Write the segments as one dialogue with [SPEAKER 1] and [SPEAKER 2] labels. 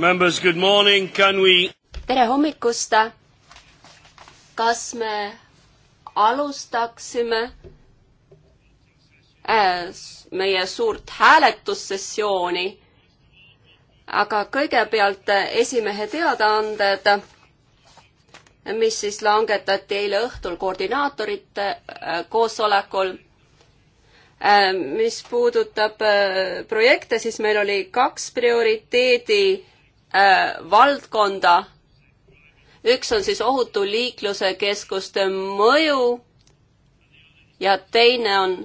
[SPEAKER 1] Members, good morning, can we?
[SPEAKER 2] tere hommikust! kas me alustaksime äh, meie suurt hääletussessiooni? aga kõigepealt esimehe teadaanded, mis siis langetati eile õhtul koordinaatorite äh, koosolekul äh, mis puudutab projekte, siis meil oli kaks prioriteedi Äh, valdkonda. üks on siis ohutu liikluse keskuste mõju ja teine on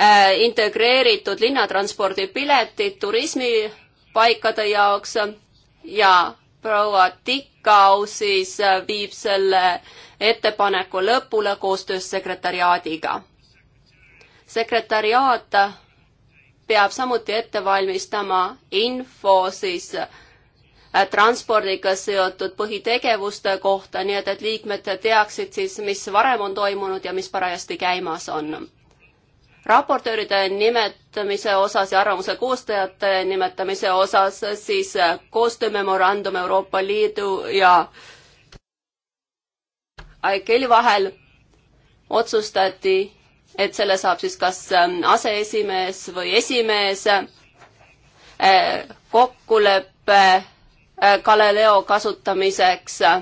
[SPEAKER 2] äh, integreeritud linnatranspordi piletid turismipaikade jaoks ja proua Tikau siis äh, viib selle ettepaneku lõpule koostöös sekretariaadiga. sekretariaat peab samuti ette valmistama info siis äh, transpordiga seotud põhitegevuste kohta, nii et, et liikmed teaksid siis, mis varem on toimunud ja mis parajasti käimas on. raportööride nimetamise osas ja arvamuse koostajate nimetamise osas siis äh, koostöömemorandum Euroopa Liidu ja ICAO-i vahel otsustati et selle saab siis kas ähm, aseesimees või esimees äh, kokkuleppe äh, Galileo kasutamiseks äh,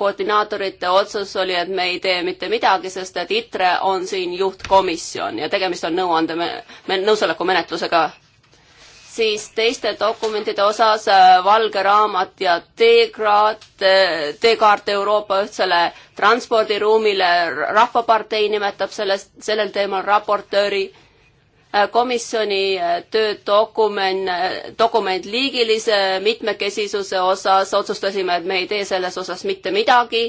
[SPEAKER 2] koordinaatorite otsus oli, et me ei tee mitte midagi, sest et ITRE on siin juhtkomisjon ja tegemist on nõuande, nõusoleku menetlusega siis teiste dokumentide osas äh, valge raamat ja teekraat, äh, teekaart Euroopa ühtsele transpordiruumile, Rahvapartei nimetab sellest, sellel teemal raportööri äh, komisjoni töödokument, dokument liigilise mitmekesisuse osas, otsustasime, et me ei tee selles osas mitte midagi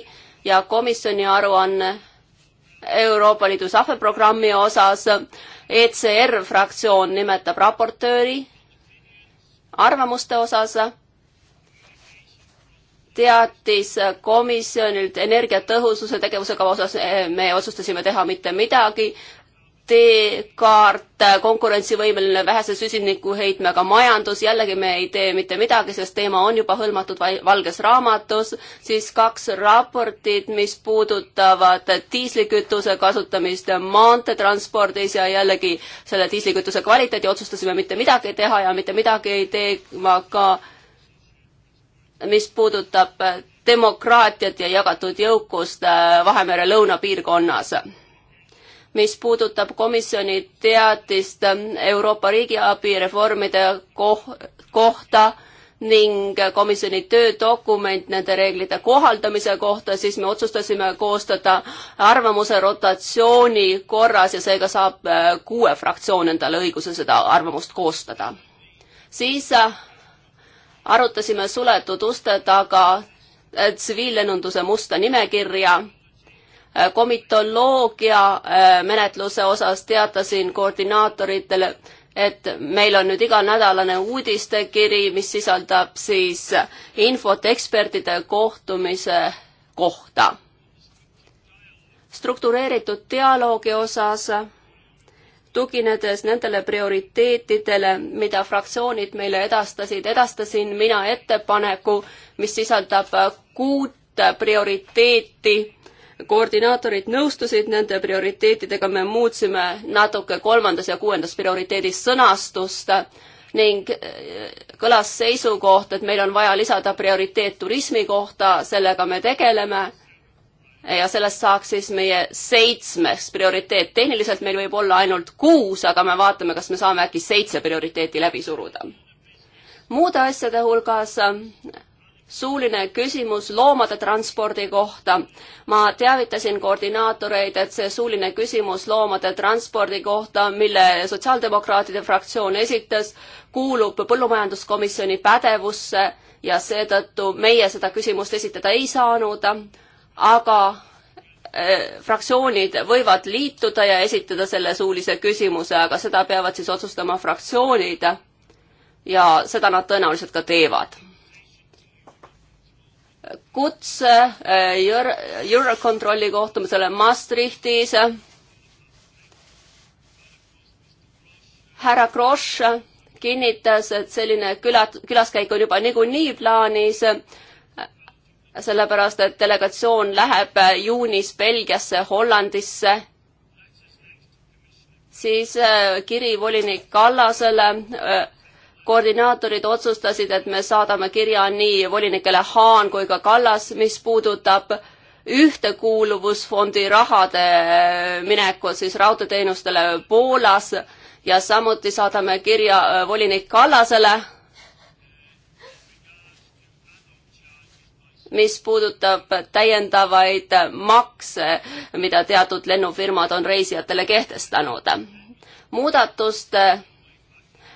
[SPEAKER 2] ja komisjoni aruanne Euroopa Liidu sahveprogrammi osas ECR fraktsioon nimetab raportööri arvamuste osas teatis komisjonilt energiatõhususe tegevuse kava osas eh, me otsustasime teha mitte midagi, teekaart, konkurentsivõimeline vähese süsinikuheitmega majandus, jällegi me ei tee mitte midagi, sest teema on juba hõlmatud valges raamatus, siis kaks raportit, mis puudutavad diislikütuse kasutamist maanteetranspordis ja jällegi selle diislikütuse kvaliteedi otsustasime mitte midagi teha ja mitte midagi ei tee ma ka, mis puudutab demokraatiat ja jagatud jõukust äh, Vahemere lõunapiirkonnas mis puudutab komisjoni teatist Euroopa riigiabi reformide koh kohta ning komisjoni töödokument nende reeglite kohaldamise kohta, siis me otsustasime koostada arvamuse rotatsiooni korras ja seega saab äh, kuue fraktsioon endale õiguse seda arvamust koostada. siis äh, arutasime suletud uste taga äh, tsiviillennunduse musta nimekirja Äh, komitoloogia äh, menetluse osas teatasin koordinaatoritele, et meil on nüüd iganädalane uudistekiri, mis sisaldab siis infot ekspertide kohtumise kohta. struktureeritud dialoogi osas, tuginedes nendele prioriteetidele, mida fraktsioonid meile edastasid, edastasin mina ettepaneku, mis sisaldab kuut prioriteeti koordinaatorid nõustusid nende prioriteetidega, me muutsime natuke kolmandas ja kuuendas prioriteedis sõnastust ning äh, kõlas seisukoht, et meil on vaja lisada prioriteet turismi kohta, sellega me tegeleme ja sellest saaks siis meie seitsmes prioriteet. tehniliselt meil võib olla ainult kuus, aga me vaatame, kas me saame äkki seitse prioriteeti läbi suruda. muude asjade hulgas suuline küsimus loomade transpordi kohta. ma teavitasin koordinaatoreid, et see suuline küsimus loomade transpordi kohta, mille Sotsiaaldemokraatide fraktsioon esitas, kuulub Põllumajanduskomisjoni pädevusse ja seetõttu meie seda küsimust esitada ei saanud, aga eh, fraktsioonid võivad liituda ja esitada selle suulise küsimuse, aga seda peavad siis otsustama fraktsioonid ja seda nad tõenäoliselt ka teevad kutse eh, Eurokontrolli kohtumisele Maastrichtis. härra Kross kinnitas, et selline küla, külaskäik on juba niikuinii plaanis, sellepärast et delegatsioon läheb juunis Belgiasse, Hollandisse siis eh, kiri volinik Kallasele eh, koordinaatorid otsustasid, et me saadame kirja nii volinikele Haan kui ka Kallas, mis puudutab ühtekuuluvusfondi rahade minekut siis raudteeteenustele Poolas ja samuti saadame kirja äh, volinik Kallasele, mis puudutab täiendavaid makse, mida teatud lennufirmad on reisijatele kehtestanud. muudatuste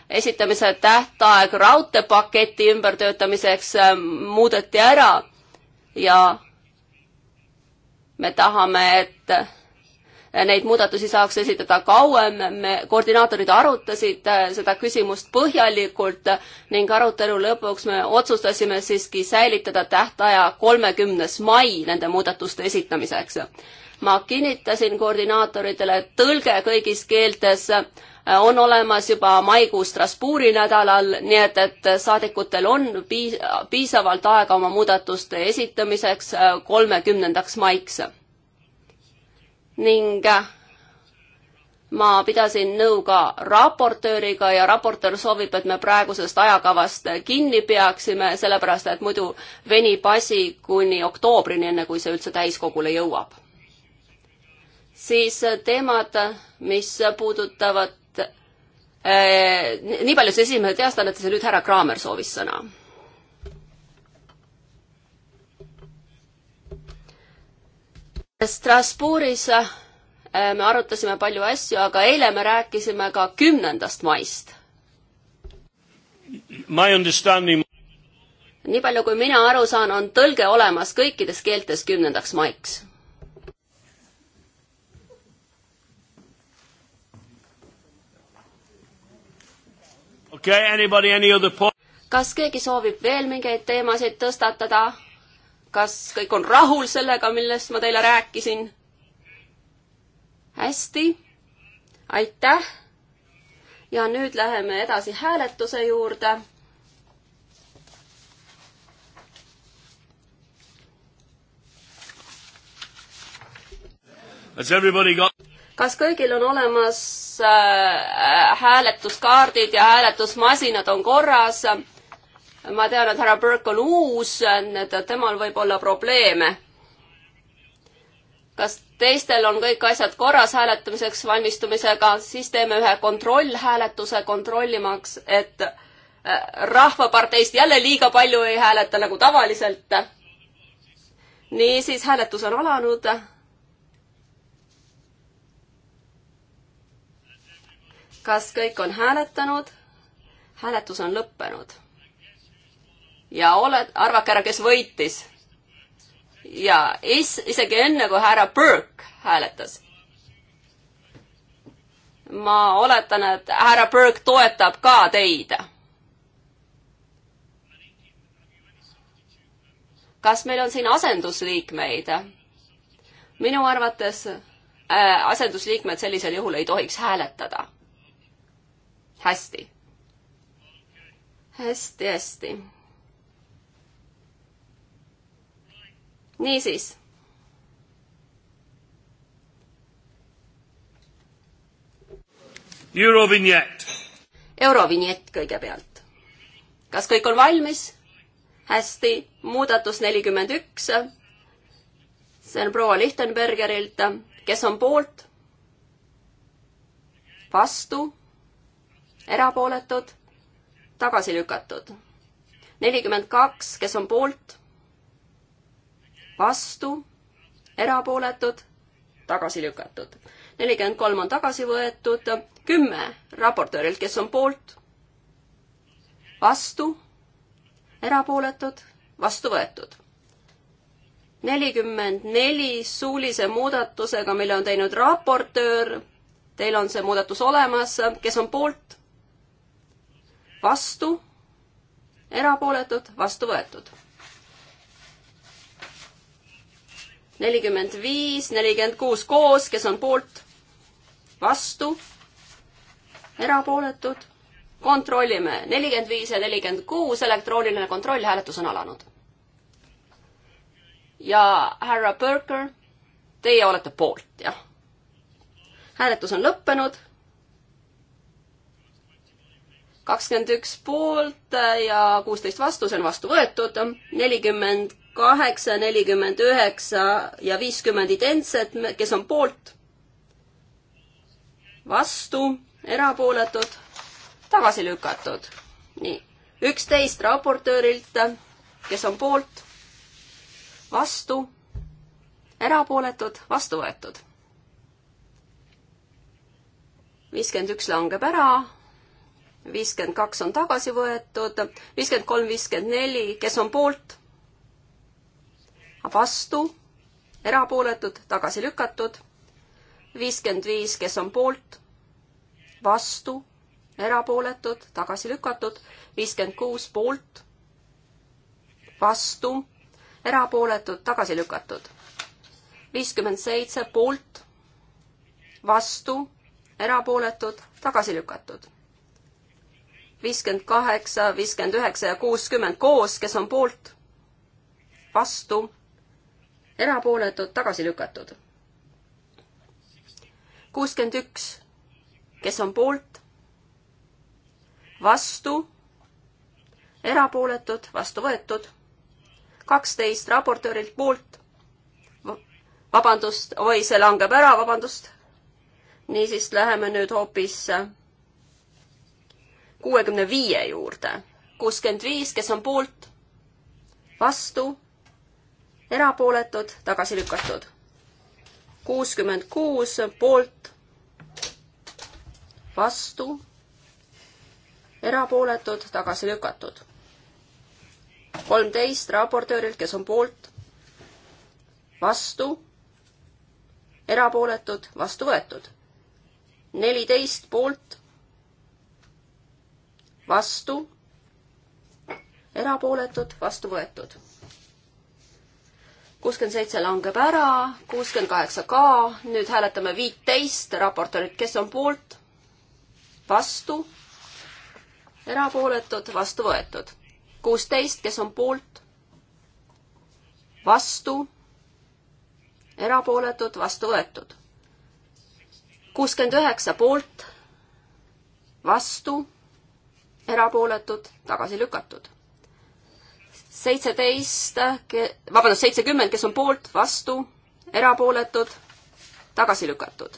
[SPEAKER 2] esitamise tähtaeg raudteepaketi ümbertöötamiseks äh, muudeti ära ja me tahame, et äh, neid muudatusi saaks esitada kauem, me, koordinaatorid arutasid äh, seda küsimust põhjalikult ning arutelu lõpuks me otsustasime siiski säilitada tähtaja kolmekümnes mai nende muudatuste esitamiseks. ma kinnitasin koordinaatoritele, et tõlge kõigis keeltes Äh, on olemas juba maikuu Strasbourgi nädalal, nii et, et saadikutel on piis-, piisavalt aega oma muudatuste esitamiseks äh, kolmekümnendaks maiks. ning äh, ma pidasin nõu ka raportööriga ja raportöör soovib, et me praegusest ajakavast kinni peaksime, sellepärast et muidu venib asi kuni oktoobrini, enne kui see üldse täiskogule jõuab. siis teemad, mis puudutavad Äh, nii palju siis esimese teastannetes ja nüüd härra Kraamer soovis sõna. Strasbourgis äh, me arutasime palju asju, aga eile me rääkisime ka kümnendast maist.
[SPEAKER 1] My understanding
[SPEAKER 2] nii palju, kui mina aru saan, on tõlge olemas kõikides keeltes kümnendaks maiks.
[SPEAKER 1] okay, anybody, any other point?
[SPEAKER 2] kas keegi soovib veel mingeid teemasid tõstatada? kas kõik on rahul sellega, millest ma teile rääkisin? hästi, aitäh. ja nüüd läheme edasi hääletuse juurde
[SPEAKER 1] Has everybody got
[SPEAKER 2] kas kõigil on olemas äh, hääletuskaardid ja hääletusmasinad on korras? ma tean, et härra Burke on uus, et temal võib olla probleeme. kas teistel on kõik asjad korras hääletamiseks valmistumisega, siis teeme ühe kontrollhääletuse kontrollimaks, et äh, rahvaparteist jälle liiga palju ei hääleta nagu tavaliselt. niisiis, hääletus on alanud kas kõik on hääletanud? hääletus on lõppenud. ja oled, arvake ära, kes võitis. ja is-, isegi enne, kui härra Burke hääletas. ma oletan, et härra Burke toetab ka teid. kas meil on siin asendusliikmeid? minu arvates äh, asendusliikmed sellisel juhul ei tohiks hääletada hästi. hästi, hästi. niisiis.
[SPEAKER 1] Eurovinjett.
[SPEAKER 2] Eurovinjett kõigepealt. kas kõik on valmis? hästi, muudatus nelikümmend üks. see on proua Lichtenbergerilt, kes on poolt? vastu? erapooletud, tagasi lükatud. nelikümmend kaks, kes on poolt, vastu, erapooletud, tagasi lükatud. nelikümmend kolm on tagasi võetud, kümme raportöörilt, kes on poolt, vastu, erapooletud, vastu võetud nelikümmend neli suulise muudatusega, mille on teinud raportöör. Teil on see muudatus olemas, kes on poolt? vastu, erapooletud, vastu võetud. nelikümmend viis, nelikümmend kuus koos, kes on poolt, vastu, erapooletud, kontrollime, nelikümmend viis ja nelikümmend kuus, elektrooniline kontroll, hääletus on alanud. ja härra Berker, teie olete poolt, jah? hääletus on lõppenud kakskümmend üks poolt äh, ja kuusteist vastu, see on vastu võetud, nelikümmend kaheksa, nelikümmend üheksa ja viiskümmend identsed, kes on poolt, vastu, erapooletud, tagasi lükatud. nii, üksteist raportöörilt, kes on poolt, vastu, erapooletud, vastu võetud. viiskümmend üks langeb ära viiskümmend kaks on tagasi võetud, viiskümmend kolm, viiskümmend neli, kes on poolt? vastu, erapooletud, tagasi lükatud. viiskümmend viis, kes on poolt? vastu, erapooletud, tagasi lükatud. viiskümmend kuus poolt, vastu, erapooletud, tagasi lükatud. viiskümmend seitse poolt, vastu, erapooletud, tagasi lükatud viiskümmend kaheksa, viiskümmend üheksa ja kuuskümmend koos, kes on poolt, vastu, erapooletud, tagasi lükatud. kuuskümmend üks, kes on poolt, vastu, erapooletud, vastu võetud, kaksteist raportöörilt poolt, vabandust, oi, see langeb ära, vabandust. niisiis läheme nüüd hoopis kuuekümne viie juurde. kuuskümmend viis, kes on poolt, vastu, erapooletud, tagasi lükatud. kuuskümmend kuus poolt, vastu, erapooletud, tagasi lükatud. kolmteist raportöörilt, kes on poolt, vastu, erapooletud, vastu võetud. neliteist poolt vastu, erapooletud, vastu võetud. kuuskümmend seitse langeb ära, kuuskümmend kaheksa ka, nüüd hääletame viiteist raportorit, kes on poolt, vastu, erapooletud, vastu võetud. kuusteist, kes on poolt, vastu, erapooletud, vastu võetud kuuskümmend üheksa poolt, vastu, erapooletud, tagasi lükatud. seitseteist, vabandust, seitsekümmend, kes on poolt, vastu, erapooletud, tagasi lükatud.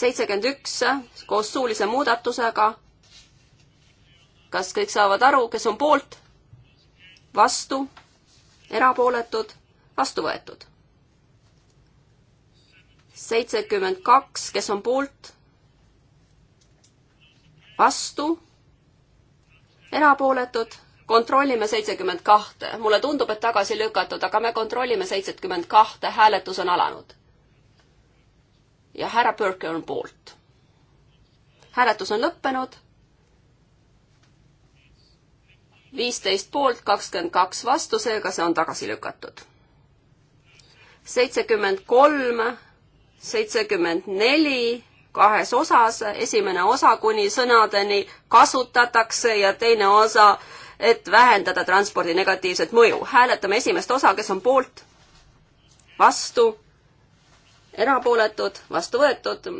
[SPEAKER 2] seitsekümmend üks koos suulise muudatusega. kas kõik saavad aru, kes on poolt, vastu, erapooletud, vastu võetud? seitsekümmend kaks, kes on poolt, vastu erapooletud, kontrollime seitsekümmend kahte. mulle tundub, et tagasi lükatud, aga me kontrollime seitsekümmend kahte, hääletus on alanud. ja härra Pörke on poolt. hääletus on lõppenud. viisteist poolt, kakskümmend kaks vastu, seega see on tagasi lükatud. seitsekümmend kolm, seitsekümmend neli kahes osas, esimene osa kuni sõnadeni kasutatakse ja teine osa, et vähendada transpordi negatiivset mõju. hääletame esimest osa, kes on poolt, vastu, erapooletud, vastu võetud,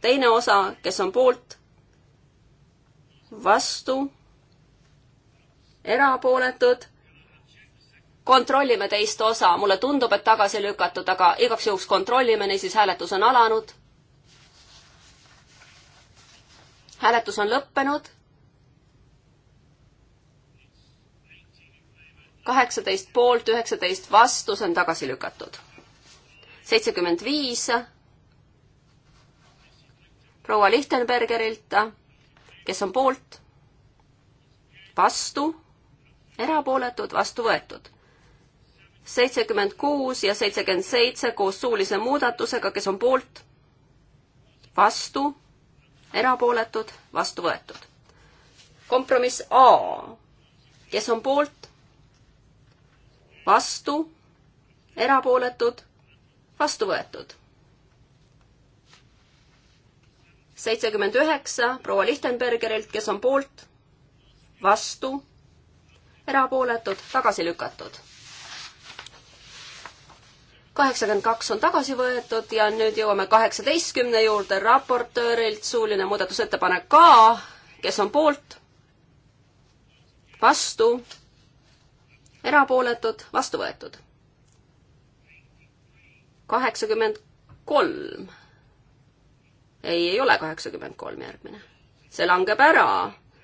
[SPEAKER 2] teine osa, kes on poolt, vastu, erapooletud, kontrollime teist osa, mulle tundub, et tagasi lükatud, aga igaks juhuks kontrollime, niisiis hääletus on alanud hääletus on lõppenud. kaheksateist poolt, üheksateist vastu, see on tagasi lükatud. seitsekümmend viis proua Lichtenbergerilt, kes on poolt, vastu, erapooletud, vastu võetud. seitsekümmend kuus ja seitsekümmend seitse koos suulise muudatusega, kes on poolt, vastu erapooletud, vastu võetud. kompromiss A, kes on poolt, vastu, erapooletud, vastu võetud. seitsekümmend üheksa proua Lichtenbergerilt, kes on poolt, vastu, erapooletud, tagasi lükatud kaheksakümmend kaks on tagasi võetud ja nüüd jõuame kaheksateistkümne juurde, raportöörilt suuline muudatusettepanek ka, kes on poolt, vastu, erapooletud, vastu võetud. kaheksakümmend kolm. ei, ei ole kaheksakümmend kolm järgmine. see langeb ära,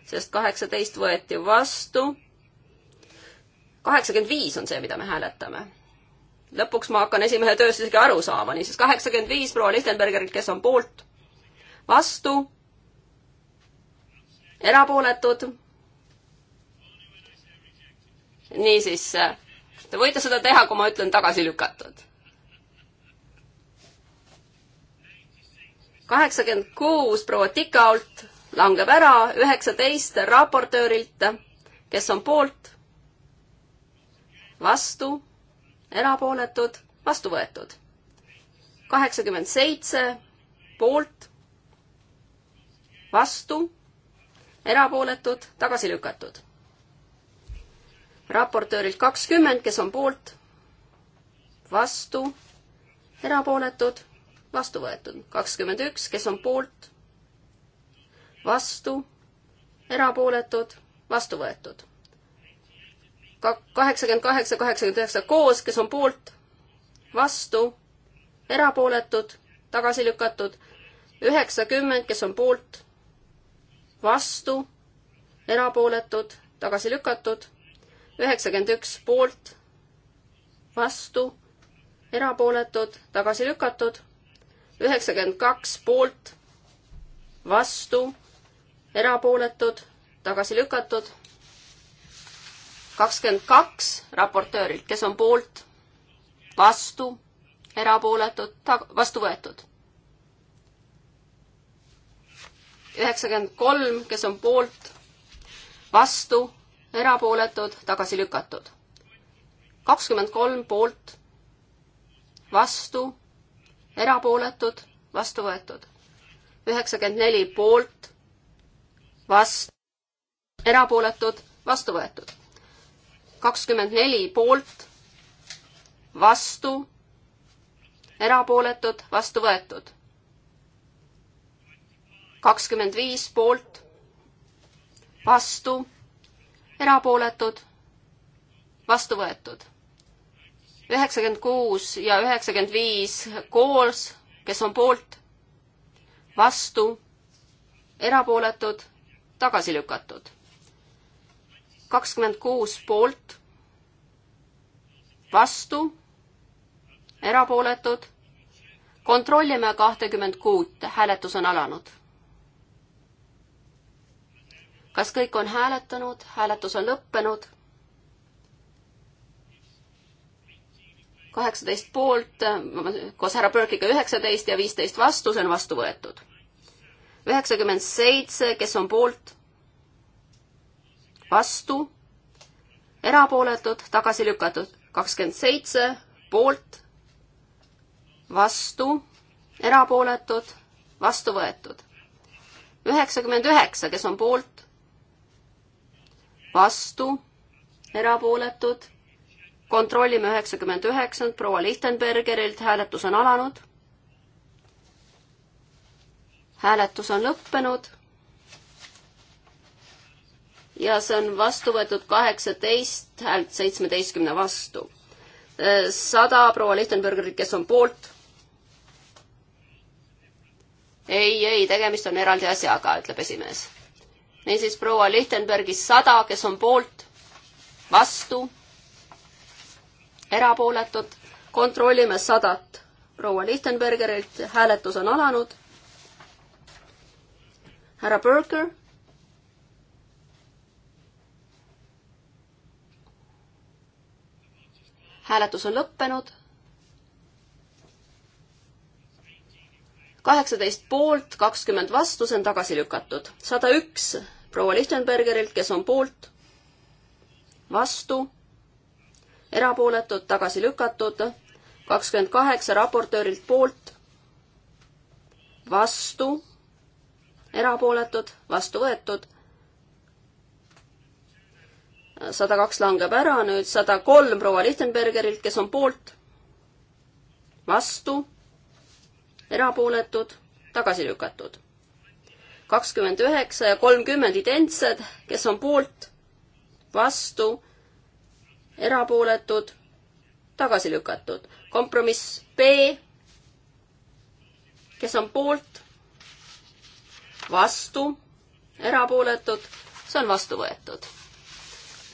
[SPEAKER 2] sest kaheksateist võeti vastu. kaheksakümmend viis on see, mida me hääletame lõpuks ma hakkan esimehe tööst isegi aru saama, niisiis kaheksakümmend viis proua Lichtenbergerilt, kes on poolt, vastu, erapooletud. niisiis, te võite seda teha, kui ma ütlen tagasi lükatud. kaheksakümmend kuus proua Tikault langeb ära, üheksateist raportöörilt, kes on poolt, vastu erapooletud, vastu võetud. kaheksakümmend seitse poolt, vastu, erapooletud, tagasi lükatud. raportöörilt kakskümmend, kes on poolt, vastu, erapooletud, vastu võetud. kakskümmend üks, kes on poolt, vastu, erapooletud, vastu võetud kaheksakümmend kaheksa, kaheksakümmend üheksa koos, kes on poolt, vastu, erapooletud, tagasi lükatud, üheksakümmend, kes on poolt, vastu, erapooletud, tagasi lükatud, üheksakümmend üks poolt, vastu, erapooletud, tagasi lükatud, üheksakümmend kaks poolt, vastu, erapooletud, tagasi lükatud kakskümmend kaks raportöörilt, kes on poolt, vastu, erapooletud, vastu võetud. üheksakümmend kolm, kes on poolt, vastu, erapooletud, tagasi lükatud. kakskümmend kolm poolt, vastu, erapooletud, vastu võetud. üheksakümmend neli poolt, vastu, erapooletud, vastu võetud kakskümmend neli poolt, vastu, erapooletud, vastu võetud. kakskümmend viis poolt, vastu, erapooletud, vastu võetud. üheksakümmend kuus ja üheksakümmend viis koos, kes on poolt, vastu, erapooletud, tagasi lükatud kakskümmend kuus poolt, vastu, erapooletud. kontrollime kahtekümmend kuut, hääletus on alanud. kas kõik on hääletanud, hääletus on lõppenud? kaheksateist poolt, koos härra Pörkiga üheksateist ja viisteist vastu, see on vastu võetud. üheksakümmend seitse, kes on poolt vastu, erapooletud, tagasi lükatud, kakskümmend seitse, poolt, vastu, erapooletud, vastu võetud. üheksakümmend üheksa, kes on poolt, vastu, erapooletud, kontrollime üheksakümmend üheksand, proua Lichtenbergerilt, hääletus on alanud. hääletus on lõppenud ja see on vastu võetud kaheksateist häält seitsmeteistkümne vastu. Äh, sada proua Lichtenbergerit, kes on poolt. ei, ei, tegemist on eraldi asjaga, ütleb esimees. niisiis proua Lichtenbergis sada, kes on poolt, vastu, erapooletud. kontrollime sadat proua Lichtenbergerilt, hääletus on alanud. härra Berger hääletus on lõppenud. kaheksateist poolt, kakskümmend vastu, see on tagasi lükatud. sada üks proua Lichtenbergerilt, kes on poolt, vastu, erapooletud, tagasi lükatud, kakskümmend kaheksa raportöörilt poolt, vastu, erapooletud, vastu võetud sada kaks langeb ära, nüüd sada kolm proua Lichtenbergerilt, kes on poolt, vastu, erapooletud, tagasi lükatud. kakskümmend üheksa ja kolmkümmend identsed, kes on poolt, vastu, erapooletud, tagasi lükatud. kompromiss B, kes on poolt, vastu, erapooletud, see on vastu võetud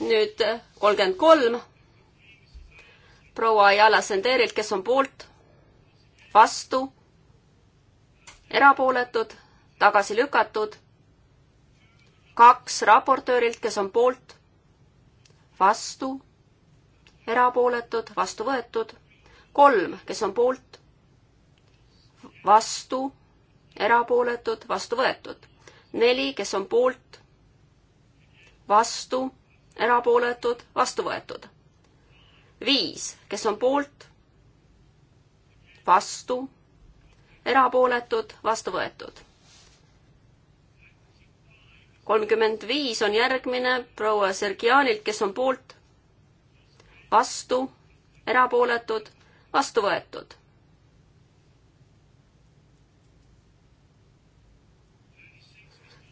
[SPEAKER 2] nüüd äh, kolmkümmend kolm proua Ayala Senderilt, kes on poolt, vastu, erapooletud, tagasi lükatud, kaks raportöörilt, kes on poolt, vastu, erapooletud, vastu võetud, kolm, kes on poolt, vastu, erapooletud, vastu võetud, neli, kes on poolt, vastu erapooletud, vastu võetud. viis, kes on poolt, vastu, erapooletud, vastu võetud. kolmkümmend viis on järgmine proua Sergianilt, kes on poolt, vastu, erapooletud, vastu võetud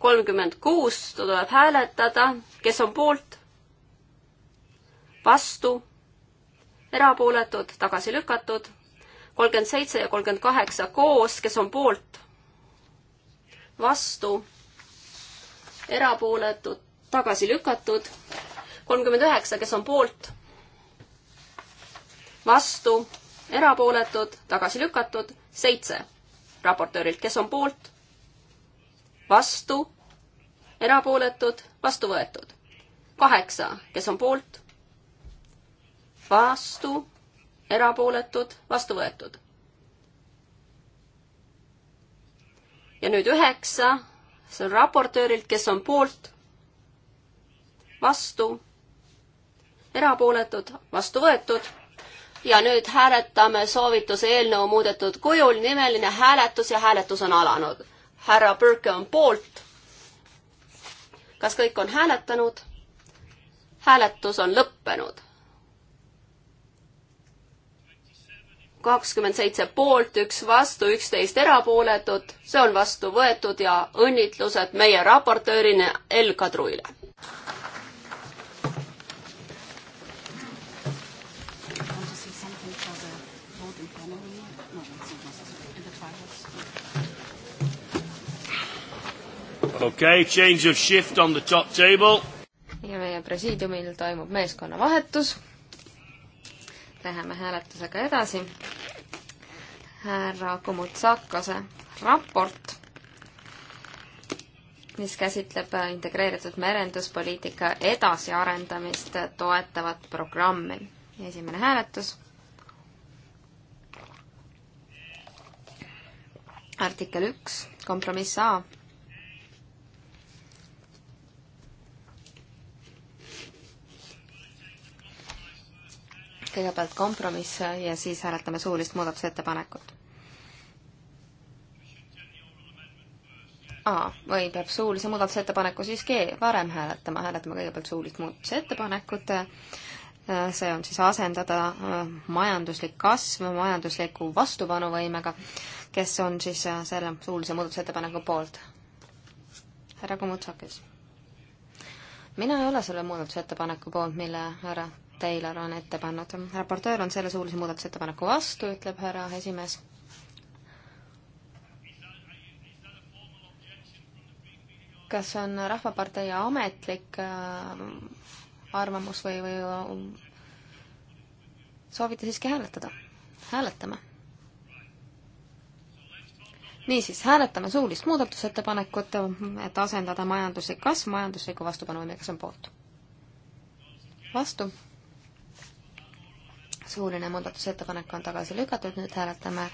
[SPEAKER 2] kolmkümmend kuus tuleb hääletada, kes on poolt, vastu, erapooletud, tagasi lükatud, kolmkümmend seitse ja kolmkümmend kaheksa koos, kes on poolt, vastu, erapooletud, tagasi lükatud, kolmkümmend üheksa, kes on poolt, vastu, erapooletud, tagasi lükatud, seitse raportöörilt, kes on poolt, vastu, erapooletud, vastu võetud. kaheksa, kes on poolt, vastu, erapooletud, vastu võetud. ja nüüd üheksa, see on raportöörilt, kes on poolt, vastu, erapooletud, vastu võetud ja nüüd hääletame soovituse eelnõu muudetud kujul, nimeline hääletus ja hääletus on alanud. härra Põrke on poolt. kas kõik on hääletanud? hääletus on lõppenud kakskümmend seitse poolt, üks vastu, üksteist erapooletut, see on vastu võetud ja õnnitlused meie raportöörina El Kadruile.
[SPEAKER 1] okei okay,, change of shift on the top table.
[SPEAKER 3] ja meie presiidiumil toimub meeskonnavahetus läheme hääletusega edasi. härra Kumutsakase raport, mis käsitleb integreeritud merenduspoliitika edasiarendamist toetavat programmi. esimene hääletus. artikkel üks, kompromiss A kõigepealt kompromiss ja siis hääletame suulist muudatusettepanekut. aa, või peab suulise muudatusettepaneku siiski varem hääletama, hääletame kõigepealt suulist muudatusettepanekut, see on siis asendada äh, majanduslik kasv majandusliku vastupanuvõimega, kes on siis äh, selle suulise muudatusettepaneku poolt. härra Komutsakis mina ei ole selle muudatusettepaneku poolt, mille härra Taylor on ette pannud. raportöör on selle suulise muudatusettepaneku vastu, ütleb härra esimees. kas on Rahvapartei ametlik äh, arvamus või, või soovite siiski hääletada? hääletame. niisiis, hääletame suulist muudatusettepanekut, et asendada majanduslik kasv majandusliku vastupanuvõimega, kes on poolt vastu, suuline muudatusettepanek on tagasi lükatud, nüüd hääletame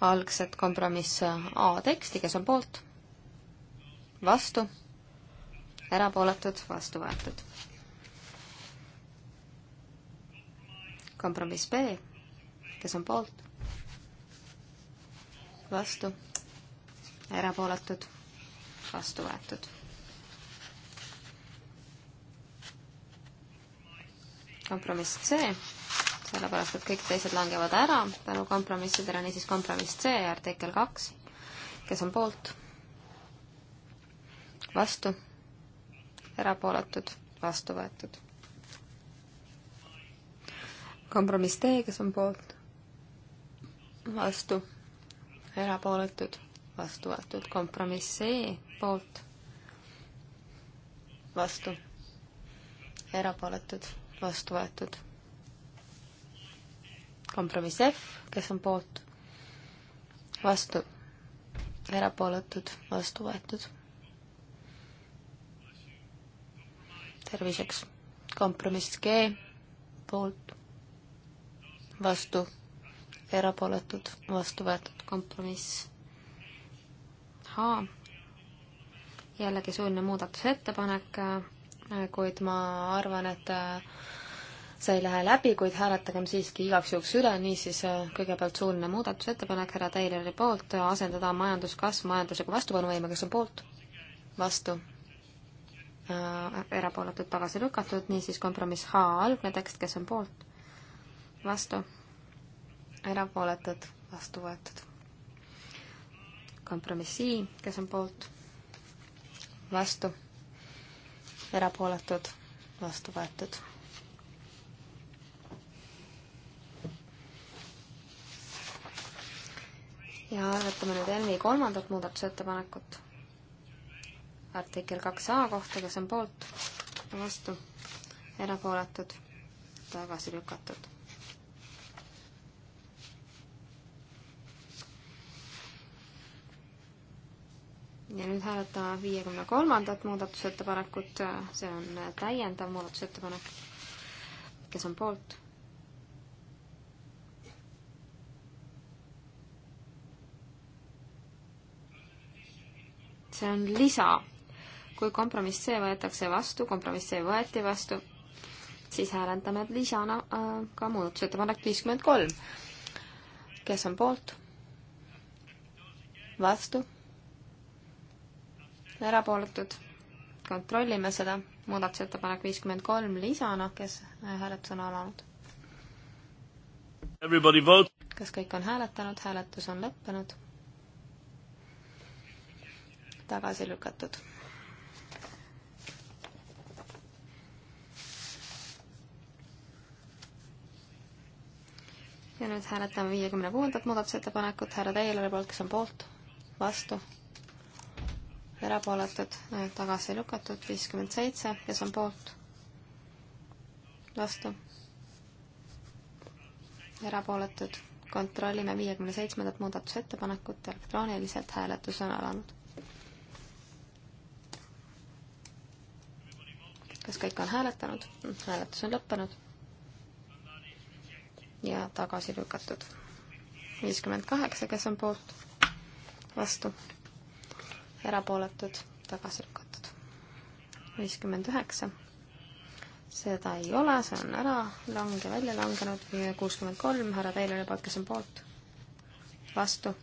[SPEAKER 3] algset kompromiss A teksti, kes on poolt, vastu, erapooletud, vastu võetud. kompromiss B, kes on poolt, vastu, erapooletud, vastu võetud. kompromiss C sellepärast et kõik teised langevad ära tänu kompromissidele, niisiis kompromiss C artikkel kaks, kes on poolt, vastu, erapooletud, vastu võetud. kompromiss D, kes on poolt, vastu, erapooletud, vastu võetud, kompromiss E poolt, vastu, erapooletud, vastu võetud kompromiss F, kes on poolt, vastu, erapooletud, vastu võetud. terviseks, kompromiss G, poolt, vastu, erapooletud, vastu võetud, kompromiss H. jällegi suuline muudatusettepanek, kuid ma arvan, et see ei lähe läbi, kuid hääletagem siiski igaks juhuks üle, niisiis äh, kõigepealt suuline muudatusettepanek härra Taylori poolt äh, asendada majanduskasv majandusega vastupanuvõime, kes on poolt? vastu äh,. erapooletud tagasi lükatud, niisiis kompromiss H algne tekst, kes on poolt? vastu. erapooletud, vastu võetud. kompromiss I, kes on poolt? vastu. erapooletud, vastu võetud ja hääletame nüüd Envi kolmandat muudatusettepanekut artikkel kaks A kohta, kes on poolt, vastu, erapooletud, tagasi lükatud. ja nüüd hääletame viiekümne kolmandat muudatusettepanekut, see on täiendav muudatusettepanek, kes on poolt see on lisa. kui kompromiss C võetakse vastu, kompromiss C võeti vastu, siis hääletame lisana äh, ka muudatusettepanek viiskümmend kolm. kes on poolt? vastu? erapooletud? kontrollime seda, muudatusettepanek viiskümmend kolm lisana, kes äh, hääletus on alanud kas kõik on hääletanud, hääletus on lõppenud? tagasi lükatud. ja nüüd hääletame viiekümne kuuendat muudatusettepanekut härra Taylori poolt, kes on poolt, vastu, erapooletud, tagasi lükatud, viiskümmend seitse, kes on poolt, vastu, erapooletud kontrollime viiekümne seitsmendat muudatusettepanekut, elektrooniliselt hääletus on alanud. kas kõik on hääletanud? Hm, hääletus on lõppenud ja tagasi lükatud. viiskümmend kaheksa, kes on poolt, vastu, erapooletud, tagasi lükatud. viiskümmend üheksa, seda ei ole, see on ära lange, välja langenud, kuuskümmend kolm, härra Taylori poolt, kes on poolt, vastu,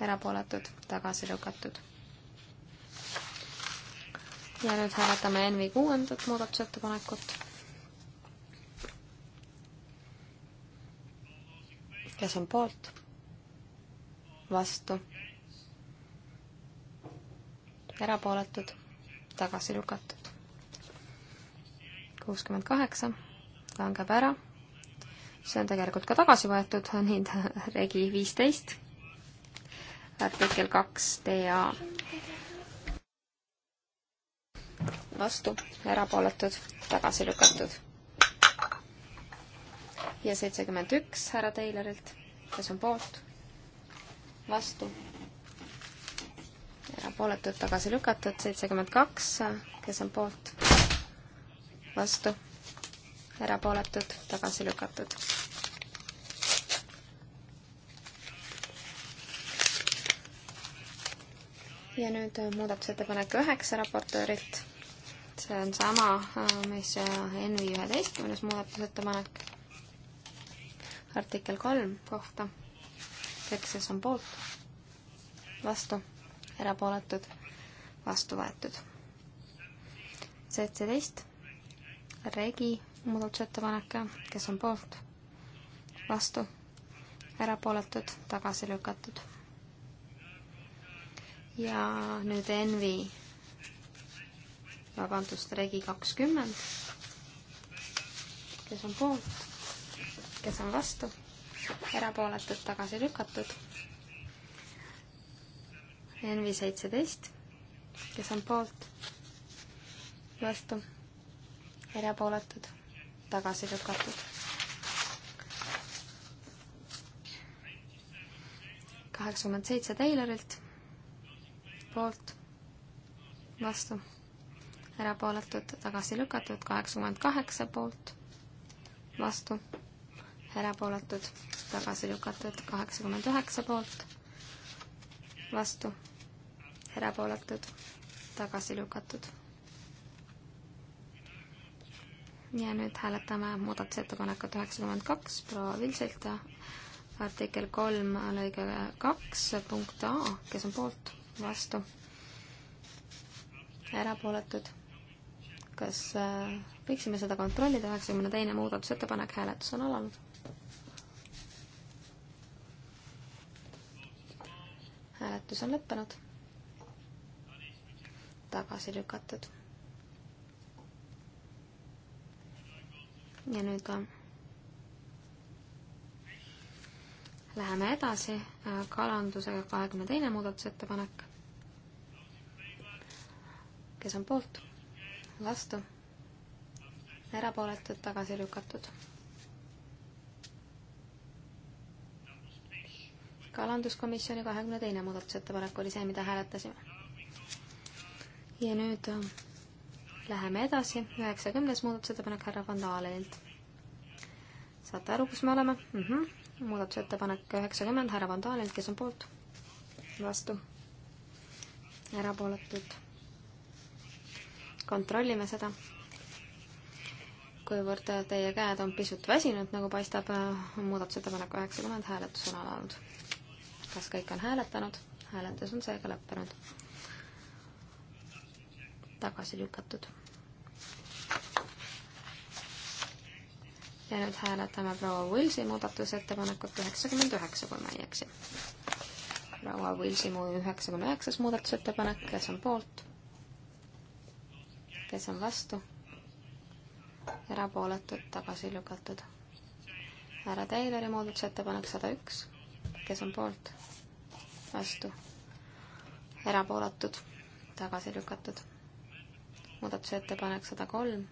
[SPEAKER 3] erapooletud, tagasi lükatud ja nüüd hääletame NV kuuendat muudatusettepanekut. kes on poolt? vastu? erapooletud? tagasi lükatud? kuuskümmend kaheksa langeb ära. see on tegelikult ka tagasi võetud, nii ta regi viisteist, artikkel kaks DA vastu, erapooletud, tagasi lükatud. ja seitsekümmend üks härra Taylorilt, kes on poolt, vastu, erapooletud, tagasi lükatud, seitsekümmend kaks, kes on poolt, vastu, erapooletud, tagasi lükatud. ja nüüd muudatusettepanek üheksa raportöörilt see on sama, mis NV üheteistkümnes muudatusettepanek artikkel kolm kohta. kõik, kes on poolt, vastu, erapooletud, vastu võetud. seitseteist, regi muudatusettepanek, kes on poolt, vastu, erapooletud, tagasi lükatud. ja nüüd Envi vabandust, regi kakskümmend. kes on poolt, kes on vastu, erapooletud, tagasi lükatud. NV seitseteist, kes on poolt, vastu, erapooletud, tagasi lükatud. kaheksakümmend seitse Taylorilt, poolt, vastu erapooletud, tagasi lükatud, kaheksakümmend kaheksa poolt, vastu, erapooletud, tagasi lükatud, kaheksakümmend üheksa poolt, vastu, erapooletud, tagasi lükatud. ja nüüd hääletame muudatusettepanekut üheksakümmend kaks proua Vilsilt ja artikkel kolm lõige kaks punkt A, kes on poolt, vastu, erapooletud kas äh, võiksime seda kontrollida, üheksakümne teine muudatusettepanek, hääletus on alanud. hääletus on lõppenud. tagasi lükatud. ja nüüd ka Läheme edasi, kalandusega kahekümne teine muudatusettepanek. kes on poolt? vastu, erapooletud, tagasi lükatud. kalanduskomisjoni kahekümne teine muudatusettepanek oli see, mida hääletasime. ja nüüd äh, läheme edasi, üheksakümnes muudatusettepanek härra Van Dalenilt. saate aru, kus me oleme mm? -hmm. muudatusettepanek üheksakümmend härra Van Dalenilt, kes on poolt? vastu? erapooletud kontrollime seda. kuivõrd teie käed on pisut väsinud, nagu paistab, on muudatusettepanek üheksakümmend hääletus on alanud. kas kõik on hääletanud? hääletus on seega lõppenud. tagasi lükatud. ja nüüd hääletame proua Võlsi muudatusettepanekut üheksakümmend üheksa, kui ma ei eksi. proua Võlsi üheksakümne üheksas muudatusettepanek, kes on poolt? kes on vastu, erapooletud, tagasi lükatud. härra Taylori muudatusettepanek sada üks, kes on poolt, vastu, erapooletud, tagasi lükatud. muudatusettepanek sada kolm,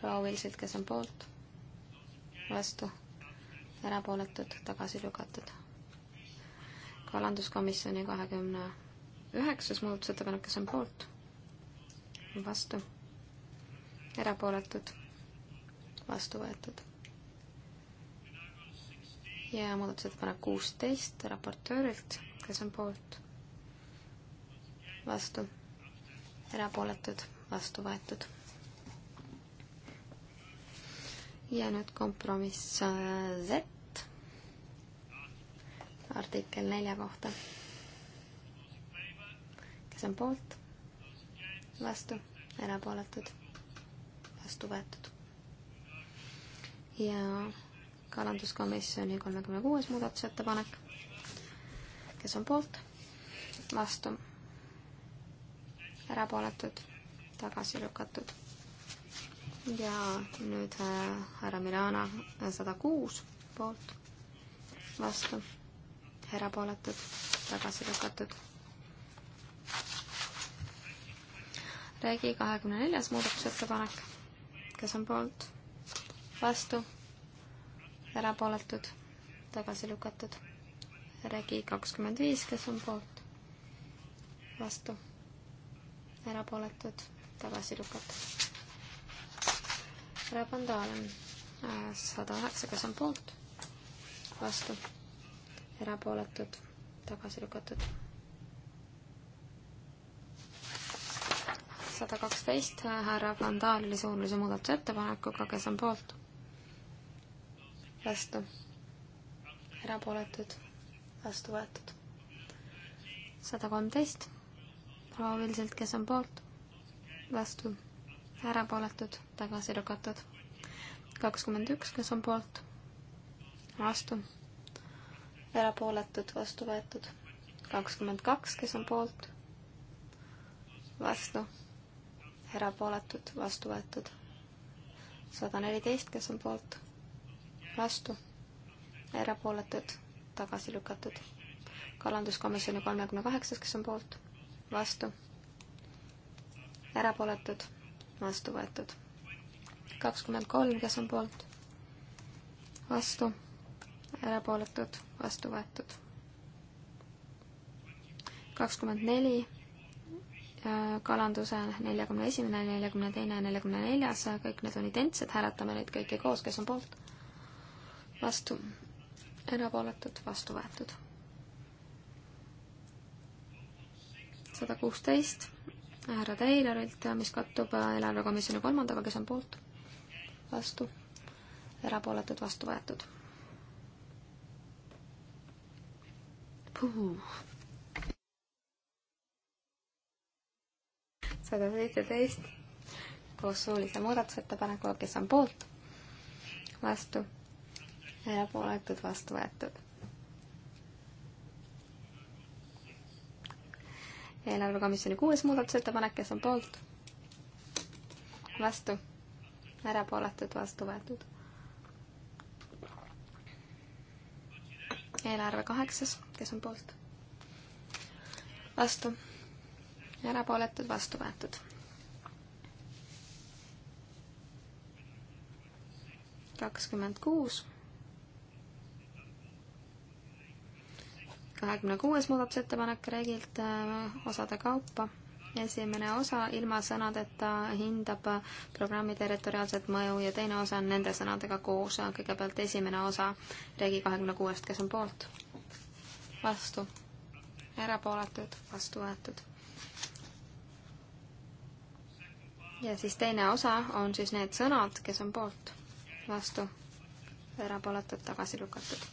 [SPEAKER 3] proua Vilsilt, kes on poolt, vastu, erapooletud, tagasi lükatud. kalanduskomisjoni kahekümne üheksas muudatusettepanek, kes on poolt, vastu erapooletud, vastu võetud. ja muudatusettepanek kuusteist raportöörilt, kes on poolt, vastu, erapooletud, vastu võetud. ja nüüd kompromiss äh, Z artikkel nelja kohta. kes on poolt, vastu, erapooletud vastu võetud. ja kalanduskomisjoni kolmekümne kuues muudatusettepanek, kes on poolt, vastu, erapooletud, tagasi lükatud. ja nüüd äh, härra Milana äh, sada kuus poolt, vastu, erapooletud, tagasi lükatud Regi kahekümne neljas muudatusettepanek kes on poolt, vastu, erapooletud, tagasi lükatud. Regi kakskümmend viis, kes on poolt, vastu, erapooletud, tagasi lükatud. Rabandalen äh, sada üheksa, kes on poolt, vastu, erapooletud, tagasi lükatud sada kaksteist härra Vandaalile suunalise muudatusettepanekuga, kes on poolt? vastu. erapooletud, vastu võetud. sada kolmteist prooviliselt, kes on poolt? vastu. erapooletud, tagasi lükatud. kakskümmend üks, kes on poolt? vastu. erapooletud, vastu võetud. kakskümmend kaks, kes on poolt? vastu, erapooletud, vastu võetud. sada neliteist, kes on poolt, vastu, erapooletud, tagasi lükatud. kalanduskomisjoni kolmekümne kaheksas, kes on poolt, vastu, erapooletud, vastu võetud. kakskümmend kolm, kes on poolt, vastu, erapooletud, vastu võetud. kakskümmend neli Äh, kalanduse neljakümne esimene, neljakümne teine ja neljakümne neljas, kõik need on identsed, hääletame neid kõiki koos, kes on poolt, vastu, erapooletud, vastu võetud. sada kuusteist härra Taylorilt, mis kattub eelarvekomisjoni kolmandaga, kes on poolt, vastu, erapooletud, vastu võetud. Puh. sada seitseteist koos suulise muudatusettepanekuga, kes on poolt, vastu, erapooletud, vastu võetud. eelarvekomisjoni kuues muudatusettepanek, kes on poolt, vastu, erapooletud, vastu võetud. eelarve kaheksas, kes on poolt, vastu erapooletud, vastu võetud. kakskümmend kuus. kahekümne kuues muudatusettepanek reeglilt äh, osade kaupa esimene osa ilma sõnadeta hindab programmi territoriaalset mõju ja teine osa on nende sõnadega koos. kõigepealt esimene osa Regi kahekümne kuuest, kes on poolt? vastu? erapooletud? vastu võetud? ja siis teine osa on siis need sõnad, kes on poolt, vastu, erapooletud, tagasi lükatud.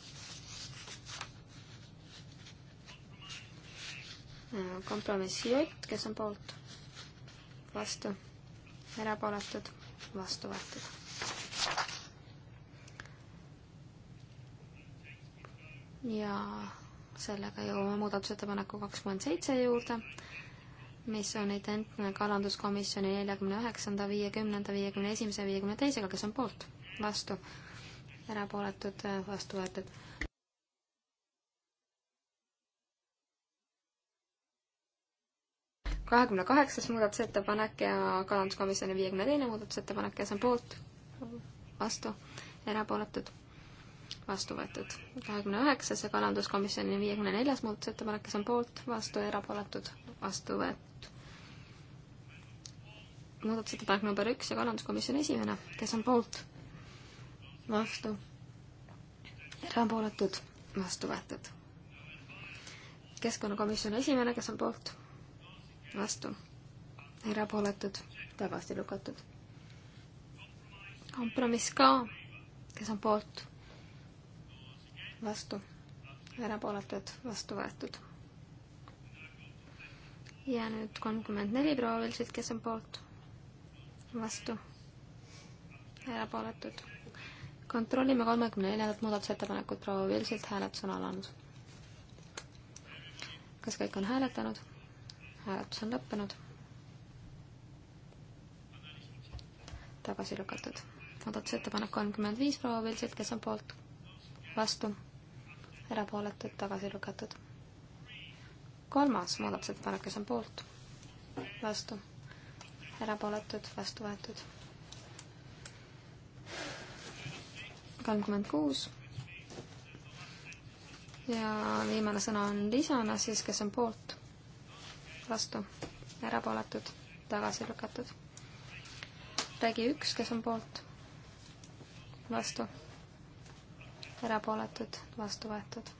[SPEAKER 3] Äh, kompromiss J, kes on poolt, vastu, erapooletud, vastu võetud ja sellega jõuame muudatusettepaneku kakskümmend seitse juurde, mis on identne kalanduskomisjoni neljakümne üheksanda, viiekümnenda, viiekümne esimese, viiekümne teisega, kes on poolt, vastu, erapooletud, vastu võetud. kahekümne kaheksas muudatusettepanek ja kalanduskomisjoni viiekümne teine muudatusettepanek, kes on poolt, vastu, erapooletud, vastu võetud. kahekümne üheksas ja kalanduskomisjoni viiekümne neljas muudatusettepanek, kes on poolt, vastu, erapooletud, vastu võetud. muudatusettepanek number üks ja kalanduskomisjoni esimene, kes on poolt, vastu, erapooletud, vastu võetud. keskkonnakomisjoni esimene, kes on poolt, vastu, erapooletud, tagasi lükatud. kompromiss ka, kes on poolt, vastu, erapooletud, vastu võetud ja nüüd kolmkümmend neli proovilsid, kes on poolt, vastu, erapooletud. kontrollime kolmekümne neljandat muudatusettepanekut proovilsilt, hääletus on alanud. kas kõik on hääletanud? hääletus on lõppenud. tagasi lükatud. muudatusettepanek kolmkümmend viis proovilsilt, kes on poolt, vastu, erapooletud, tagasi lükatud kolmas muudatusettepanek, kes on poolt, vastu, erapooletud, vastu võetud. kolmkümmend kuus. ja viimane sõna on lisana siis, kes on poolt, vastu, erapooletud, tagasi lükatud. regi üks, kes on poolt, vastu, erapooletud, vastu võetud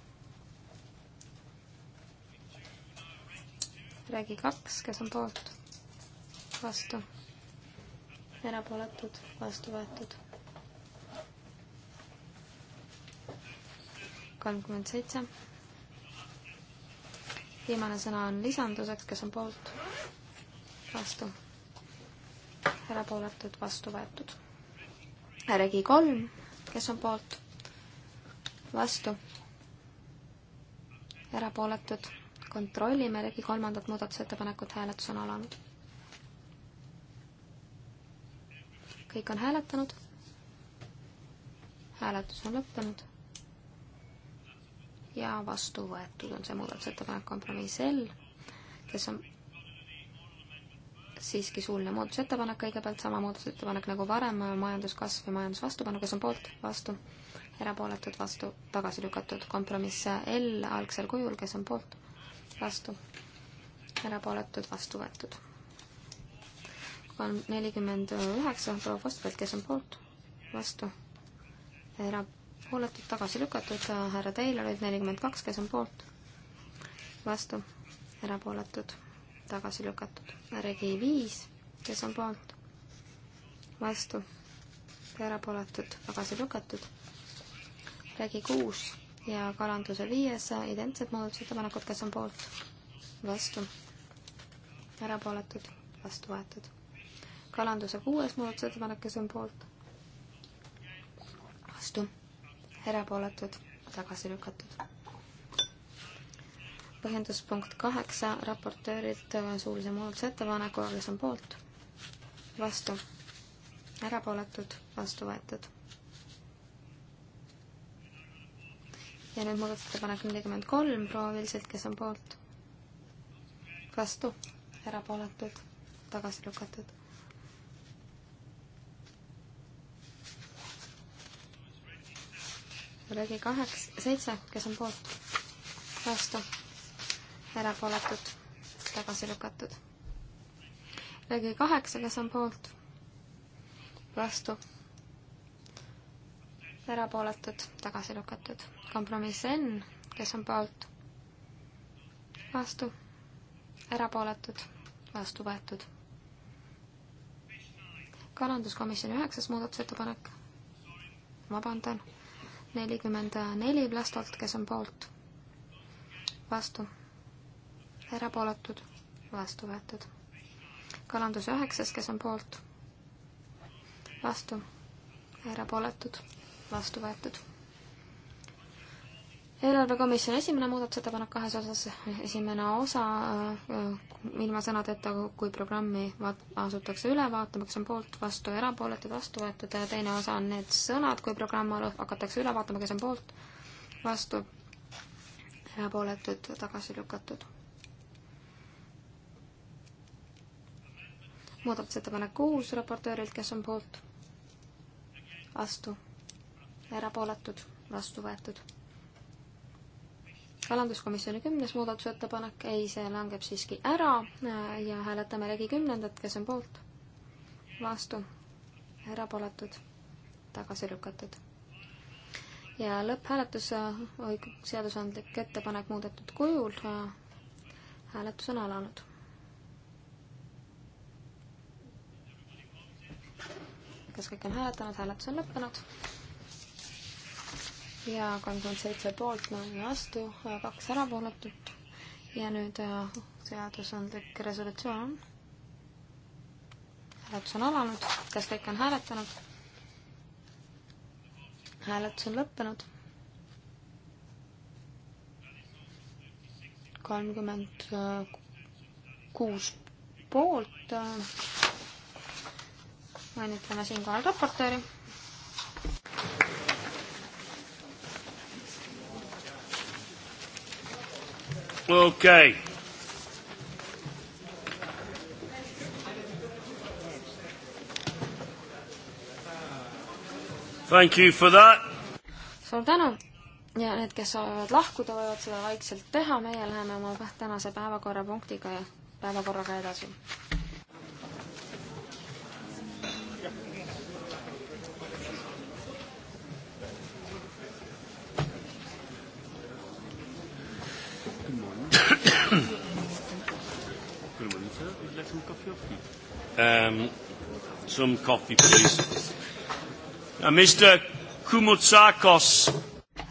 [SPEAKER 3] regi kaks, kes on poolt, vastu, erapooletud, vastu võetud. kolmkümmend seitse. viimane sõna on lisanduseks, kes on poolt, vastu, erapooletud, vastu võetud. regi kolm, kes on poolt, vastu, erapooletud kontrollime regi kolmandat muudatusettepanekut, hääletus on alanud. kõik on hääletanud. hääletus on lõppenud. ja vastu võetud on see muudatusettepanek kompromiss L, kes on siiski suuline muudatusettepanek kõigepealt, sama muudatusettepanek nagu varem, majanduskasv ja majandusvastupanu, kes on poolt, vastu, erapooletud, vastu, tagasi lükatud, kompromiss L algsel kujul, kes on poolt, vastu, erapooletud, vastu võetud. kolm, nelikümmend üheksa proua Postfeld, kes on poolt, vastu, erapooletud, tagasi lükatud, härra Taylorid nelikümmend kaks, kes on poolt, vastu, erapooletud, tagasi lükatud. Regi viis, kes on poolt, vastu, erapooletud, tagasi lükatud. Regi kuus ja kalanduse viies identsed muudatusettepanekud, kes on poolt, vastu, erapooletud, vastu võetud. kalanduse kuues muudatusettepanek, kes on poolt, vastu, erapooletud, tagasi lükatud põhjenduspunkt kaheksa raportöörilt äh, suulise muudatusettepanekuga, kes on poolt, vastu, erapooletud, vastu võetud. ja nüüd muudatusettepanek nelikümmend kolm prooviliselt, kes on poolt? vastu, erapooletud, tagasi lükatud. lõgi kaheksa, seitse, kes on poolt? vastu, erapooletud, tagasi lükatud. lõgi kaheksa, kes on poolt? vastu, erapooletud, tagasi lükatud kompromiss N, kes on poolt, vastu, erapooletud, vastu võetud. kalanduskomisjoni üheksas muudatusettepanek, vabandan, nelikümmend neli Vlastolt, kes on poolt, vastu, erapooletud, vastu võetud. kalandus üheksas, kes on poolt, vastu, erapooletud, vastu võetud eelarvekomisjoni esimene muudatusettepanek kahes osas, esimene osa äh, äh, ilma sõnadeta, kui programmi asutakse üle vaatama, kes on poolt, vastu, erapooletud, vastu võetud, teine osa on need sõnad, kui programm hakatakse üle vaatama, kes on poolt, vastu, erapooletud, tagasi lükatud. muudatusettepanek kuus raportöörilt, kes on poolt, vastu, erapooletud, vastu võetud kalanduskomisjoni kümnes muudatusettepanek, ei, see langeb siiski ära äh, ja hääletame regi kümnendat, kes on poolt, vastu, erapooletud, tagasi lükatud. ja lõpphääletus, äh, seadusandlik ettepanek muudetud kujul, äh, hääletus on alanud. kas kõik on hääletanud, hääletus on lõppenud ja kolmkümmend seitse poolt, null vastu, kaks erapooletut ja nüüd äh, seadusandlik resolutsioon. hääletus on alanud, kas kõik on hääletanud? hääletus on lõppenud. kolmkümmend kuus poolt. õnnitleme siinkohal raportööri
[SPEAKER 1] Okay. Thank you for that.
[SPEAKER 3] suur tänu ja need, kes soovivad lahkuda, võivad seda vaikselt teha, meie läheme oma tänase päevakorrapunktiga ja päevakorraga edasi.
[SPEAKER 1] some coffee, please. Uh, Mr. Kumutsakos.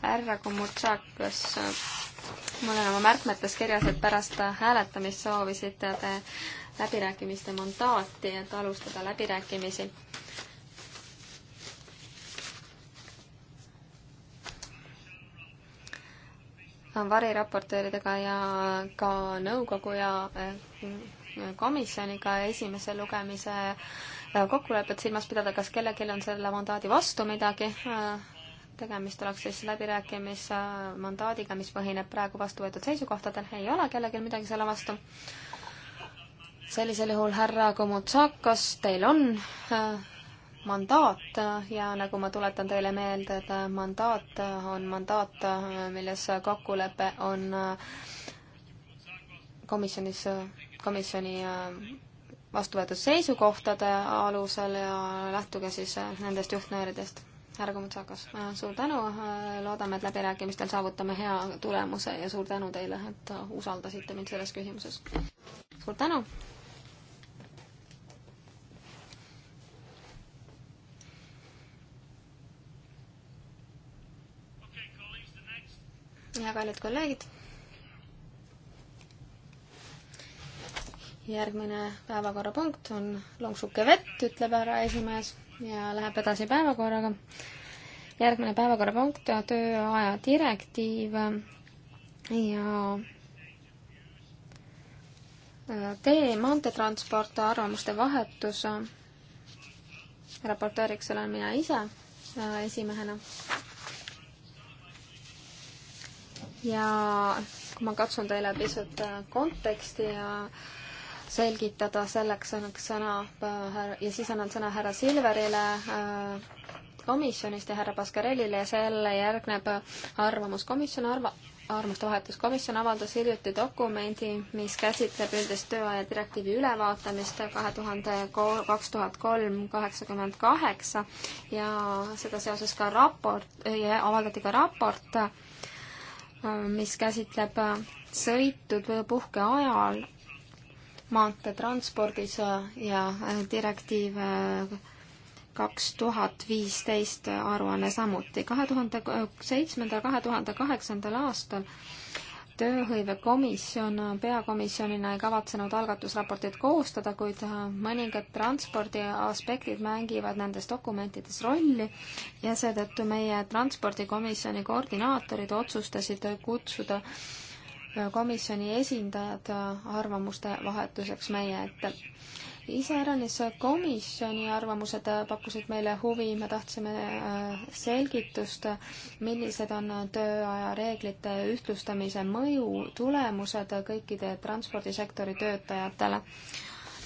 [SPEAKER 3] härra Kumutsakos, mul on oma märkmetes kirjas, et pärast hääletamist soovisite te läbirääkimiste mandaati, et alustada läbirääkimisi. variraportööridega ja ka nõukogu ja eh, komisjoniga esimese lugemise Äh, kokkulepet silmas pidada, kas kellelgi on selle mandaadi vastu midagi. Äh, tegemist oleks siis läbirääkimismandaadiga, mis põhineb praegu vastu võetud seisukohtadel, ei ole kellelgi midagi selle vastu. sellisel juhul, härra Komutsakos, teil on äh, mandaat ja nagu ma tuletan teile meelde, et mandaat on mandaat, milles kokkulepe on komisjonis, komisjoni vastu võetud seisukohtade alusel ja lähtuge siis äh, nendest juhtnööridest. härra Komutsakas, äh, suur tänu, äh, loodame, et läbirääkimistel saavutame hea tulemuse ja suur tänu teile, et usaldasite mind selles küsimuses. suur tänu! ja kallid kolleegid järgmine päevakorrapunkt on lonksuke vett, ütleb härra esimees ja läheb edasi päevakorraga. järgmine päevakorrapunkt, tööaja direktiiv ja äh, tee, maanteetransport, arvamuste vahetus. raportööriks olen mina ise äh, esimehena. ja ma katsun teile pisut äh, konteksti ja äh, selgitada, selleks annaks sõna äh, ja siis annan sõna härra Silverile äh, komisjonist ja härra Baskarellile ja selle järgneb arvamuskomisjon arva-, arvamuste vahetus. komisjon avaldas hiljuti dokumendi, mis käsitleb üldist tööaja direktiivi ülevaatamist kahe tuhande kaks tuhat kolm kaheksakümmend kaheksa ja seda seoses ka raport, avaldati ka raport, äh, mis käsitleb sõitud või puhke ajal maanteetranspordis ja äh, direktiiv äh, kaks tuhat viisteist aruanne samuti. kahe tuhande äh, seitsmendal, kahe tuhande kaheksandal aastal tööhõivekomisjon peakomisjonina ei kavatsenud algatusraportit koostada, kuid mõningad transpordi aspektid mängivad nendes dokumentides rolli ja seetõttu meie transpordikomisjoni koordinaatorid otsustasid kutsuda komisjoni esindajad arvamuste vahetuseks meie ette. iseäranis komisjoni arvamused pakkusid meile huvi, me tahtsime äh, selgitust, millised on tööaja reeglite ühtlustamise mõju, tulemused kõikide transpordisektori töötajatele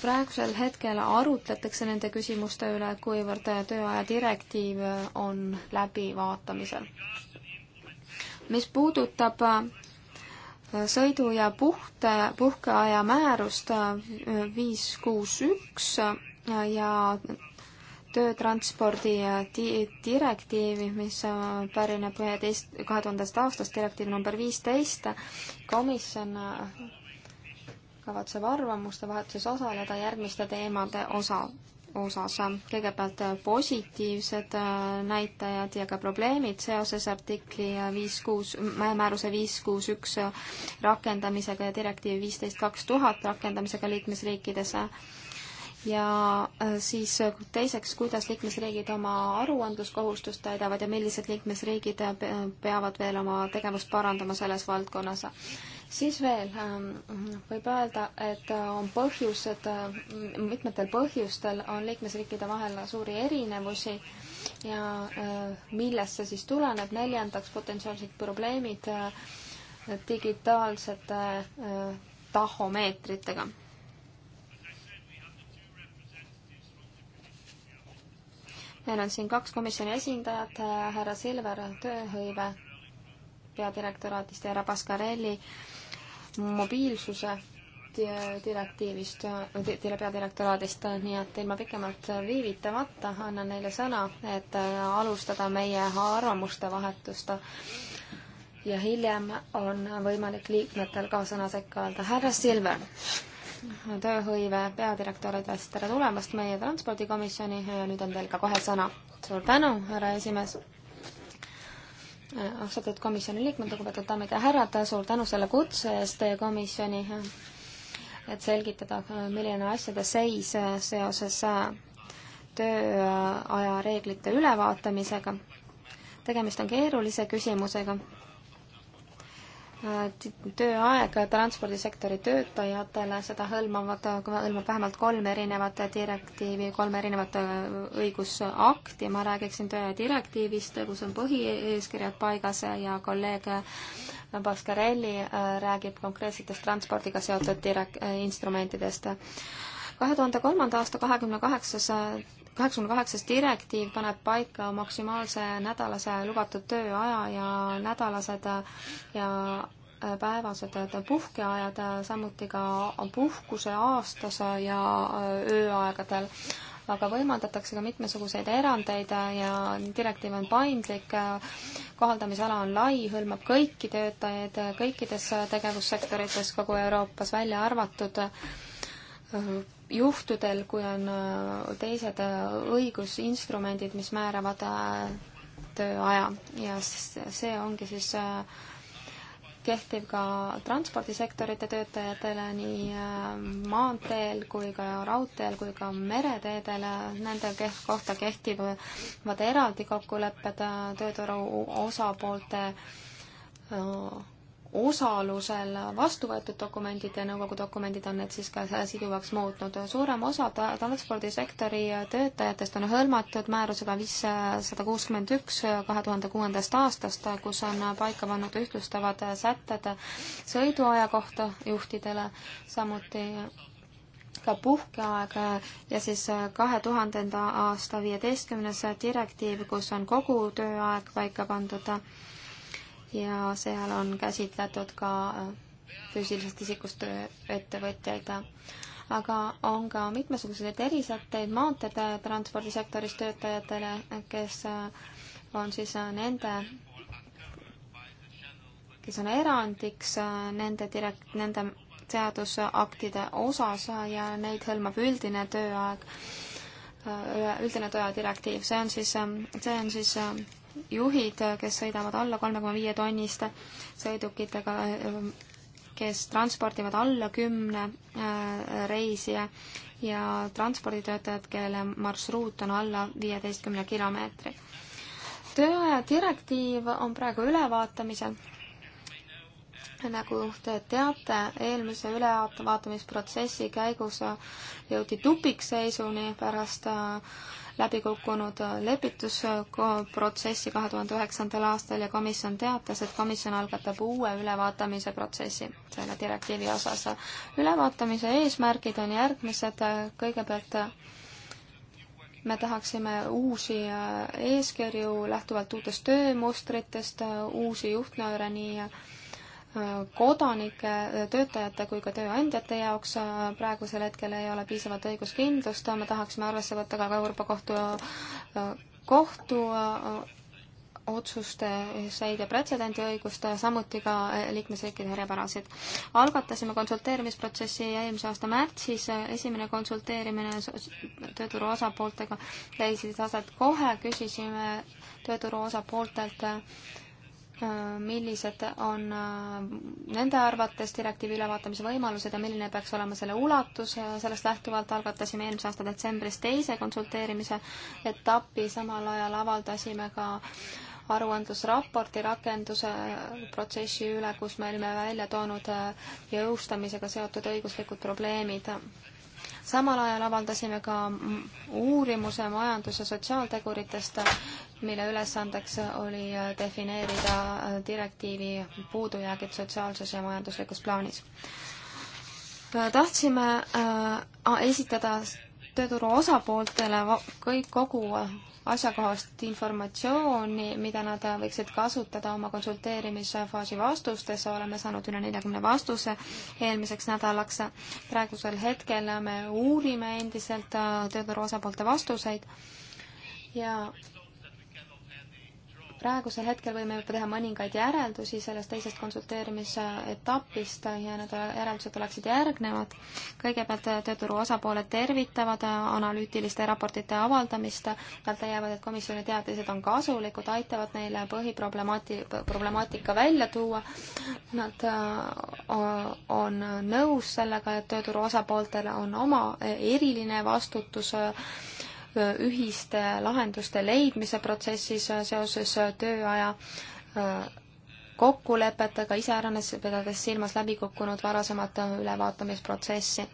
[SPEAKER 3] praegusel hetkel arutletakse nende küsimuste üle, kuivõrd tööaja direktiiv on läbivaatamisel. mis puudutab äh, sõidu- ja puhte, puhkeaja määrust äh, viis kuus üks äh, ja töötranspordi äh, di-, direktiivi, mis pärineb üheteist, kahe tuhandest aastast, direktiiv number viisteist, komisjon kavatseb arvamuste vahetuses osaleda järgmiste teemade osa, osas. kõigepealt äh, positiivsed äh, näitajad ja ka probleemid seoses artikli viis kuus, määruse viis kuus üks äh, rakendamisega ja direktiivi viisteist kaks tuhat rakendamisega liikmesriikides. ja siis teiseks, kuidas liikmesriigid oma aruandluskohustust täidavad ja millised liikmesriigid peavad veel oma tegevust parandama selles valdkonnas siis veel ähm, võib öelda, et äh, on põhjused, äh, mitmetel põhjustel on liikmesriikide vahel suuri erinevusi ja äh, millest see siis tuleneb, neljandaks potentsiaalsed probleemid digitaalsete tahomeetritega. meil on siin kaks komisjoni esindajat, härra Silver, tööhõive peadirektoraadist ja härra Pascarelli äh, mobiilsuse direktiivist, peadirektoraadist, nii et ilma pikemalt viivitamata annan neile sõna, et alustada meie arvamuste vahetust. ja hiljem on võimalik liikmetel ka sõna sekka öelda. härra Silver, tööhõive peadirektoraadist, tere tulemast meie transpordikomisjoni ja nüüd on teil ka kohe sõna. suur tänu, härra esimees austatud komisjoni liikmed, lugupeetud daamid ja härrad, suur tänu selle kutse eest teie komisjoni, et selgitada, milline on asjade seis seoses tööaja reeglite ülevaatamisega. tegemist on keerulise küsimusega Äh, tööaeg transpordisektori töötajatele, seda hõlmavad, hõlmab vähemalt kolm erinevat direktiivi, kolm erinevat äh, õigusakti, ma räägiksin töödirektiivist, kus on põhieeskirjad paigas ja kolleeg Bascarelli äh, räägib konkreetsetest transpordiga seotud direk-, instrumentidest kahe tuhande kolmanda aasta kahekümne kaheksas kaheksakümne kaheksas direktiiv paneb paika maksimaalse nädalase lubatud tööaja ja nädalased ja äh, päevased puhkeajad, äh, samuti ka puhkuse aastas ja äh, ööaegadel aga võimaldatakse ka mitmesuguseid erandeid ja direktiiv on paindlik, kohaldamisala on lai, hõlmab kõiki töötajaid kõikides tegevussektorites kogu Euroopas, välja arvatud juhtudel, kui on äh, teised äh, õigusinstrumendid, mis määravad äh, tööaja ja see ongi siis kehtib ka transpordisektorite töötajatele nii maanteel kui ka raudteel kui ka mereteedel. Nende kohta kehtivad eraldi kokkulepped tööturu osapoolte osalusel vastu võetud dokumendid ja nõukogu dokumendid on need siis ka siduvaks muutnud. suurem osa transpordisektori töötajatest on hõlmatud määrusega viissada kuuskümmend üks kahe tuhande kuuendast aastast, kus on paika pannud ühtlustavad sätted sõiduaja kohta juhtidele, samuti ka puhkeaeg ja siis kahe tuhandenda aasta viieteistkümnes direktiiv, kus on kogu tööaeg paika pandud ja seal on käsitletud ka äh, füüsilisest isikust äh, ettevõtjaid aga on ka mitmesuguseid erisätteid maanteede transpordisektoris töötajatele, kes äh, on siis nende, kes on erandiks nende direkt-, nende seadusaktide osas ja neid hõlmab üldine tööaeg, üldine tööaja direktiiv, see on siis, see on siis juhid, kes sõidavad alla kolme koma viie tonniste sõidukitega, kes transpordivad alla kümne äh, reisija ja transporditöötajad, kelle marsruut on alla viieteistkümne kilomeetri. tööaja direktiiv on praegu ülevaatamisel. nagu te teate, eelmise ülevaatamisprotsessi käigus jõuti tupikseisuni pärast äh, läbi kukkunud äh, lepitusprotsessi kahe tuhande üheksandal aastal ja komisjon teatas, et komisjon algatab uue ülevaatamise protsessi selle direktiivi osas. ülevaatamise eesmärgid on järgmised, kõigepealt äh, me tahaksime uusi äh, eeskirju lähtuvalt uutest töömustritest, uusi juhtnööre nii kodanike, töötajate kui ka tööandjate jaoks äh, praegusel hetkel ei ole piisavat õiguskindlust, me tahaksime arvesse võtta ka Euroopa Kohtu, äh, kohtu äh, otsuste säid ja pretsedendiõigust, samuti ka liikmesriikide eripärasid. algatasime konsulteerimisprotsessi eelmise aasta märtsis, esimene konsulteerimine tööturu osapooltega leidis aset kohe, küsisime tööturu osapooltelt äh, Äh, millised on äh, nende arvates direktiivi ülevaatamise võimalused ja milline peaks olema selle ulatus, sellest lähtuvalt algatasime eelmise aasta detsembris teise konsulteerimise etapi, samal ajal avaldasime ka aruandlusraporti rakenduse protsessi üle, kus me olime välja toonud äh, jõustamisega seotud õiguslikud probleemid samal ajal avaldasime ka uurimuse majandus- ja sotsiaalteguritest, mille ülesandeks oli äh, defineerida äh, direktiivi puudujäägid sotsiaalses ja majanduslikus plaanis. Äh, tahtsime esitada tööturu osapooltele kõik kogu asjakohast informatsiooni, mida nad võiksid kasutada oma konsulteerimisfaasi vastustes, oleme saanud üle neljakümne vastuse eelmiseks nädalaks. praegusel hetkel me uurime endiselt tööturu osapoolte vastuseid ja praegusel hetkel võime juba teha mõningaid järeldusi sellest teisest konsulteerimise etapist ja need järeldused oleksid järgnevad. kõigepealt äh, tööturu osapooled tervitavad äh, analüütiliste raportite avaldamist, nad leiavad, et komisjoni teadmised on kasulikud, aitavad neile põhiproblemati-, problemaatika välja tuua, nad äh, on nõus sellega, et tööturu osapooltel on oma eriline vastutus ühiste lahenduste leidmise protsessis äh, seoses äh, tööaja äh, kokkulepetega, iseäranis pidades silmas läbi kukkunud varasemat ülevaatamisprotsessi.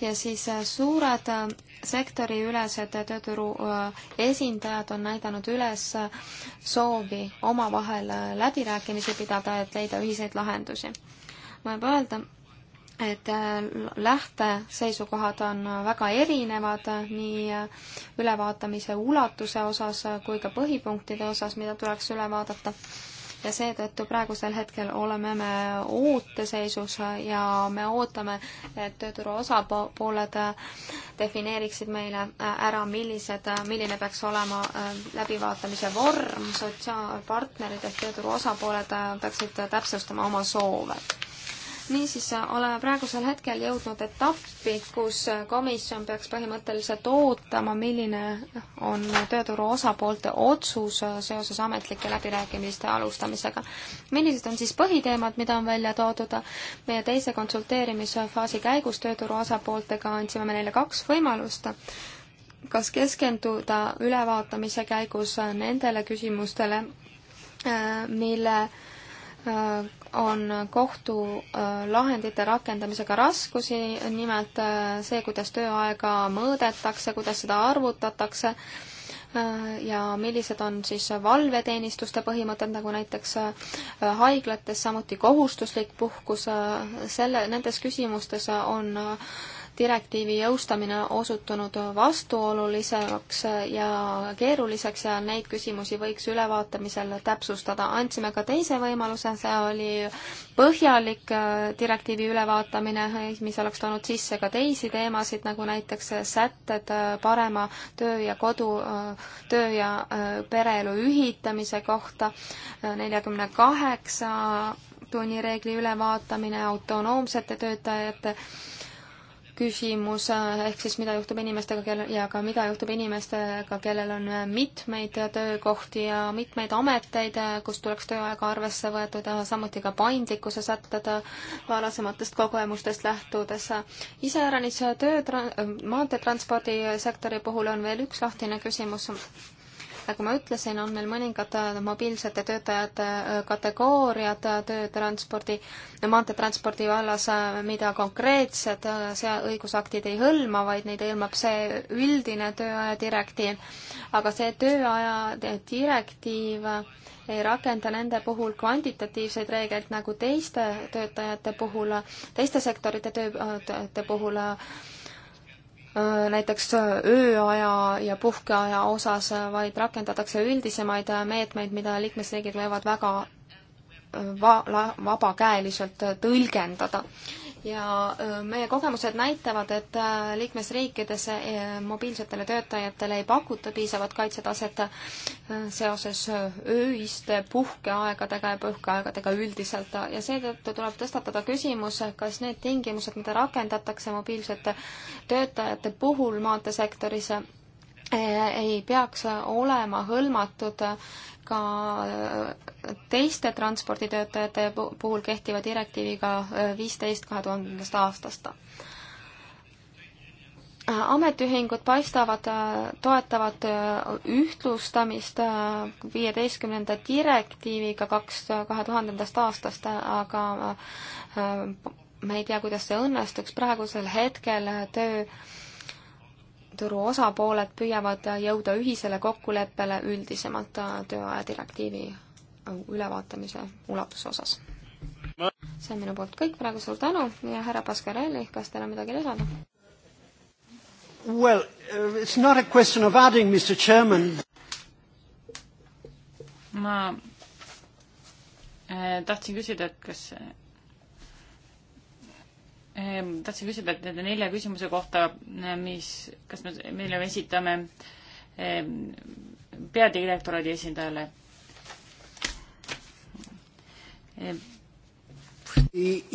[SPEAKER 3] ja siis suured sektoriülesed tööturu esindajad on näidanud üles soovi omavahel läbirääkimisi pidada, et leida ühiseid lahendusi. võib öelda, et äh, lähteseisukohad on väga erinevad nii ülevaatamise ulatuse osas kui ka põhipunktide osas, mida tuleks üle vaadata. ja seetõttu praegusel hetkel oleme me ooteseisus ja me ootame, et tööturu osapooled defineeriksid meile äh, ära, millised, äh, milline peaks olema läbivaatamise vorm, sotsiaalpartnerid ehk tööturu osapooled peaksid täpsustama oma soove niisiis äh, oleme praegusel hetkel jõudnud etappi, kus äh, komisjon peaks põhimõtteliselt ootama, milline on tööturu osapoolte otsus äh, seoses ametlike läbirääkimiste alustamisega. millised on siis põhiteemad, mida on välja toodud? meie teise konsulteerimisfaasi käigus tööturu osapooltega andsime me neile kaks võimalust kas keskenduda ülevaatamise käigus nendele küsimustele, mille on kohtulahendite äh, rakendamisega raskusi, nimelt äh, see, kuidas tööaega mõõdetakse, kuidas seda arvutatakse äh, ja millised on siis valveteenistuste põhimõtted, nagu näiteks haiglates, samuti kohustuslik puhkus, selle, nendes küsimustes on direktiivi jõustamine osutunud vastuoluliseks ja keeruliseks ja neid küsimusi võiks ülevaatamisel täpsustada. andsime ka teise võimaluse, see oli põhjalik äh, direktiivi ülevaatamine, mis oleks toonud sisse ka teisi teemasid, nagu näiteks sätted äh, parema töö ja kodu, äh, töö ja pereelu ühitamise kohta, neljakümne kaheksa tunnireegli ülevaatamine, autonoomsete töötajate küsimus, eh, ehk siis mida juhtub inimestega, kellel, ja ka mida juhtub inimestega, kellel on eh, mitmeid eh, töökohti ja mitmeid ameteid, kus tuleks tööaega arvesse võetud, samuti ka paindlikkuse sätted varasematest kogemustest lähtudes. iseäranis töö, maanteetranspordisektori puhul on veel üks lahtine küsimus nagu ma ütlesin, on meil mõningad äh, mobiilsete töötajate äh, kategooriad äh, töötranspordi, maanteetranspordi vallas, mida konkreetsed õigusaktid ei hõlma, vaid neid hõlmab see üldine tööaja direktiiv. aga see tööaja direktiiv ei rakenda nende puhul kvantitatiivseid reegleid nagu teiste töötajate puhul, teiste sektorite töötajate puhul Äh, näiteks äh, ööaja ja puhkeaja osas, äh, vaid rakendatakse üldisemaid meetmeid, mida liikmesriigid võivad väga va-, la-, vabakäeliselt tõlgendada ja meie kogemused näitavad, et äh, liikmesriikides äh, mobiilsetele töötajatele ei pakuta piisavat kaitsetaset äh, seoses ööiste puhkeaegadega ja puhkeaegadega üldiselt ja seetõttu tuleb tõstatada küsimus, kas need tingimused, mida rakendatakse mobiilsete töötajate puhul maanteesektoris, Eh, ei peaks olema hõlmatud ka teiste transporditöötajate puhul kehtiva direktiiviga eh, viisteist kahe tuhandendast aastast. ametiühingud paistavad, eh, toetavad ühtlustamist viieteistkümnenda direktiiviga kaks, kahe tuhandendast aastast, aga me ei tea, kuidas see õnnestuks, praegusel hetkel töö turu osapooled püüavad jõuda ühisele kokkuleppele üldisemalt tööaja direktiivi ülevaatamise ulatuse osas. see on minu poolt kõik praegu, suur tänu ja härra Pascarelli, kas teil on midagi lisada?
[SPEAKER 1] Well, uh, it's not a question of adding, Mr Chairman.
[SPEAKER 3] ma
[SPEAKER 4] eh, tahtsin küsida, et kas Ehm, tahtsin küsida nende nelja küsimuse kohta, eh, mis, kas me, mille me esitame ehm, peadirektoraadi esindajale. Ehm.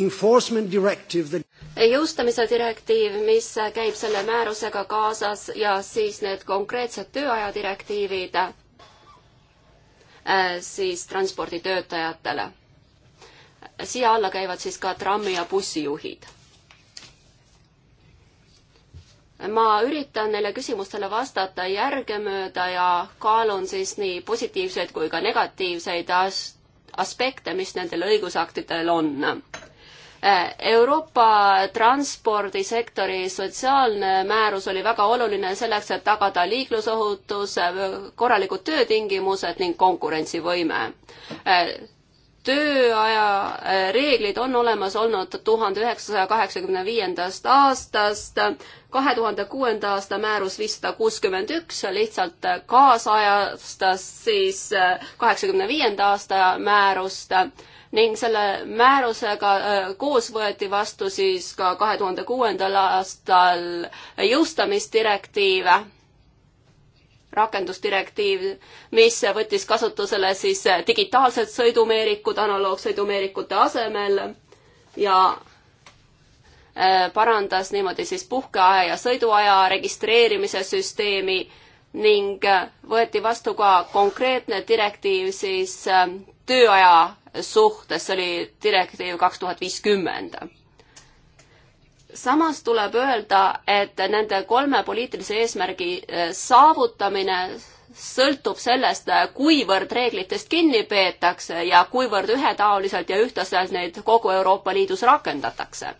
[SPEAKER 1] Enforcement directive that
[SPEAKER 2] jõustamise direktiiv, mis käib selle määrusega kaasas ja siis need konkreetsed tööaja direktiivid eh, siis transporditöötajatele. siia alla käivad siis ka trammi- ja bussijuhid ma üritan neile küsimustele vastata järgemööda ja kaalun siis nii positiivseid kui ka negatiivseid as-, aspekte, mis nendel õigusaktidel on. Euroopa transpordisektori sotsiaalne määrus oli väga oluline selleks, et tagada liiklusohutus, korralikud töötingimused ning konkurentsivõime tööaja äh, reeglid on olemas olnud tuhande üheksasaja kaheksakümne viiendast aastast, kahe tuhande kuuenda aasta määrus viissada kuuskümmend üks lihtsalt kaasajastas siis äh, kaheksakümne viienda aasta määrust ning selle määrusega äh, koos võeti vastu siis ka kahe tuhande kuuendal aastal jõustamisdirektiive rakendusdirektiiv, mis võttis kasutusele siis digitaalsed sõidumeerikud analoogsõidumeerikute asemel ja äh, parandas niimoodi siis puhkeaja ja sõiduaja registreerimise süsteemi ning äh, võeti vastu ka konkreetne direktiiv siis äh, tööaja suhtes, see oli direktiiv kaks tuhat viiskümmend samas tuleb öelda, et nende kolme poliitilise eesmärgi eh, saavutamine sõltub sellest, eh, kuivõrd reeglitest kinni peetakse ja kuivõrd ühetaoliselt ja ühtlaselt neid kogu Euroopa Liidus rakendatakse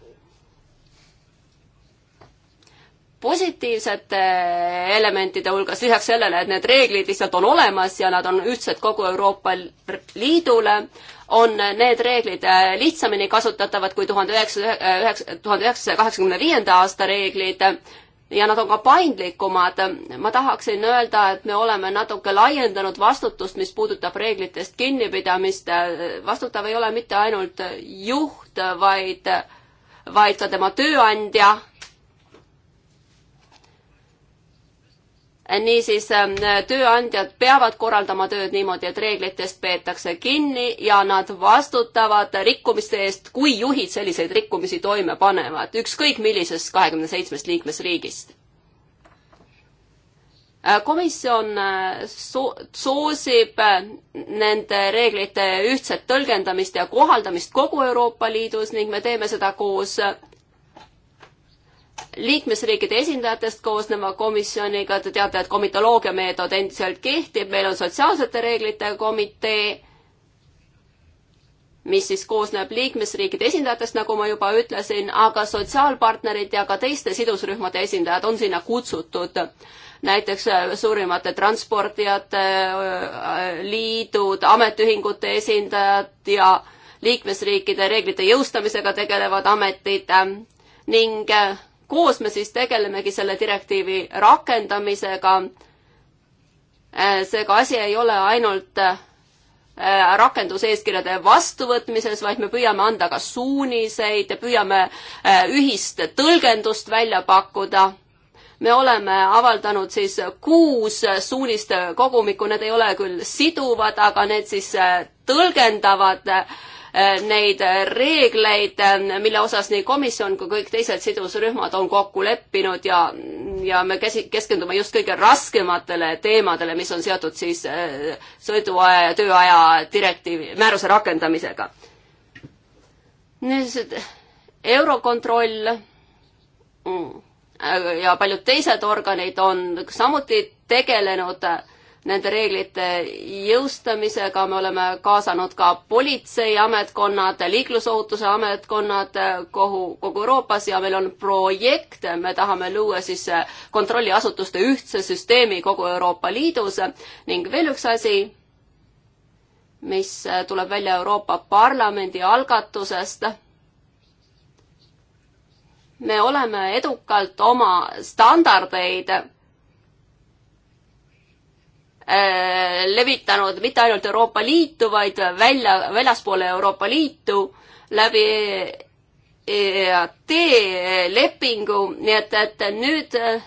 [SPEAKER 2] positiivsete eh, elementide hulgas, lisaks sellele, et need reeglid lihtsalt on olemas ja nad on ühtsed kogu Euroopa Liidule, on need reeglid eh, lihtsamini kasutatavad kui tuhande üheksasaja, eh, tuhande üheksasaja kaheksakümne viienda aasta reeglid ja nad on ka paindlikumad. ma tahaksin öelda, et me oleme natuke laiendanud vastutust, mis puudutab reeglitest kinnipidamist. vastutav ei ole mitte ainult juht, vaid, vaid ka tema tööandja niisiis ähm, tööandjad peavad korraldama tööd niimoodi, et reeglitest peetakse kinni ja nad vastutavad rikkumiste eest, kui juhid selliseid rikkumisi toime panevad, ükskõik millisest kahekümne seitsmest liikmesriigist. Äh, komisjon äh, so-, soosib äh, nende reeglite ühtset tõlgendamist ja kohaldamist kogu Euroopa Liidus ning me teeme seda koos liikmesriikide esindajatest koosneva komisjoniga, te teate, et komitoloogia meetod endiselt kehtib, meil on sotsiaalsete reeglite komitee, mis siis koosneb liikmesriikide esindajatest, nagu ma juba ütlesin, aga sotsiaalpartnerid ja ka teiste sidusrühmade esindajad on sinna kutsutud. näiteks äh, suurimate transpordijate äh, liidud, ametiühingute esindajad ja liikmesriikide reeglite jõustamisega tegelevad ametid ähm, ning äh, koos me siis tegelemegi selle direktiivi rakendamisega. Äh, seega asi ei ole ainult äh, rakenduseeskirjade vastuvõtmises, vaid me püüame anda ka suuniseid ja püüame äh, ühist tõlgendust välja pakkuda. me oleme avaldanud siis kuus suuniste kogumikku, need ei ole küll siduvad, aga need siis tõlgendavad äh, Äh, neid reegleid, äh, mille osas nii komisjon kui kõik teised sidusrühmad on kokku leppinud ja, ja me kesi-, keskendume just kõige raskematele teemadele, mis on seotud siis äh, sõiduaja ja tööaja direktiivi, määruse rakendamisega. nüüd Eurokontroll mm, ja paljud teised organid on samuti tegelenud äh, nende reeglite jõustamisega, me oleme kaasanud ka politseiametkonnad, liiklusohutuse ametkonnad kogu, kogu Euroopas ja meil on projekt, me tahame luua siis kontrolliasutuste ühtse süsteemi kogu Euroopa Liidus ning veel üks asi, mis tuleb välja Euroopa Parlamendi algatusest me oleme edukalt oma standardeid Äh, levitanud mitte ainult Euroopa Liitu, vaid välja, väljaspoole Euroopa Liitu läbi EAT lepingu, nii et, et nüüd äh,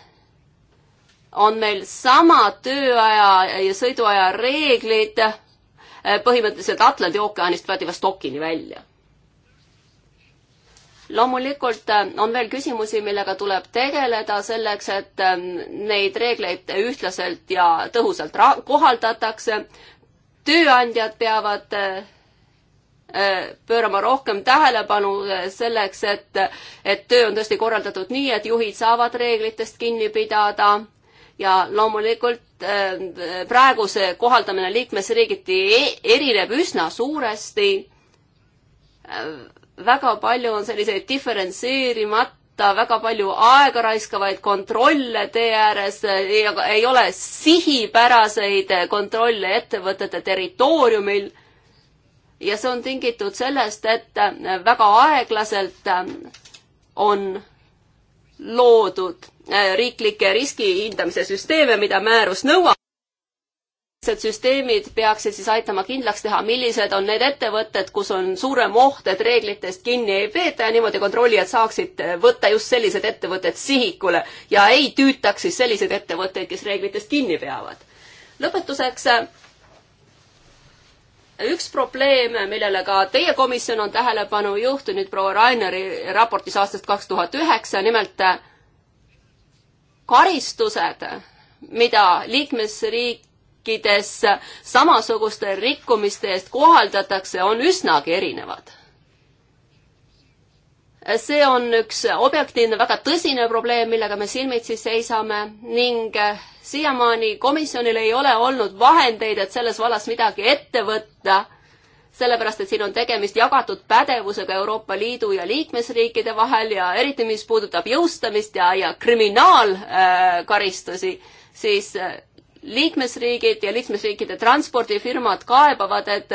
[SPEAKER 2] on meil sama tööaja ja sõiduaja reeglid äh, põhimõtteliselt Atlandi ookeanist Vladivostokini välja loomulikult äh, on veel küsimusi, millega tuleb tegeleda selleks, et äh, neid reegleid ühtlaselt ja tõhusalt kohaldatakse. tööandjad peavad äh, pöörama rohkem tähelepanu selleks, et, et töö on tõesti korraldatud nii, et juhid saavad reeglitest kinni pidada ja loomulikult praegu see kohaldamine liikmesriigiti e-, erineb üsna suuresti väga palju on selliseid diferentseerimata, väga palju aega raiskavaid kontrolle tee ääres, ei ole sihipäraseid kontrolle ettevõtete territooriumil. ja see on tingitud sellest, et väga aeglaselt on loodud riiklikke riskihindamise süsteeme, mida määrus nõuab need süsteemid peaksid siis aitama kindlaks teha, millised on need ettevõtted, kus on suurem oht, et reeglitest kinni ei peeta ja niimoodi kontrollijad saaksid võtta just sellised ettevõtted sihikule ja ei tüütaks siis selliseid ettevõtteid, kes reeglitest kinni peavad. lõpetuseks üks probleem, millele ka teie komisjon on tähelepanu juhtunud proua Raineri raportis aastast kaks tuhat üheksa, nimelt karistused mida liikmesriik, riikides samasuguste rikkumiste eest kohaldatakse, on üsnagi erinevad. see on üks objektiivne väga tõsine probleem, millega me silmitsi seisame ning siiamaani komisjonil ei ole olnud vahendeid, et selles vallas midagi ette võtta sellepärast et siin on tegemist jagatud pädevusega Euroopa Liidu ja liikmesriikide vahel ja eriti, mis puudutab jõustamist ja, ja kriminaalkaristusi äh,, siis äh, liikmesriigid ja liikmesriikide transpordifirmad kaebavad, et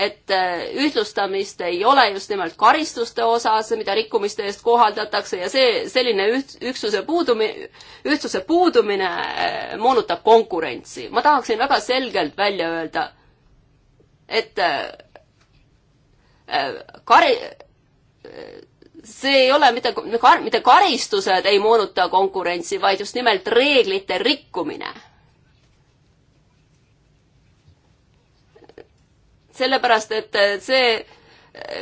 [SPEAKER 2] et äh, ühtlustamist ei ole just nimelt karistuste osas, mida rikkumiste eest kohaldatakse ja see selline üht, üksuse puudumine, ühtsuse puudumine äh, moonutab konkurentsi. ma tahaksin väga selgelt välja öelda, et äh, kari-, see ei ole mitte, mitte karistused ei moonuta konkurentsi, vaid just nimelt reeglite rikkumine sellepärast et see,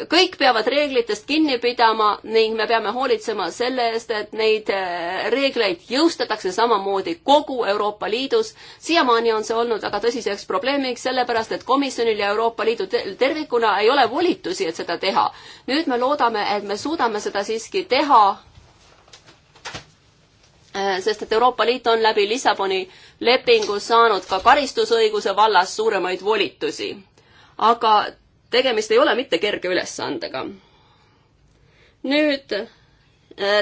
[SPEAKER 2] kõik peavad reeglitest kinni pidama ning me peame hoolitsema selle eest, et neid äh, reegleid jõustatakse samamoodi kogu Euroopa Liidus. siiamaani on see olnud väga tõsiseks probleemiks, sellepärast et komisjonil ja Euroopa Liidu tervikuna ei ole volitusi, et seda teha. nüüd me loodame, et me suudame seda siiski teha, äh, sest et Euroopa Liit on läbi Lissaboni lepingu saanud ka karistusõiguse vallas suuremaid volitusi aga tegemist ei ole mitte kerge ülesandega. nüüd äh,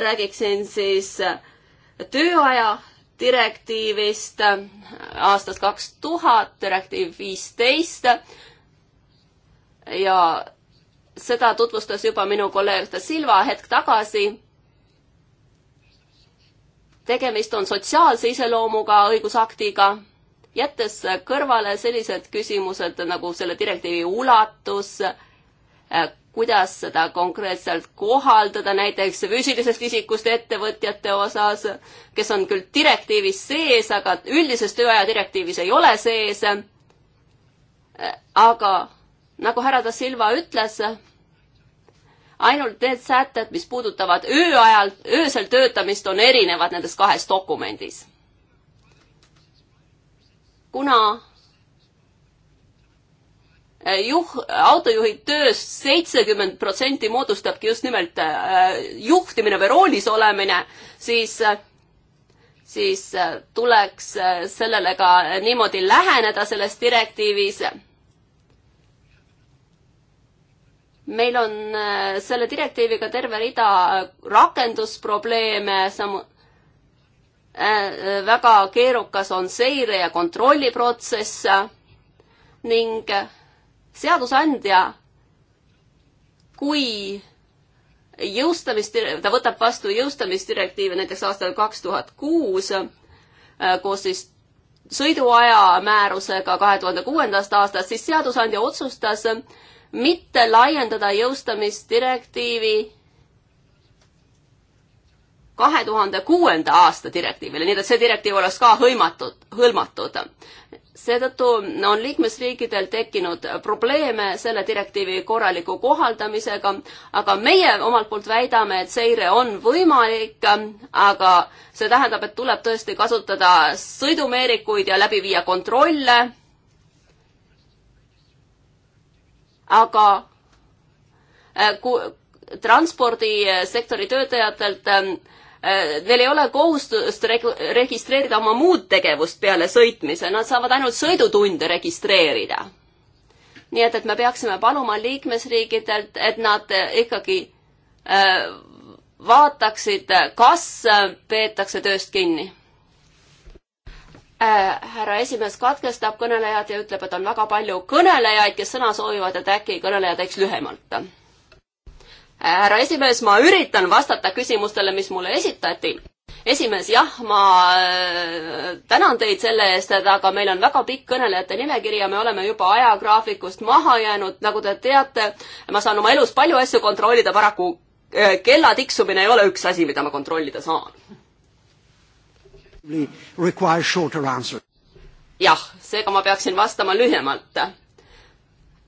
[SPEAKER 2] räägiksin siis äh, tööaja direktiivist äh, aastast kaks tuhat, direktiiv viisteist ja seda tutvustas juba minu kolleeg Da Silva hetk tagasi. tegemist on sotsiaalse iseloomuga õigusaktiga jättes kõrvale sellised küsimused nagu selle direktiivi ulatus, äh, kuidas seda konkreetselt kohaldada näiteks füüsilisest isikust ettevõtjate osas, kes on küll direktiivis sees, aga üldises tööaja direktiivis ei ole sees. Äh, aga nagu härra da Silva ütles, ainult need sätted, mis puudutavad ööajal, öösel töötamist, on erinevad nendes kahes dokumendis kuna eh, juh-, autojuhi tööst seitsekümmend protsenti moodustabki just nimelt eh, juhtimine või roolis olemine, siis siis eh, tuleks sellele ka niimoodi läheneda selles direktiivis. meil on selle direktiiviga terve rida rakendusprobleeme, samu-, Äh, väga keerukas on seire- ja kontrolliprotsess ning seadusandja, kui jõustamist, ta võtab vastu jõustamisdirektiivi näiteks aastal kaks tuhat kuus äh, koos siis sõiduaja määrusega kahe tuhande kuuendast aastast, siis seadusandja otsustas mitte laiendada jõustamisdirektiivi kahe tuhande kuuenda aasta direktiivile, nii et see direktiiv oleks ka hõimatud, hõlmatud. seetõttu on liikmesriikidel tekkinud probleeme selle direktiivi korraliku kohaldamisega, aga meie omalt poolt väidame, et seire on võimalik, aga see tähendab, et tuleb tõesti kasutada sõidumeerikuid ja läbi viia kontrolle. aga eh, kui transpordisektori töötajatelt eh, Äh, neil ei ole kohustust reg-, registreerida oma muud tegevust peale sõitmise, nad saavad ainult sõidutunde registreerida. nii et, et me peaksime paluma liikmesriikidelt, et nad äh, ikkagi äh, vaataksid, äh, kas peetakse tööst kinni äh,. härra esimees katkestab kõnelejad ja ütleb, et on väga palju kõnelejaid, kes sõna soovivad, et äkki kõneleja teeks lühemalt härra esimees, ma üritan vastata küsimustele, mis mulle esitati. esimees, jah, ma äh, tänan teid selle eest, et aga meil on väga pikk kõnelejate nimekiri ja me oleme juba ajagraafikust maha jäänud, nagu te teate, ma saan oma elus palju asju kontrollida, paraku äh, kella tiksumine ei ole üks asi, mida ma kontrollida saan. jah, seega ma peaksin vastama lühemalt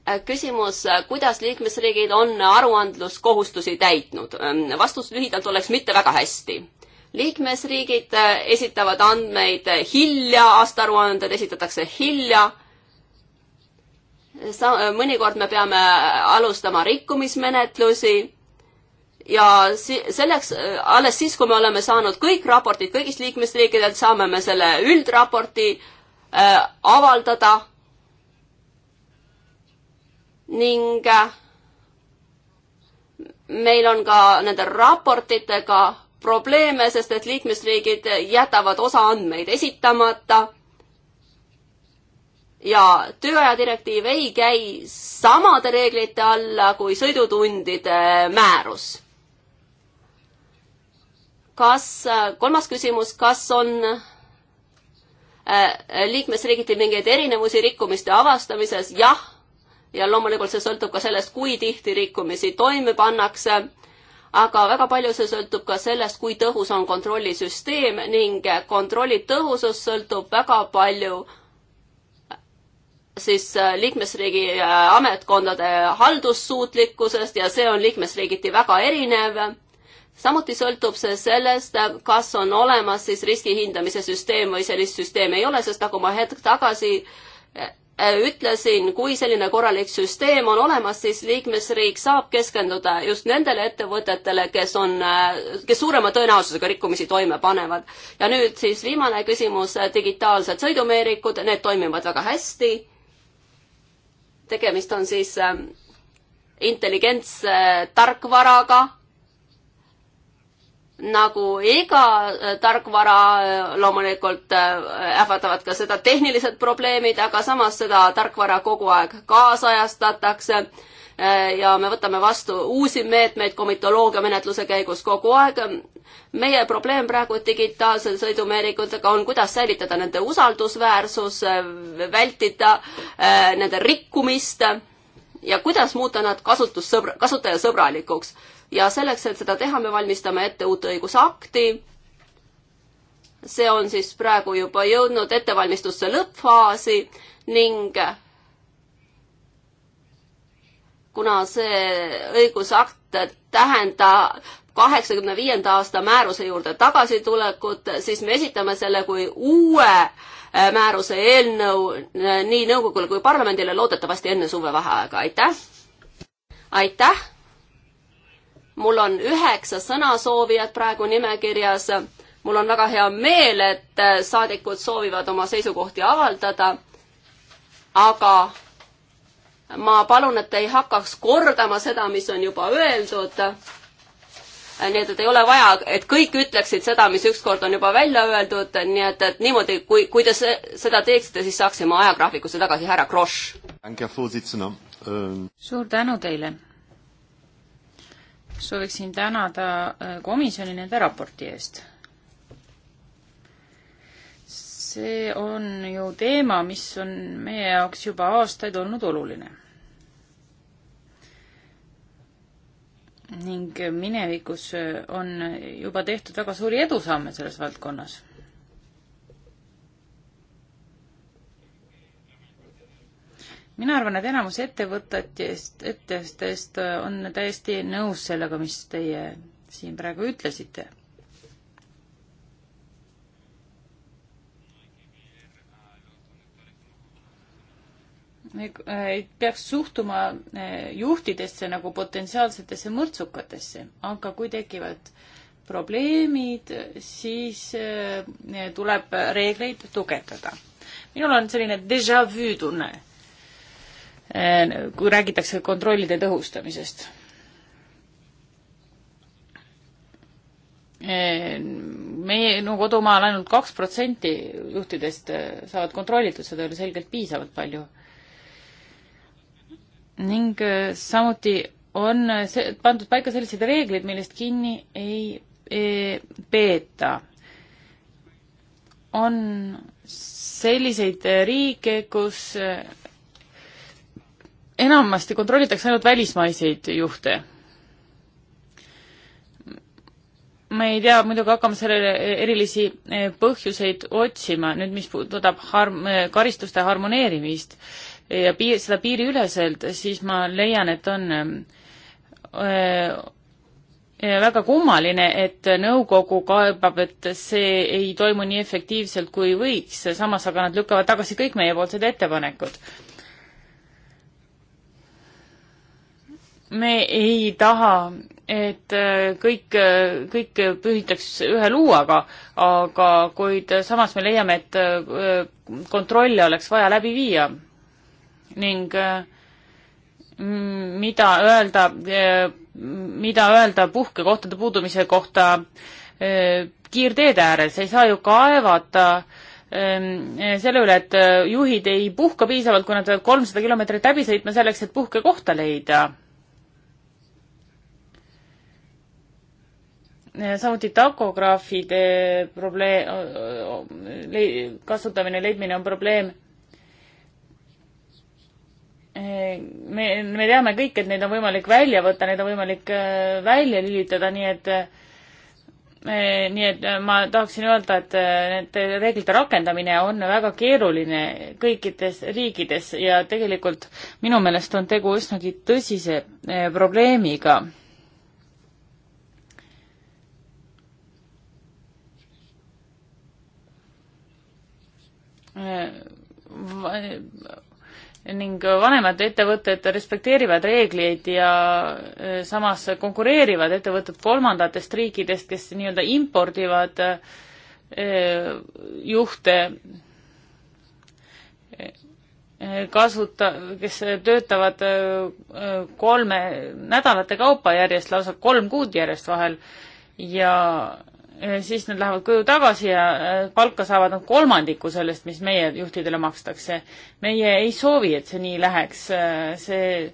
[SPEAKER 2] Äh, küsimus, äh, kuidas liikmesriigid on aruandluskohustusi täitnud? Ähm, vastus lühidalt oleks mitte väga hästi. liikmesriigid äh, esitavad andmeid hilja, aastaaruanded esitatakse hilja. sa-, mõnikord me peame alustama rikkumismenetlusi ja si-, selleks, alles siis, kui me oleme saanud kõik raportid kõigist liikmesriikidelt, saame me selle üldraporti äh, avaldada ning äh, meil on ka nende raportitega probleeme, sest et liikmesriigid jätavad osa andmeid esitamata. ja tööaja direktiiv ei käi samade reeglite alla kui sõidutundide määrus. kas, äh, kolmas küsimus, kas on äh, liikmesriigiti mingeid erinevusi rikkumiste avastamises? jah ja loomulikult see sõltub ka sellest, kui tihti rikkumisi toime pannakse, aga väga palju see sõltub ka sellest, kui tõhus on kontrollisüsteem ning kontrolli tõhusus sõltub väga palju siis äh, liikmesriigi äh, ametkondade haldussuutlikkusest ja see on liikmesriigiti väga erinev. samuti sõltub see sellest, äh, kas on olemas siis riski hindamise süsteem või sellist süsteemi ei ole, sest nagu ma hetk tagasi äh, Äh, ütlesin, kui selline korralik süsteem on olemas, siis liikmesriik saab keskenduda just nendele ettevõtetele, kes on, äh, kes suurema tõenäosusega rikkumisi toime panevad. ja nüüd siis viimane küsimus, äh, digitaalsed sõidumeerikud, need toimivad väga hästi. tegemist on siis intelligentse tarkvaraga nagu iga äh, tarkvara, äh, loomulikult äh, ähvardavad ka seda tehnilised probleemid, aga samas seda tarkvara kogu aeg kaasajastatakse ja me võtame vastu uusi meetmeid komitoloogia menetluse käigus kogu aeg. meie probleem praegu digitaalse sõidumeerikutega on, kuidas säilitada nende usaldusväärsus, vältida nende rikkumist ja kuidas muuta nad kasutussõbra, kasutajasõbralikuks ja selleks, et seda teha, me valmistame ette uut õigusakti. see on siis praegu juba jõudnud ettevalmistusse lõppfaasi ning kuna see õigusakt tähendab kaheksakümne viienda aasta määruse juurde tagasitulekut, siis me esitame selle kui uue äh, määruse eelnõu äh, nii nõukogule kui parlamendile loodetavasti enne suvevaheaega, aitäh! aitäh! mul on üheksa sõnasoovijat praegu nimekirjas. mul on väga hea meel, et saadikud soovivad oma seisukohti avaldada. aga ma palun, et ei hakkaks kordama seda, mis on juba öeldud. nii et, et ei ole vaja, et kõik ütleksid seda, mis ükskord on juba välja öeldud, nii et, et niimoodi, kui, kui te seda teeksite, siis saaksime ajagraafikusse tagasi, härra Kross.
[SPEAKER 1] Ähm,
[SPEAKER 4] suur tänu teile sooviksin tänada äh, komisjoni nende raporti eest. see on ju teema, mis on meie jaoks juba aastaid olnud oluline. ning minevikus on juba tehtud väga suuri edusamme selles valdkonnas mina arvan, et enamus ettevõtetest, ettevõtetest on täiesti nõus sellega, mis teie siin praegu ütlesite. Eh, peaks suhtuma eh, juhtidesse nagu potentsiaalsetesse mõrtsukatesse, aga kui tekivad probleemid, siis eh, tuleb reegleid tugevdada. minul on selline déjà vu tunne Äh, kui räägitakse kontrollide tõhustamisest. Äh, meie, no kodumaal ainult kaks protsenti juhtidest äh, saavad kontrollitud, seda ei ole selgelt piisavalt palju. ning samuti on see, pandud paika sellised reeglid, millest kinni ei e, peeta. on selliseid riike, kus enamasti kontrollitakse ainult välismaiseid juhte. me ei tea, muidugi hakkame sellele erilisi eh, põhjuseid otsima, nüüd mis puudutab harm-, eh, karistuste harmoneerimist ja piir, seda piiriüleselt, siis ma leian, et on öö, eh, väga kummaline, et nõukogu kaebab, et see ei toimu nii efektiivselt, kui võiks, samas aga nad lükkavad tagasi kõik meiepoolsed ettepanekud me ei taha, et äh, kõik, äh, kõik pühitaks ühe luuaga, aga kuid samas me leiame, et äh, kontrolle oleks vaja läbi viia ning mida öelda, mida öelda puhkekohtade puudumise kohta kiirteede ääres, ei saa ju kaevata ähm, selle üle, et juhid ei puhka piisavalt, kui nad peavad kolmsada kilomeetrit läbi sõitma selleks, et puhkekohta leida Eh, samuti takograafide probleem, kasutamine, leidmine on probleem. Eh, me, me teame kõik, et neid on võimalik välja võtta, neid on võimalik eh, välja lülitada, nii et nii et ma tahaksin öelda, et nende reeglite rakendamine on väga keeruline kõikides riikides ja tegelikult minu meelest on tegu üsnagi tõsise probleemiga Äh, ning vanemad ettevõtted respekteerivad reegleid ja äh, samas konkureerivad ettevõtted kolmandatest riikidest, kes nii-öelda impordivad äh, juhte kasuta-, kes töötavad kolme nädalate kaupa järjest, lausa kolm kuud järjest vahel ja Eh, siis nad lähevad koju tagasi ja eh, palka saavad nad kolmandiku sellest, mis meie juhtidele makstakse. meie ei soovi, et see nii läheks, eh, see,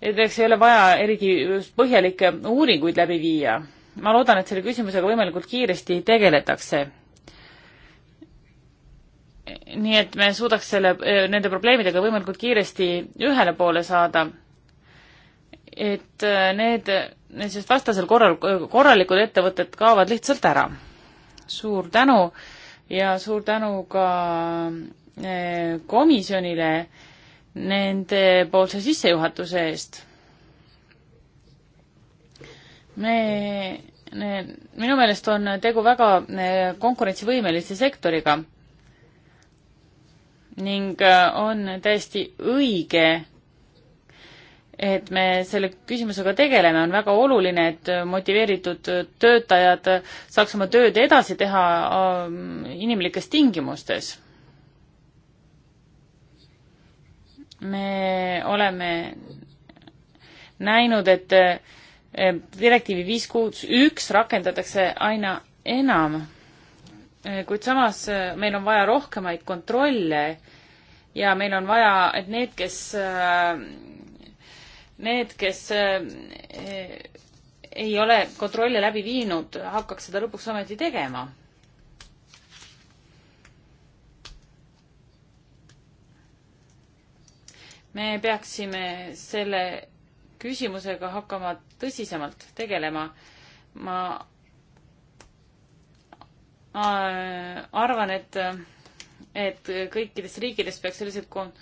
[SPEAKER 4] selleks ei ole vaja eriti põhjalikke uuringuid läbi viia. ma loodan, et selle küsimusega võimalikult kiiresti tegeletakse. nii et me suudaks selle, nende probleemidega võimalikult kiiresti ühele poole saada et äh, need, sest vastasel korral korralikud ettevõtted kaovad lihtsalt ära. suur tänu ja suur tänu ka äh, komisjonile nendepoolse sissejuhatuse eest. me, me, minu meelest on tegu väga äh, konkurentsivõimelise sektoriga ning on täiesti õige et me selle küsimusega tegeleme, on väga oluline, et motiveeritud töötajad saaks oma tööd edasi teha ähm, inimlikes tingimustes. me oleme näinud, et äh, direktiivi viis kuus üks rakendatakse aina enam, äh, kuid samas äh, meil on vaja rohkemaid kontrolle ja meil on vaja, et need, kes need, kes äh, ei ole kontrolle läbi viinud, hakkaks seda lõpuks ometi tegema. me peaksime selle küsimusega hakkama tõsisemalt tegelema. ma äh, arvan, et, et kõikides riikides peaks sellised kon-,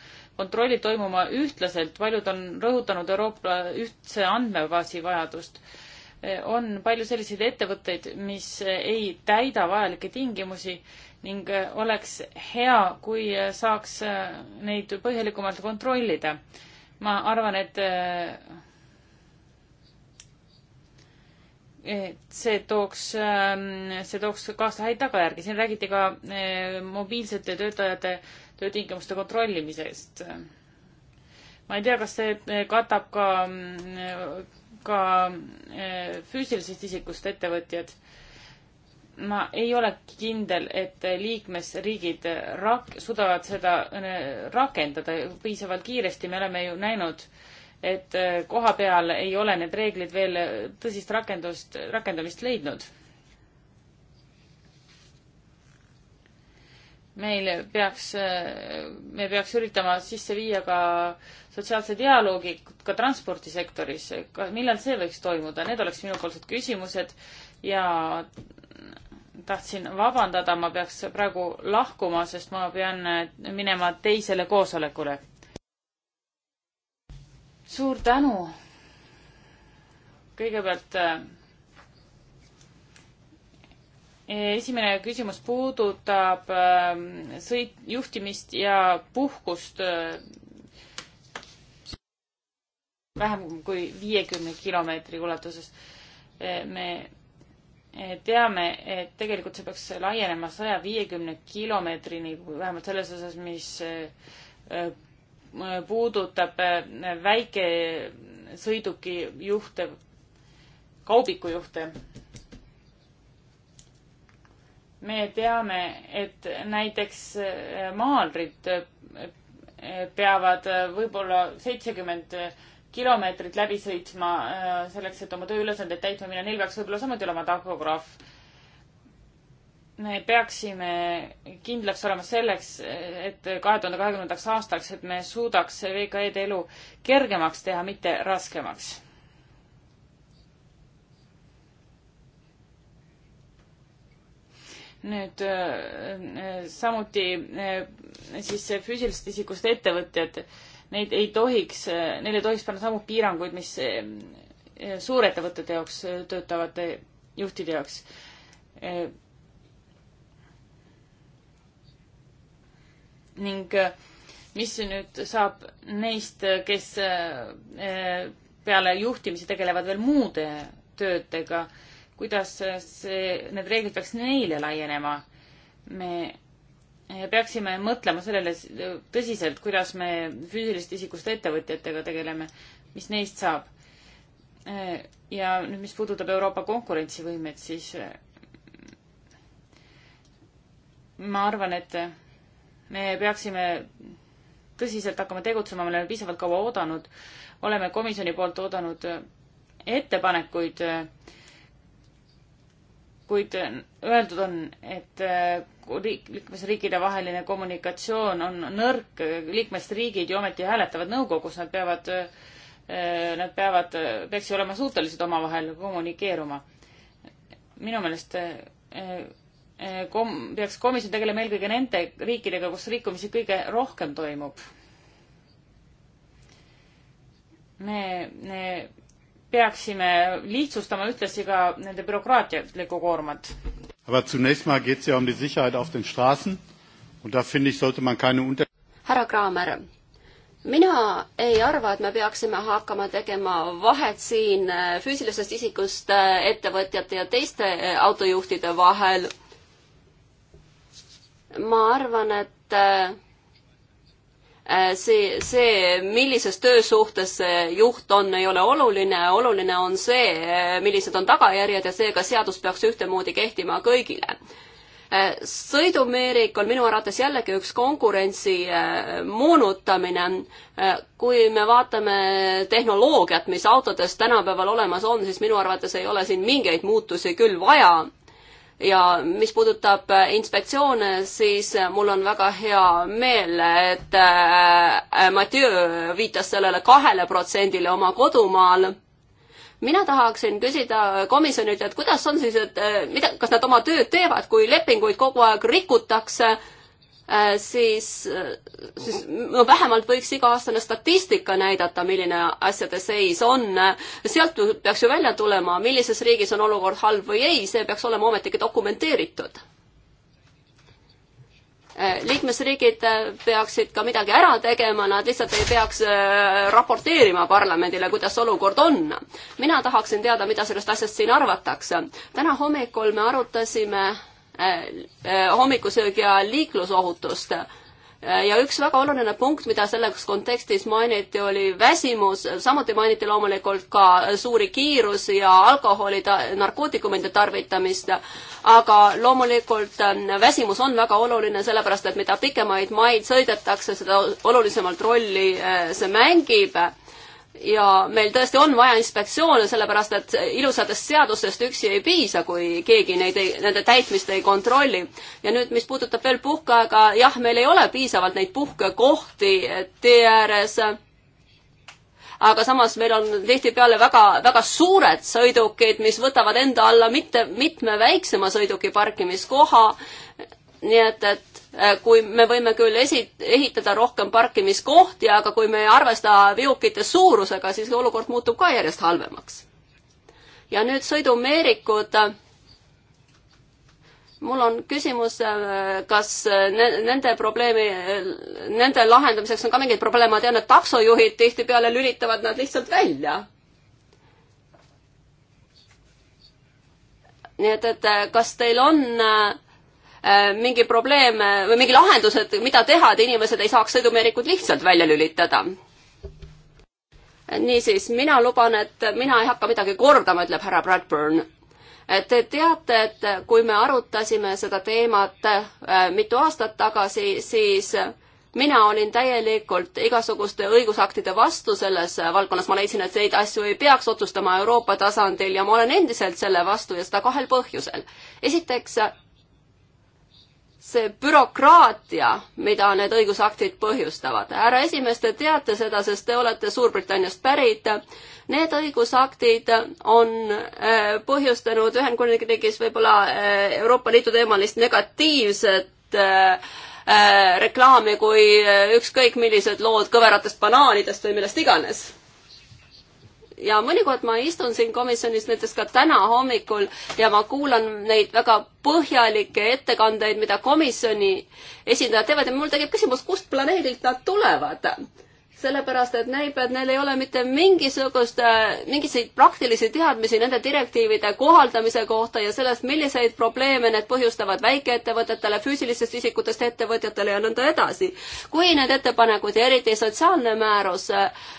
[SPEAKER 4] kontrollid toimuma ühtlaselt, paljud on rõhutanud Euroopa ühtse andmebaasi vajadust. Eh, on palju selliseid ettevõtteid, mis eh, ei täida vajalikke tingimusi ning eh, oleks hea, kui saaks neid põhjalikumalt kontrollida. ma arvan, et et see tooks, see tooks kaasa häid tagajärgi. siin räägiti ka mobiilsete töötajate töötingimuste kontrollimise eest. ma ei tea, kas see eh, katab ka, mm, ka eh, füüsilisest isikust ettevõtjad. ma ei ole kindel, et liikmesriigid rak-, suudavad seda eh, rakendada piisavalt kiiresti, me oleme ju näinud, et koha peal ei ole need reeglid veel tõsist rakendust, rakendamist leidnud meil peaks, me peaks üritama sisse viia ka sotsiaalse dialoogi ka transpordisektoris. millal see võiks toimuda, need oleks minupoolsed küsimused ja tahtsin vabandada, ma peaks praegu lahkuma, sest ma pean minema teisele koosolekule. suur tänu. kõigepealt esimene küsimus puudutab ähm, sõit, juhtimist ja puhkust äh, vähem kui viiekümne kilomeetri ulatuses. Äh, me äh, teame, et tegelikult see peaks laienema saja viiekümne kilomeetrini, vähemalt selles osas, mis puudutab väikesõiduki juhte, kaubikujuhte me teame, et näiteks äh, maalrid äh, peavad äh, võib-olla seitsekümmend kilomeetrit läbi sõitma selleks, et oma tööülesandeid täitma minna, neil peaks võib-olla samuti olema tahograaf. me peaksime kindlaks olema selleks, et kahe tuhande kahekümnendaks aastaks, et me suudaks VKE-de elu kergemaks teha, mitte raskemaks. nüüd äh, äh, samuti äh, siis füüsilisest isikust ettevõtjad, neid ei tohiks, neile ei tohiks panna samu piiranguid, mis suurettevõtete jaoks töötavate juhtide jaoks. ning mis nüüd saab neist, kes peale juhtimise tegelevad veel muude töödega äh, kuidas see, need reeglid peaks neile laienema. me peaksime mõtlema sellele tõsiselt, kuidas me füüsilisest isikust ettevõtjatega tegeleme, mis neist saab. ja nüüd, mis puudutab Euroopa konkurentsivõimet, siis ma arvan, et me peaksime tõsiselt hakkama tegutsema, me oleme piisavalt kaua oodanud, oleme komisjoni poolt oodanud ettepanekuid äh, kuid öeldud on, et äh, riik, liikmesriikide vaheline kommunikatsioon on nõrk, liikmesriigid ju ometi hääletavad nõukogus, nad peavad, äh, nad peavad, peaks ju olema suutelised omavahel kommunikeeruma. minu meelest äh, kom-, peaks komisjon tegelema eelkõige nende riikidega, kus rikkumisi kõige rohkem toimub me, me peaksime lihtsustama ühtlasi ka nende bürokraatlikku koormat.
[SPEAKER 1] Aber zunächst mal geht es ja um die Sicherheit auf den Straßen und da finde ich, sollte man keine unter-.
[SPEAKER 2] härra Kraamer, mina ei arva, et me peaksime hakkama tegema vahet siin äh, füüsilisest isikust äh, ettevõtjate ja teiste äh, autojuhtide vahel. ma arvan, et Äh, see, see, millises töösuhtes juht on, ei ole oluline, oluline on see, äh, millised on tagajärjed ja seega seadus peaks ühtemoodi kehtima kõigile. Äh, sõidumeerik on minu arvates jällegi üks konkurentsi moonutamine. kui me vaatame tehnoloogiat, mis autodes tänapäeval olemas on, siis minu arvates ei ole siin mingeid muutusi küll vaja ja mis puudutab äh, inspektsioone, siis äh, mul on väga hea meel, et äh, Mathieu viitas sellele kahele protsendile oma kodumaal mina tahaksin küsida komisjonilt, et kuidas on siis, et mida, kas nad oma tööd teevad, kui lepinguid kogu aeg rikutakse äh, Äh, siis, äh, siis no vähemalt võiks iga-aastane statistika näidata, milline asjade seis on. sealt peaks ju välja tulema, millises riigis on olukord halb või ei, see peaks olema ometigi dokumenteeritud. Äh, liikmesriigid peaksid ka midagi ära tegema, nad lihtsalt ei peaks raporteerima parlamendile, kuidas olukord on. mina tahaksin teada, mida sellest asjast siin arvatakse. täna hommikul me arutasime Äh, äh, hommikusöögi ja liiklusohutust. Äh, ja üks väga oluline punkt, mida selles kontekstis mainiti, oli väsimus, samuti mainiti loomulikult ka suuri kiirusi ja alkoholi, narkootikumide tarvitamist, aga loomulikult väsimus on väga oluline, sellepärast et mida pikemaid maid sõidetakse, seda olulisemalt rolli see mängib ja meil tõesti on vaja inspektsioone, sellepärast et ilusatest seadustest üksi ei piisa, kui keegi neid ei, nende täitmist ei kontrolli. ja nüüd, mis puudutab veel puhkeaega, jah, meil ei ole piisavalt neid puhkekohti tee ääres, aga samas meil on tihtipeale väga, väga suured sõidukid, mis võtavad enda alla mitte, mitme väiksema sõiduki parkimiskoha, nii et, et Äh, kui me võime küll esi-, ehitada rohkem parkimiskohti, aga kui me ei arvesta veokite suurusega, siis olukord muutub ka järjest halvemaks. ja nüüd sõidumeerikud. mul on küsimus, äh, kas äh, ne-, nende probleemi, nende lahendamiseks on ka mingeid probleeme, ma tean, et taksojuhid tihtipeale lülitavad nad lihtsalt välja nii et, et kas teil on äh, Äh, mingi probleem äh, või mingi lahendus, et mida teha, et inimesed ei saaks sõidumeerikut lihtsalt välja lülitada. niisiis, mina luban, et mina ei hakka midagi kordama, ütleb härra Bradburn. Te teate, et kui me arutasime seda teemat äh, mitu aastat tagasi, siis mina olin täielikult igasuguste õigusaktide vastu selles valdkonnas, ma leidsin, et neid asju ei peaks otsustama Euroopa tasandil ja ma olen endiselt selle vastu ja seda kahel põhjusel. esiteks, see bürokraatia, mida need õigusaktid põhjustavad. härra esimees, te teate seda, sest te olete Suurbritanniast pärit. Need õigusaktid on äh, põhjustanud Ühendkuningriigis võib-olla äh, Euroopa Liidu teemalist negatiivset äh, reklaami kui ükskõik millised lood kõveratest banaanidest või millest iganes ja mõnikord ma istun siin komisjonis näiteks ka täna hommikul ja ma kuulan neid väga põhjalikke ettekandeid, mida komisjoni esindajad teevad ja mul tekib küsimus, kust planeedilt nad tulevad sellepärast et näib, et neil ei ole mitte mingisugust, äh, mingisuguseid praktilisi teadmisi nende direktiivide kohaldamise kohta ja sellest, milliseid probleeme need põhjustavad väikeettevõtetele, füüsilistest isikutest ettevõtjatele ja nõnda edasi. kui need ettepanekud ja eriti sotsiaalne määrus äh,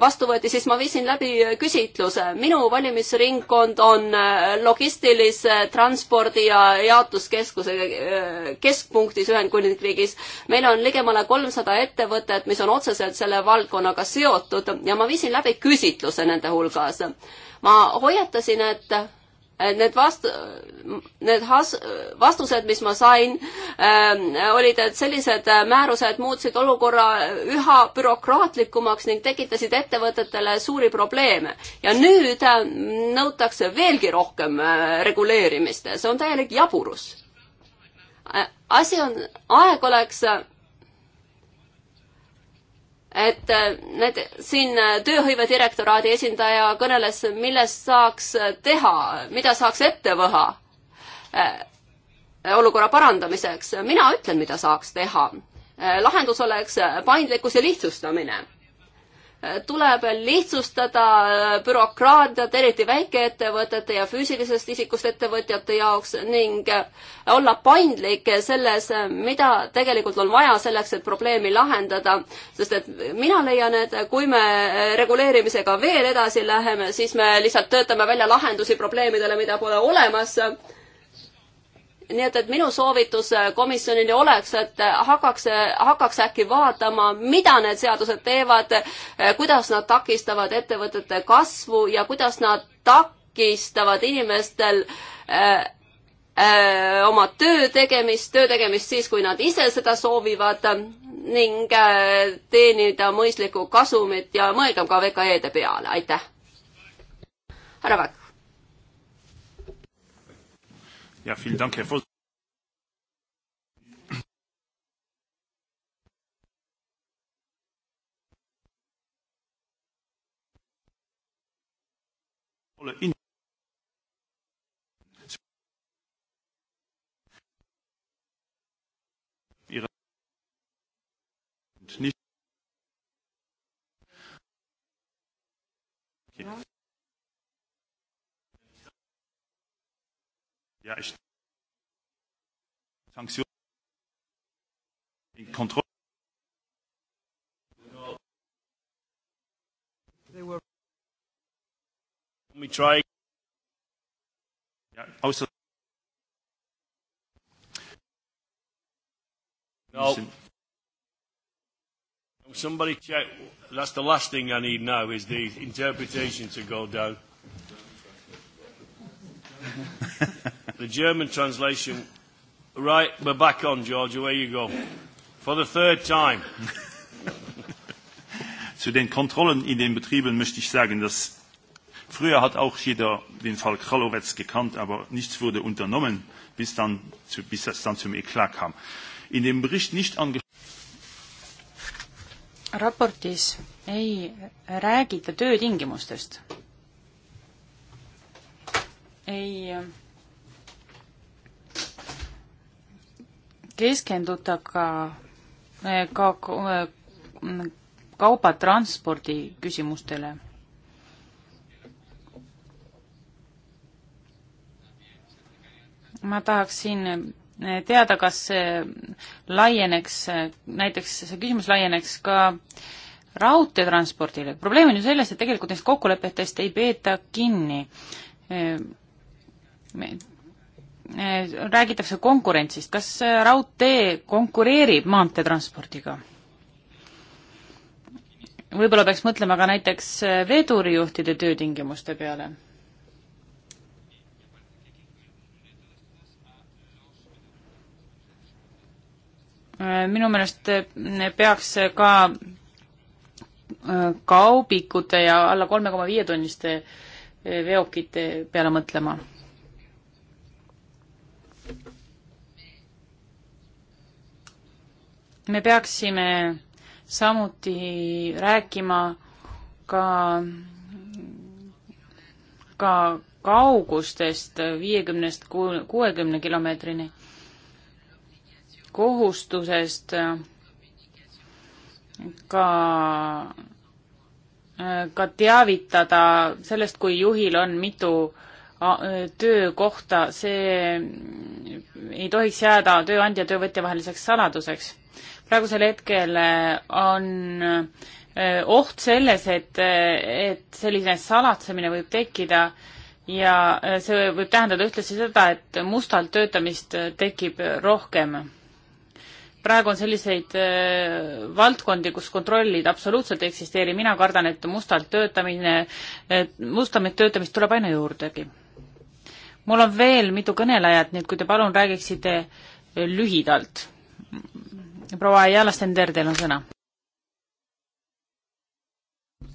[SPEAKER 2] vastu võeti, siis ma viisin läbi küsitluse. minu valimisringkond on äh, logistilise transpordi ja jaotuskeskuse keskpunktis Ühendkuningriigis. meil on ligemale kolmsada ettevõtet, mis on otseselt selle valdkonnaga seotud ja ma viisin läbi küsitluse nende hulgas. ma hoiatasin, et need vast-, need has-, vastused, mis ma sain äh,, olid, et sellised määrused muutsid olukorra üha bürokraatlikumaks ning tekitasid ettevõtetele suuri probleeme. ja nüüd äh, nõutakse veelgi rohkem äh, reguleerimist, see on täielik jaburus. Äh, asi on, aeg oleks et äh, need, siin äh, tööhõive direktoraadi esindaja kõneles, millest saaks äh, teha, mida saaks ette võha olukorra parandamiseks. mina ütlen, mida saaks teha. lahendus oleks paindlikkus ja lihtsustamine tuleb lihtsustada äh, bürokraatiat, eriti väikeettevõtete ja füüsilisest isikust ettevõtjate jaoks ning äh, olla paindlik selles, äh, mida tegelikult on vaja selleks, et probleemi lahendada. sest et mina leian, et kui me reguleerimisega veel edasi läheme, siis me lihtsalt töötame välja lahendusi probleemidele, mida pole olemas nii et, et minu soovitus äh, komisjonile oleks, et äh, hakkaks, äh, hakkaks äkki vaatama, mida need seadused teevad, kuidas nad takistavad ettevõtete kasvu ja kuidas nad takistavad inimestel äh, äh, oma töö tegemist, töö tegemist siis, kui nad ise seda soovivad ning äh, teenida mõistlikku kasumit ja mõelgem ka VKE-de peale, aitäh. härra Väkk
[SPEAKER 1] Ja, vielen Dank, Herr Voss. In ihre nicht okay. Ja, ich Sanktionen Kontrolle. They were we try ja, außer no. Somebody check. That's the last thing I need now is the interpretation to go down. the German translation. Right, we're back on, George. Away you go. For the third time. Zu den Kontrollen in den Betrieben möchte ich sagen, dass früher hat auch jeder den Fall Kralowetz gekannt, aber nichts wurde unternommen, bis, dann, zu, bis es dann zum Eklat kam. In dem Bericht nicht ange
[SPEAKER 4] raportis ei räägita töötingimustest. ei keskenduda ka, ka kaubatranspordi küsimustele. ma tahaksin teada, kas see laieneks, näiteks see küsimus laieneks ka raudteetranspordile. probleem on ju selles, et tegelikult neist kokkulepetest ei peeta kinni Eh, räägitakse konkurentsist, kas eh, raudtee konkureerib maanteetranspordiga? võib-olla peaks mõtlema ka näiteks eh, vedurijuhtide töötingimuste peale. minu meelest peaks ka kaubikute ja alla kolme koma viie tonniste veokite peale mõtlema me peaksime samuti rääkima ka, ka kaugustest viiekümnest kuuekümne kilomeetrini, kohustusest ka, ka teavitada sellest, kui juhil on mitu töökohta, see ei tohiks jääda tööandja ja töövõtja vaheliseks saladuseks praegusel hetkel äh, on äh, oht selles, et, äh, et selline salatsemine võib tekkida ja see võib tähendada ühtlasi seda, et mustalt töötamist tekib rohkem. praegu on selliseid valdkondi, kus kontrollid absoluutselt ei eksisteeri, mina kardan, et mustalt töötamine, mustameid töötamist tuleb aina juurdegi. mul on veel mitu kõnelejat, nii et kui te palun räägiksite lühidalt proua Ayala Stender, teil on sõna.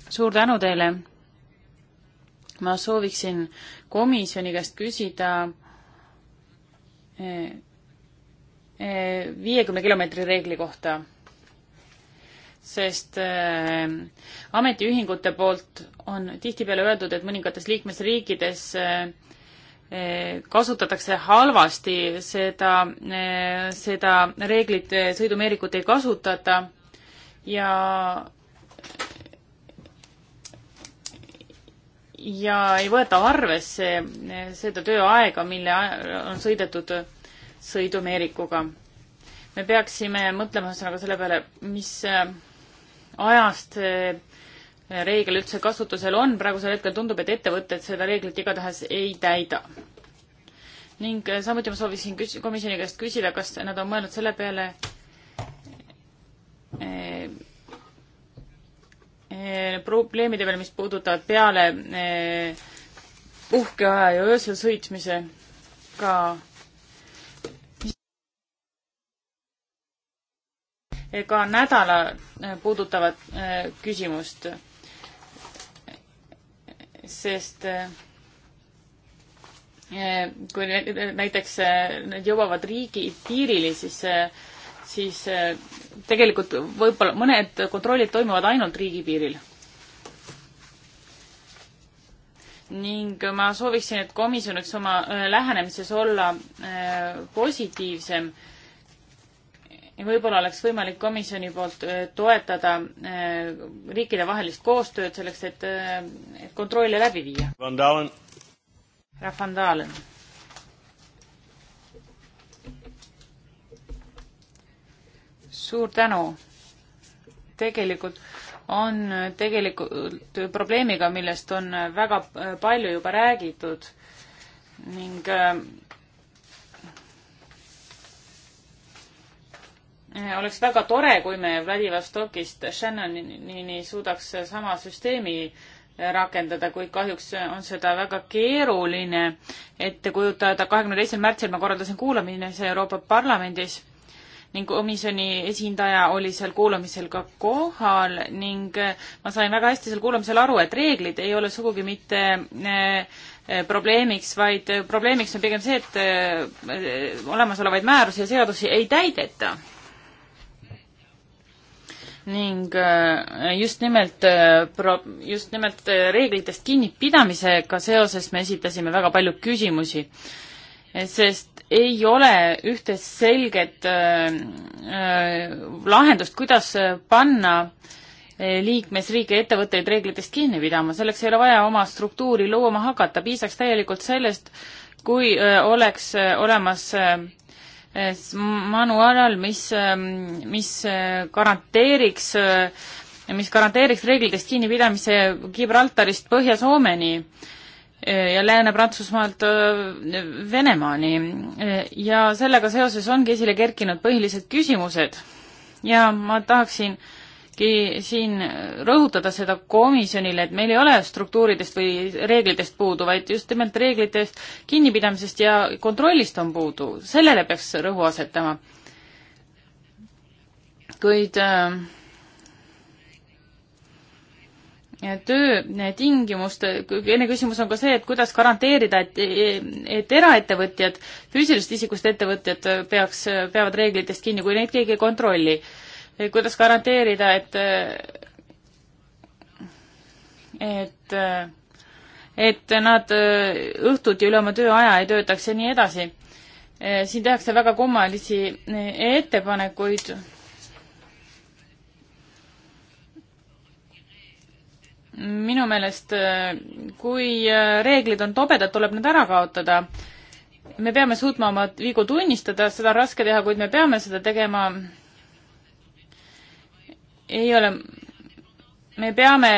[SPEAKER 4] suur tänu teile. ma sooviksin komisjoni käest küsida eh, eh, viiekümne kilomeetri reegli kohta, sest eh, ametiühingute poolt on tihtipeale öeldud, et mõningates liikmesriikides äh, Eh, kasutatakse halvasti, seda, eh, seda reeglit eh, sõidumeerikut ei kasutata ja ja ei võeta arvesse seda tööaega, mille on sõidetud sõidumeerikuga. me peaksime mõtlema ühesõnaga selle peale, mis ajast reegel üldse kasutusel on, praegusel hetkel tundub, et ettevõtted seda reeglit igatahes ei täida. ning äh, samuti ma soovisin küs-, komisjoni käest küsida, kas nad on mõelnud selle peale, äh, äh, probleemide peale, mis puudutavad peale puhkeaja ja öösel sõitmise ka ka nädala puudutavat küsimust sest eh, kui näiteks eh, need jõuavad riigi piirile, siis, eh, siis tegelikult võib-olla mõned kontrollid toimuvad ainult riigipiiril. ning ma sooviksin, et komisjon võiks oma lähenemises olla positiivsem võib-olla oleks võimalik komisjoni poolt äh, toetada äh, riikidevahelist koostööd selleks, et, äh, et kontrolle läbi viia. Van Dalen. härra Van Dalen. suur tänu. tegelikult on tegelikult probleemiga, millest on väga palju juba räägitud ning Äh, oleks väga tore, kui me Vladivostokist Shannonini suudaks sama süsteemi rakendada, kuid kahjuks on seda väga keeruline ette kujutada. kahekümne teisel märtsil ma korraldasin kuulamise Euroopa Parlamendis ning komisjoni esindaja oli seal kuulamisel ka kohal ning ma sain väga hästi seal kuulamisel aru, et reeglid ei ole sugugi mitte äh, probleemiks, vaid probleemiks on pigem see, et äh, olemasolevaid määrusi ja seadusi ei täideta ning äh, just nimelt, äh, just nimelt äh, reeglitest kinnipidamisega seoses me esitasime väga palju küsimusi, sest ei ole ühte selget lahendust, kuidas panna liikmesriigi ettevõtteid reeglitest kinni pidama, selleks ei ole vaja oma struktuuri looma hakata, piisaks täielikult sellest, kui oleks olemas manuaalal, mis, ähm, mis äh, garanteeriks, äh, mis garanteeriks reeglitest kinnipidamise Gibraltarist Põhja-Soomeni äh, ja Lääne-Prantsusmaalt Venemaani. ja sellega seoses ongi esile kerkinud põhilised küsimused ja ma tahaksin äh, tahakski siin rõhutada seda komisjonile, et meil ei ole struktuuridest või reeglitest puudu, vaid just nimelt reeglitest kinnipidamisest ja kontrollist on puudu, sellele peaks rõhu asetama. kuid äh, töötingimuste, teine küsimus on ka see, et kuidas garanteerida, et, et eraettevõtjad, füüsilisest isikust ettevõtjad peaks, peavad reeglitest kinni, kui neid keegi ei kontrolli kuidas garanteerida, et et et nad õhtuti üle oma tööaja ei töötaks ja nii edasi. siin tehakse väga kummalisi ettepanekuid. minu meelest, kui reeglid on tobedad, tuleb need ära kaotada. me peame suutma oma vigu tunnistada, seda on raske teha, kuid me peame seda tegema ei ole, me peame,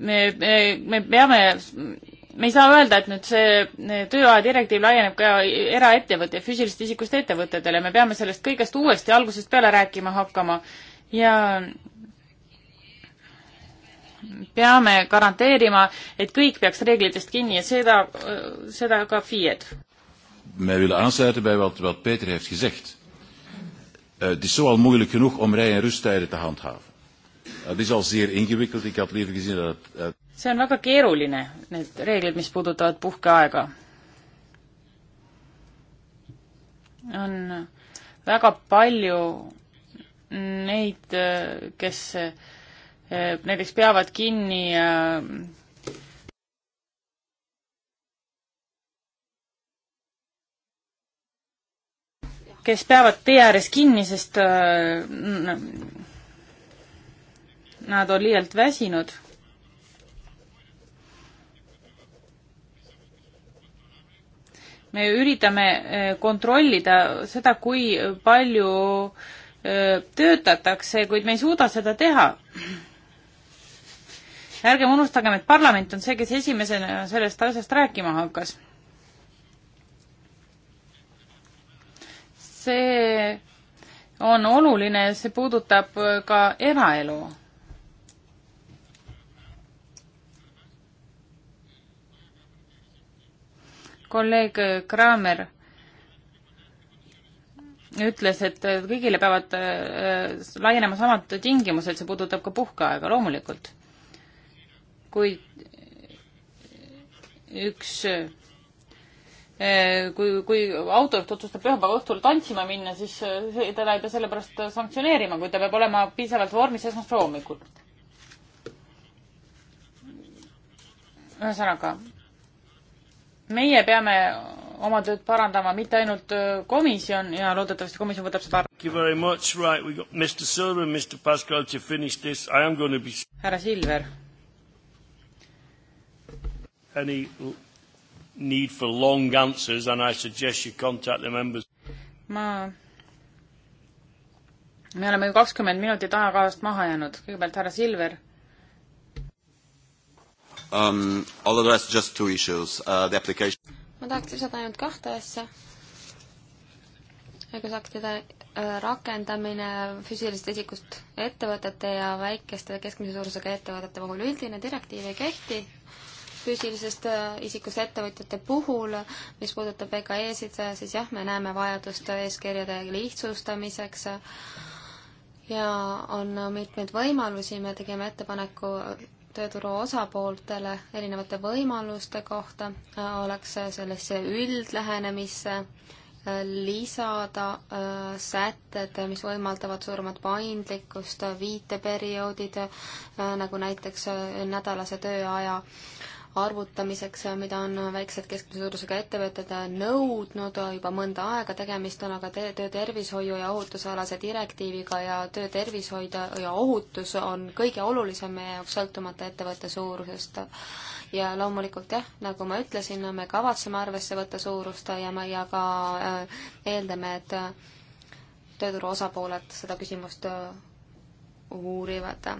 [SPEAKER 4] me, me, me peame, me ei saa öelda, et nüüd see tööaja direktiiv laieneb ka eraettevõtte ja füüsilisest isikust ettevõtetele, me peame sellest kõigest uuesti algusest peale rääkima hakkama ja peame garanteerima, et kõik peaks reeglitest kinni ja seda, seda ka FIE-d.
[SPEAKER 3] Me willen
[SPEAKER 1] aansluiten bij wat, wat Peter heeft gezegd. Uh, het is zo al moeilijk genoeg om rij- en rusttijden te handhaven. Het is al zeer ingewikkeld. Ik had liever gezien dat het... Uh...
[SPEAKER 4] See on väga keeruline, need reeglid, mis puudutavad puhkeaega. On väga palju neid, eh, kes eh, näiteks peavad kinni kes peavad tee ääres kinni, sest äh, nad on liialt väsinud. me üritame äh, kontrollida seda, kui palju äh, töötatakse, kuid me ei suuda seda teha. ärgem unustagem, et parlament on see, kes esimesena sellest asjast rääkima hakkas see on oluline, see puudutab ka eraelu kolleeg Kramer ütles, et kõigile peavad äh, laienema samad tingimused, see puudutab ka puhkeaega loomulikult. kuid üks Eh, kui, kui autojuht otsustab pühapäeva õhtul tantsima minna, siis eh, teda ei pea selle pärast eh, sanktsioneerima, kui ta peab olema piisavalt vormis esmaspäeva hommikul. ühesõnaga, meie peame oma tööd parandama, mitte ainult
[SPEAKER 1] komisjon ja loodetavasti komisjon võtab seda Thank you very much, right, we got Mr Silver and Mr Pascal to finish this, I am going to be
[SPEAKER 4] härra Silver.
[SPEAKER 1] Any need for long answers, and I suggest you contact the members.
[SPEAKER 4] ma, me oleme ju kakskümmend minutit ajakavast maha jäänud, kõigepealt härra Silver. Um, all the rest just two issues uh,, the application.
[SPEAKER 3] ma tahaks lisada ainult kahte asja. õigusaktide nagu äh, rakendamine füüsilisest isikust ettevõtete ja väikeste ja keskmise suurusega ettevõtete puhul, üldine direktiiv ei kehti füüsilisest äh, isikust ettevõtjate puhul, mis puudutab VKE-sid, siis jah, me näeme vajadust eeskirjade lihtsustamiseks ja on mitmeid võimalusi, me tegime ettepaneku tööturu osapooltele erinevate võimaluste kohta, oleks sellesse üldlähenemisse lisada äh, sätted, mis võimaldavad suuremat paindlikkust, viiteperioodid äh,, nagu näiteks äh, nädalase tööaja äh, arvutamiseks, mida on väiksed keskmise suurusega ettevõtted nõudnud juba mõnda aega, tegemist on aga töötervishoiu ja ohutusalase direktiiviga ja töötervishoid ja ohutus on kõige olulisem meie jaoks, sõltumata ettevõtte suurusest. ja loomulikult jah, nagu ma ütlesin, me kavatseme arvesse võtta suurust ja me, ja ka äh, eeldame, et äh, tööturu osapooled seda küsimust äh, uurivad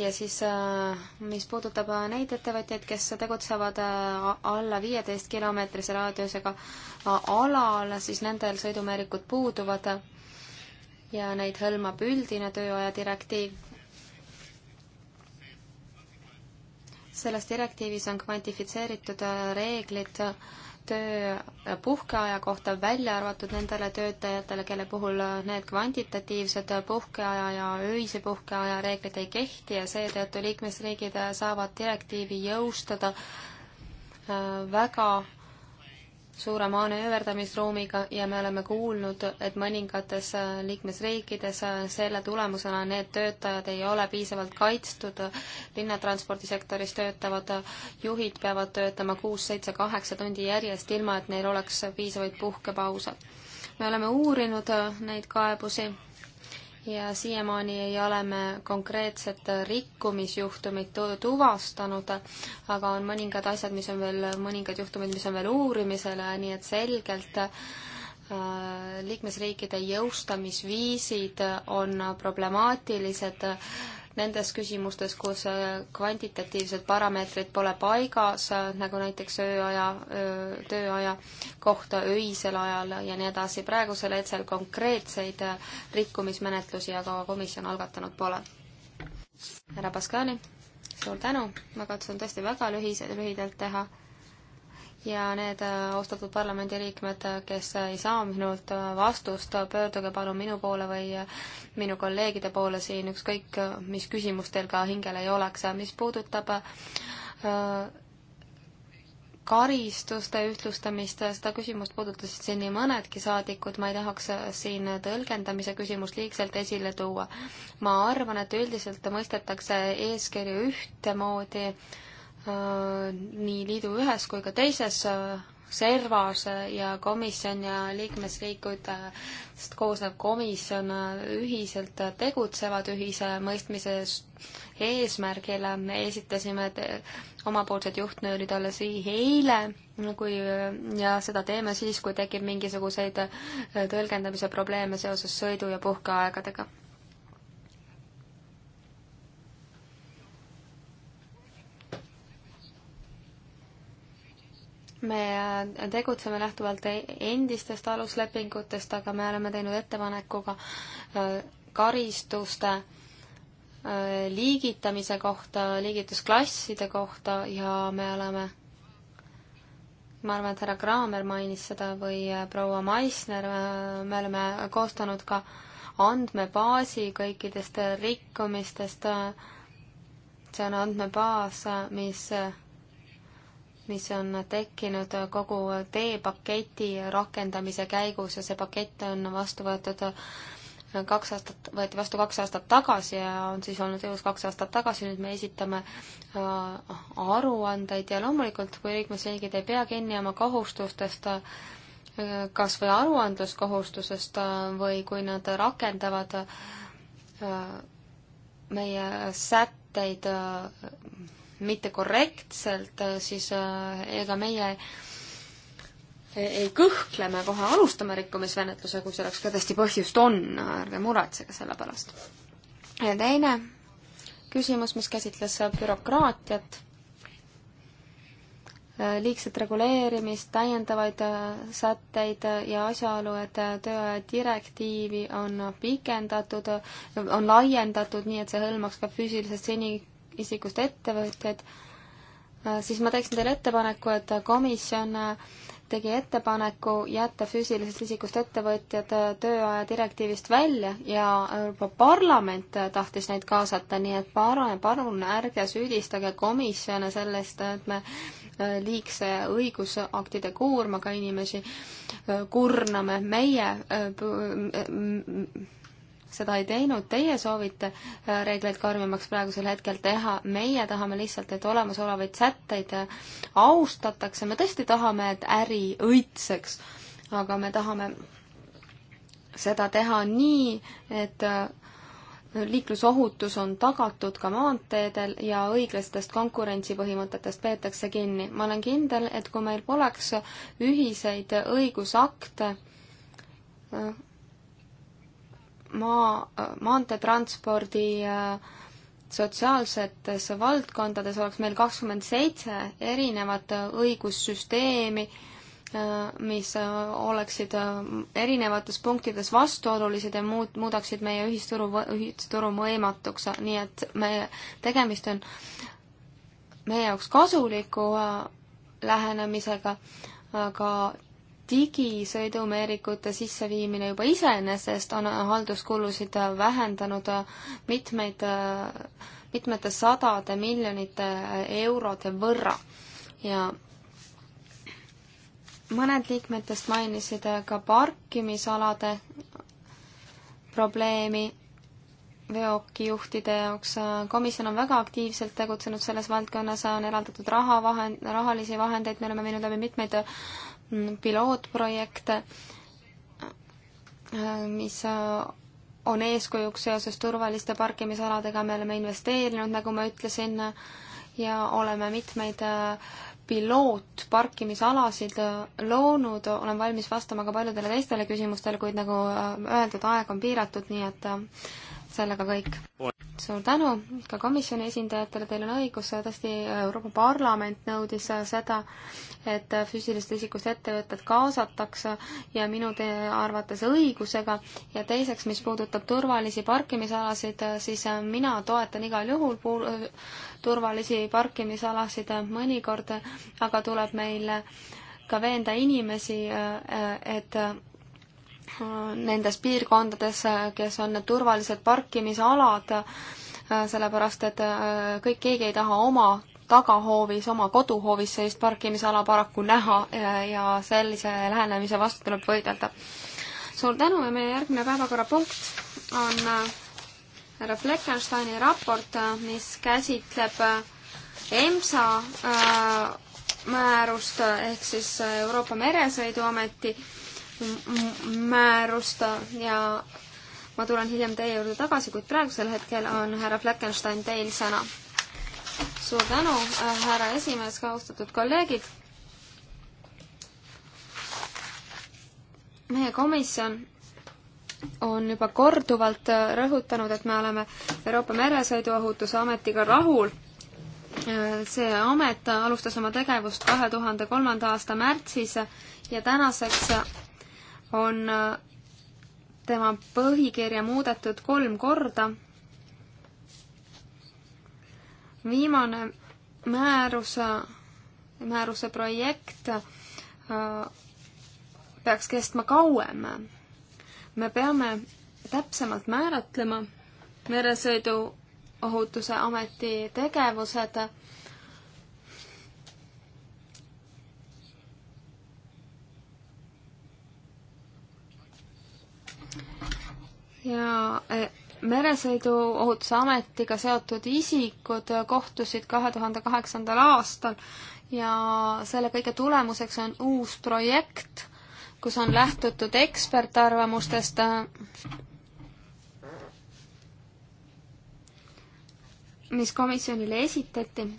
[SPEAKER 3] ja siis, äh, mis puudutab äh, neid ettevõtjaid, kes tegutsevad äh, alla viieteist kilomeetrise raadiusega alal, siis nendel sõidumeerikud puuduvad ja neid hõlmab üldine tööaja direktiiv. selles direktiivis on kvantifitseeritud reeglid töö puhkeaja kohta välja arvatud nendele töötajatele, kelle puhul need kvantitatiivsed puhkeaja ja öise puhkeaja reeglid ei kehti ja seetõttu liikmesriigid saavad direktiivi jõustada äh, väga suure manööverdamisruumiga ja me oleme kuulnud, et mõningates äh, liikmesriikides äh, selle tulemusena need töötajad ei ole piisavalt kaitstud, linnatranspordisektoris töötavad äh, juhid peavad töötama kuus-seitse-kaheksa tundi järjest, ilma et neil oleks piisavaid puhkepause. me oleme uurinud neid kaebusi ja siiamaani ei ole me konkreetset rikkumisjuhtumit tuvastanud, aga on mõningad asjad, mis on veel, mõningad juhtumid, mis on veel uurimisel, nii et selgelt äh, liikmesriikide jõustamisviisid on problemaatilised nendes küsimustes, kus äh, kvantitatiivsed parameetrid pole paigas, äh, nagu näiteks ööaja, tööaja kohta öisel ajal ja nii edasi. praegusel hetkel konkreetseid äh, rikkumismenetlusi aga komisjon algatanud pole. härra Baskani, suur tänu, ma katsun tõesti väga lühise, lühidalt teha ja need äh, austatud parlamendiliikmed, äh, kes äh, ei saa minult vastust, pöörduge palun minu poole või minu kolleegide poole siin, ükskõik mis küsimus teil ka hingel ei oleks. mis puudutab karistuste ühtlustamist, seda küsimust puudutasid siin nii mõnedki saadikud, ma ei tahaks siin tõlgendamise küsimust liigselt esile tuua. ma arvan, et üldiselt mõistetakse eeskirju ühtemoodi Äh, nii liidu ühes kui ka teises äh, servas äh, ja komisjon ja liikmesriikidest koosnev komisjon ühiselt tegutsevad ühise mõistmise eesmärgil. me esitasime omapoolsed juhtnöörid alles eile, kui ja seda teeme siis, kui tekib mingisuguseid tõlgendamise probleeme seoses sõidu- ja puhkeaegadega me äh, tegutseme lähtuvalt e-, endistest aluslepingutest, aga me oleme teinud ettepaneku ka äh, karistuste äh, liigitamise kohta, liigitusklasside kohta ja me oleme ma arvan, et härra Kraamer mainis seda või proua Maisner, me oleme koostanud ka andmebaasi kõikidest rikkumistest. see on andmebaas, mis mis on tekkinud kogu teepaketi rakendamise käigus ja see pakett on vastu võetud kaks aastat, võeti vastu kaks aastat tagasi ja on siis olnud jõus kaks aastat tagasi, nüüd me esitame äh, aruandeid ja loomulikult, kui liikmesriigid ei pea kinni oma kohustustest, äh, kas või aruandluskohustusest äh, või kui nad rakendavad meie sätteid mitte korrektselt, äh, siis äh, ega meie e-, ei kõhkle, me kohe alustame rikkumismenetluse, kui selleks ka tõesti põhjust on, ärge muretsege selle pärast. ja teine küsimus, mis käsitles äh, bürokraatiat, liigset reguleerimist, täiendavaid sätteid ja asjaolu, et töödirektiivi on pikendatud, on laiendatud nii, et see hõlmaks ka füüsilisest seni isikust ettevõtjaid, äh, siis ma teeksin teile ettepaneku, et komisjon äh, tegi ettepaneku jätta füüsilisest isikust ettevõtjad äh, tööaja direktiivist välja ja Euroopa Parlament tahtis neid kaasata, nii et palun, palun ärge süüdistage komisjone sellest, et me liigse õigusaktide koormaga inimesi kurname meie seda ei teinud, teie soovite äh, reegleid karmimaks praegusel hetkel teha, meie tahame lihtsalt, et olemasolevaid sätteid äh, austatakse, me tõesti tahame, et äri õitseks, aga me tahame seda teha nii, et äh, liiklusohutus on tagatud ka maanteedel ja õiglastest konkurentsipõhimõtetest peetakse kinni. ma olen kindel, et kui meil poleks ühiseid õigusakte, maa, maanteetranspordi äh, sotsiaalsetes valdkondades oleks meil kakskümmend seitse erinevat õigussüsteemi, äh, mis äh, oleksid erinevates punktides vastuolulised ja muud, muudaksid meie ühisturu, ühisturu võimatuks, nii et meie tegemist on meie jaoks kasuliku lähenemisega, aga digisõidumeerikute sisseviimine juba iseenesest on halduskulusid vähendanud mitmeid, mitmete sadade miljonite eurode võrra ja mõned liikmetest mainisid ka parkimisalade probleemi veokijuhtide jaoks. komisjon on väga aktiivselt tegutsenud selles valdkonnas, on eraldatud raha, vahend, rahalisi vahendeid, me oleme viinud läbi mitmeid pilootprojekte, mis on eeskujuks seoses turvaliste parkimisaladega, me oleme investeerinud, nagu ma ütlesin, ja oleme mitmeid äh, pilootparkimisalasid äh, loonud, olen valmis vastama ka paljudele teistele küsimustele, kuid nagu äh, öeldud, aeg on piiratud, nii et sellega kõik suur tänu ka komisjoni esindajatele, teil on õigus, tõesti Euroopa Parlament nõudis seda, et füüsilisest isikust ettevõtted kaasatakse ja minu arvates õigusega ja teiseks, mis puudutab turvalisi parkimisalasid, siis mina toetan igal juhul turvalisi parkimisalasid mõnikord, aga tuleb meil ka veenda inimesi, et nendes piirkondades, kes on need turvalised parkimisalad, sellepärast et äh, kõik, keegi ei taha oma tagahoovis, oma koduhoovis sellist parkimisala paraku näha ja, äh, ja sellise lähenemise vastu tuleb võidelda. suur tänu ja meie järgmine päevakorrapunkt on äh, härra Fleckensteini raport, mis käsitleb EMSA määrust ehk siis Euroopa Meresõiduameti määrust ja ma tulen hiljem teie juurde tagasi, kuid praegusel hetkel on härra Fleckenstein teil sõna. suur tänu, äh, härra esimees, ka austatud kolleegid. meie komisjon on juba korduvalt äh, rõhutanud, et me oleme Euroopa Meresõiduohutuse Ametiga rahul. Äh, see amet alustas oma tegevust kahe tuhande kolmanda aasta märtsis ja tänaseks on äh, tema põhikirja muudetud kolm korda. viimane määruse, määruse projekt äh, peaks kestma kauem. me peame täpsemalt määratlema meresõiduohutuse ameti tegevused ja eh, meresõiduohutusametiga seotud isikud eh, kohtusid kahe tuhande kaheksandal aastal ja selle kõige tulemuseks on uus projekt, kus on lähtutud ekspertarvamustest. Eh, mis komisjonile esitati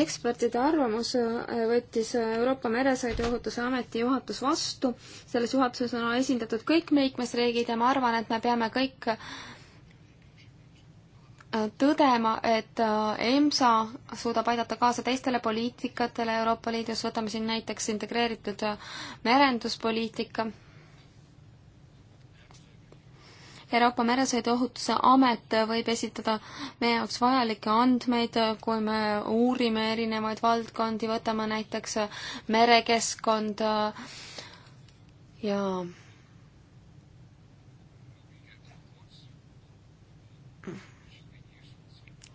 [SPEAKER 3] ekspertide arvamus äh, võttis äh, Euroopa Meresõiduohutuse Ameti juhatus vastu. selles juhatuses on esindatud kõik liikmesriigid ja ma arvan, et me peame kõik äh, tõdema, et EMSA suudab aidata kaasa teistele poliitikatele Euroopa Liidus, võtame siin näiteks integreeritud merenduspoliitika Euroopa Meresõiduohutuse Amet võib esitada meie jaoks vajalikke andmeid, kui me uurime erinevaid valdkondi, võtame näiteks merekeskkonda ja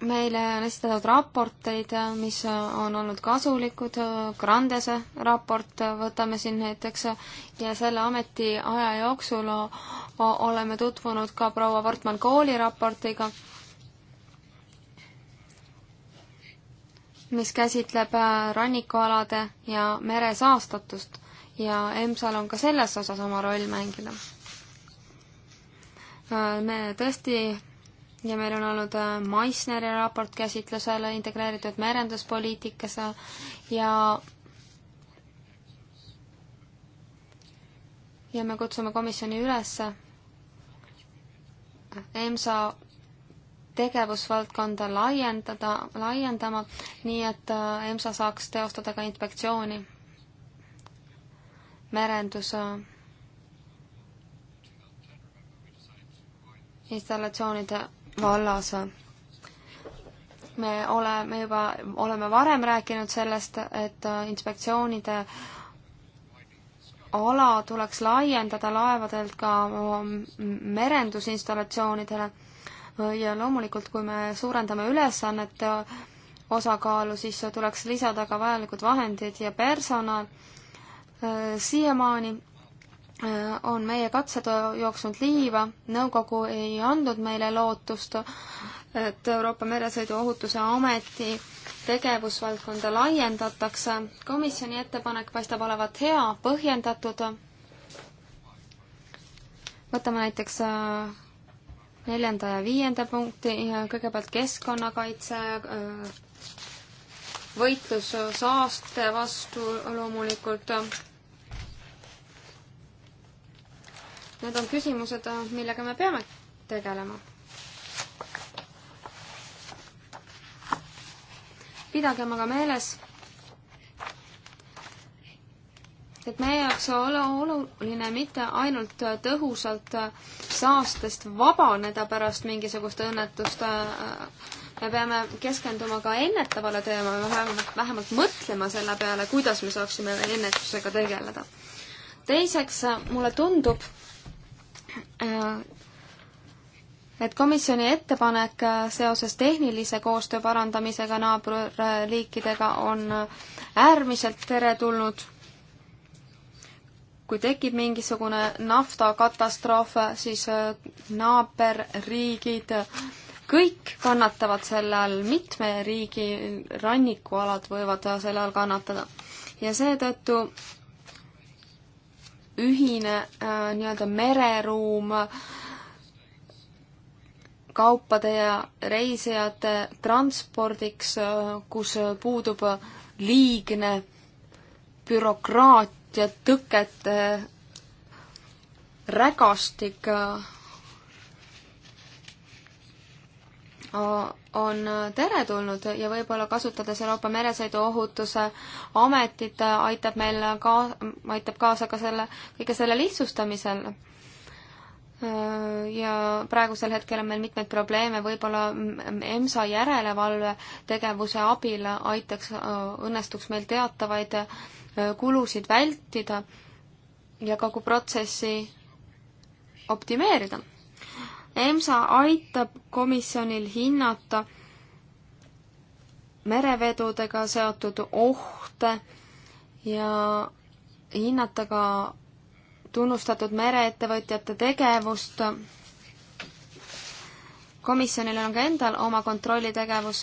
[SPEAKER 3] meile on esitatud raporteid, mis on olnud kasulikud, Grandese raport võtame siin näiteks ja selle ameti aja jooksul oleme tutvunud ka proua Wortmann-Kooli raportiga, mis käsitleb äh, rannikualade ja mere saastatust ja EMSA-l on ka selles osas oma roll mängida. Äh, me tõesti ja meil on olnud äh, Meissneri raport käsitlusel integreeritud merenduspoliitikas ja ja me kutsume komisjoni üles EMSA tegevusvaldkonda laiendada, laiendama, nii et äh, EMSA saaks teostada ka inspektsiooni merenduse äh, installatsioonide vallas. me oleme juba, oleme varem rääkinud sellest, et äh, inspektsioonide äh, ala tuleks laiendada laevadelt ka mm, merendusinstallatsioonidele ja loomulikult, kui me suurendame ülesannete osakaalu, siis tuleks lisada ka vajalikud vahendid ja personal. siiamaani äh, on meie katsed jooksnud liiva, nõukogu ei andnud meile lootust et Euroopa Meresõiduohutuse Ameti tegevusvaldkonda laiendatakse. komisjoni ettepanek paistab olevat hea, põhjendatud. võtame näiteks äh, neljanda ja viienda punkti, kõigepealt keskkonnakaitse, äh, võitlus saaste vastu loomulikult. Need on küsimused, millega me peame tegelema pidagem aga meeles, et meie jaoks on oluline mitte ainult tõhusalt saastest vabaneda pärast mingisugust õnnetust, me peame keskenduma ka ennetavale teemale, vähemalt, vähemalt mõtlema selle peale, kuidas me saaksime ennetusega tegeleda. teiseks, mulle tundub, et komisjoni ettepanek äh, seoses tehnilise koostöö parandamisega naaberriikidega on äh, äärmiselt teretulnud. kui tekib mingisugune naftakatastroof, siis äh, naaberriigid kõik kannatavad selle all, mitme riigi rannikualad võivad selle all kannatada. ja seetõttu ühine äh, nii-öelda mereruum äh, kaupade ja reisijate transpordiks, kus puudub liigne bürokraatia, tõkete rägastik on teretulnud ja võib-olla kasutades Euroopa Meresõiduohutuse Ametit, aitab meil ka, aitab kaasa ka selle, kõige selle lihtsustamisel ja praegusel hetkel on meil mitmeid probleeme, võib-olla EMSA järelevalve tegevuse abil aitaks, äh, õnnestuks meil teatavaid äh, kulusid vältida ja kogu protsessi optimeerida. EMSA aitab komisjonil hinnata merevedudega seotud ohte ja hinnata ka tunnustatud mereettevõtjate tegevust. komisjonil on ka endal oma kontrollitegevus,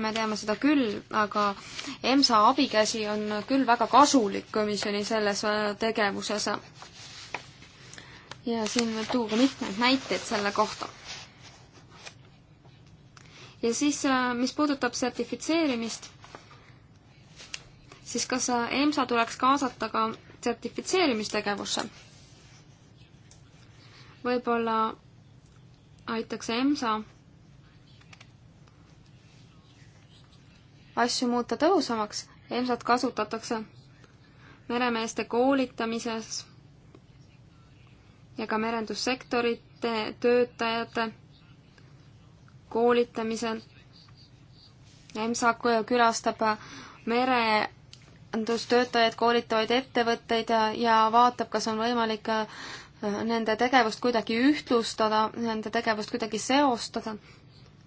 [SPEAKER 3] me teame seda küll, aga EMSA abikäsi on küll väga kasulik komisjoni selles tegevuses. ja siin võib tuua ka mitmeid näiteid selle kohta ja siis, mis puudutab sertifitseerimist, siis kas EMSA tuleks kaasata ka sertifitseerimistegevusse. võib-olla aitaks EMSA asju muuta tõhusamaks. EMSA-t kasutatakse meremeeste koolitamises ja ka merendussektorite töötajate koolitamisel. EMSA külastab mere turundustöötajaid koolitavaid ettevõtteid ja, ja vaatab, kas on võimalik äh, nende tegevust kuidagi ühtlustada, nende tegevust kuidagi seostada.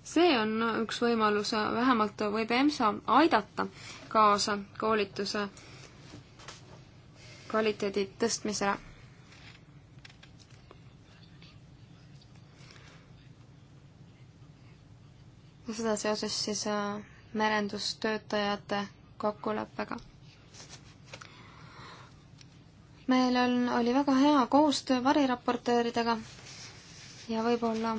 [SPEAKER 3] see on üks võimalus, vähemalt võib EMSA aidata kaasa koolituse kvaliteedi tõstmisele. seda seoses siis äh, merendustöötajate kokkuleppega meil on, oli väga hea koostöö variraportööridega ja võib-olla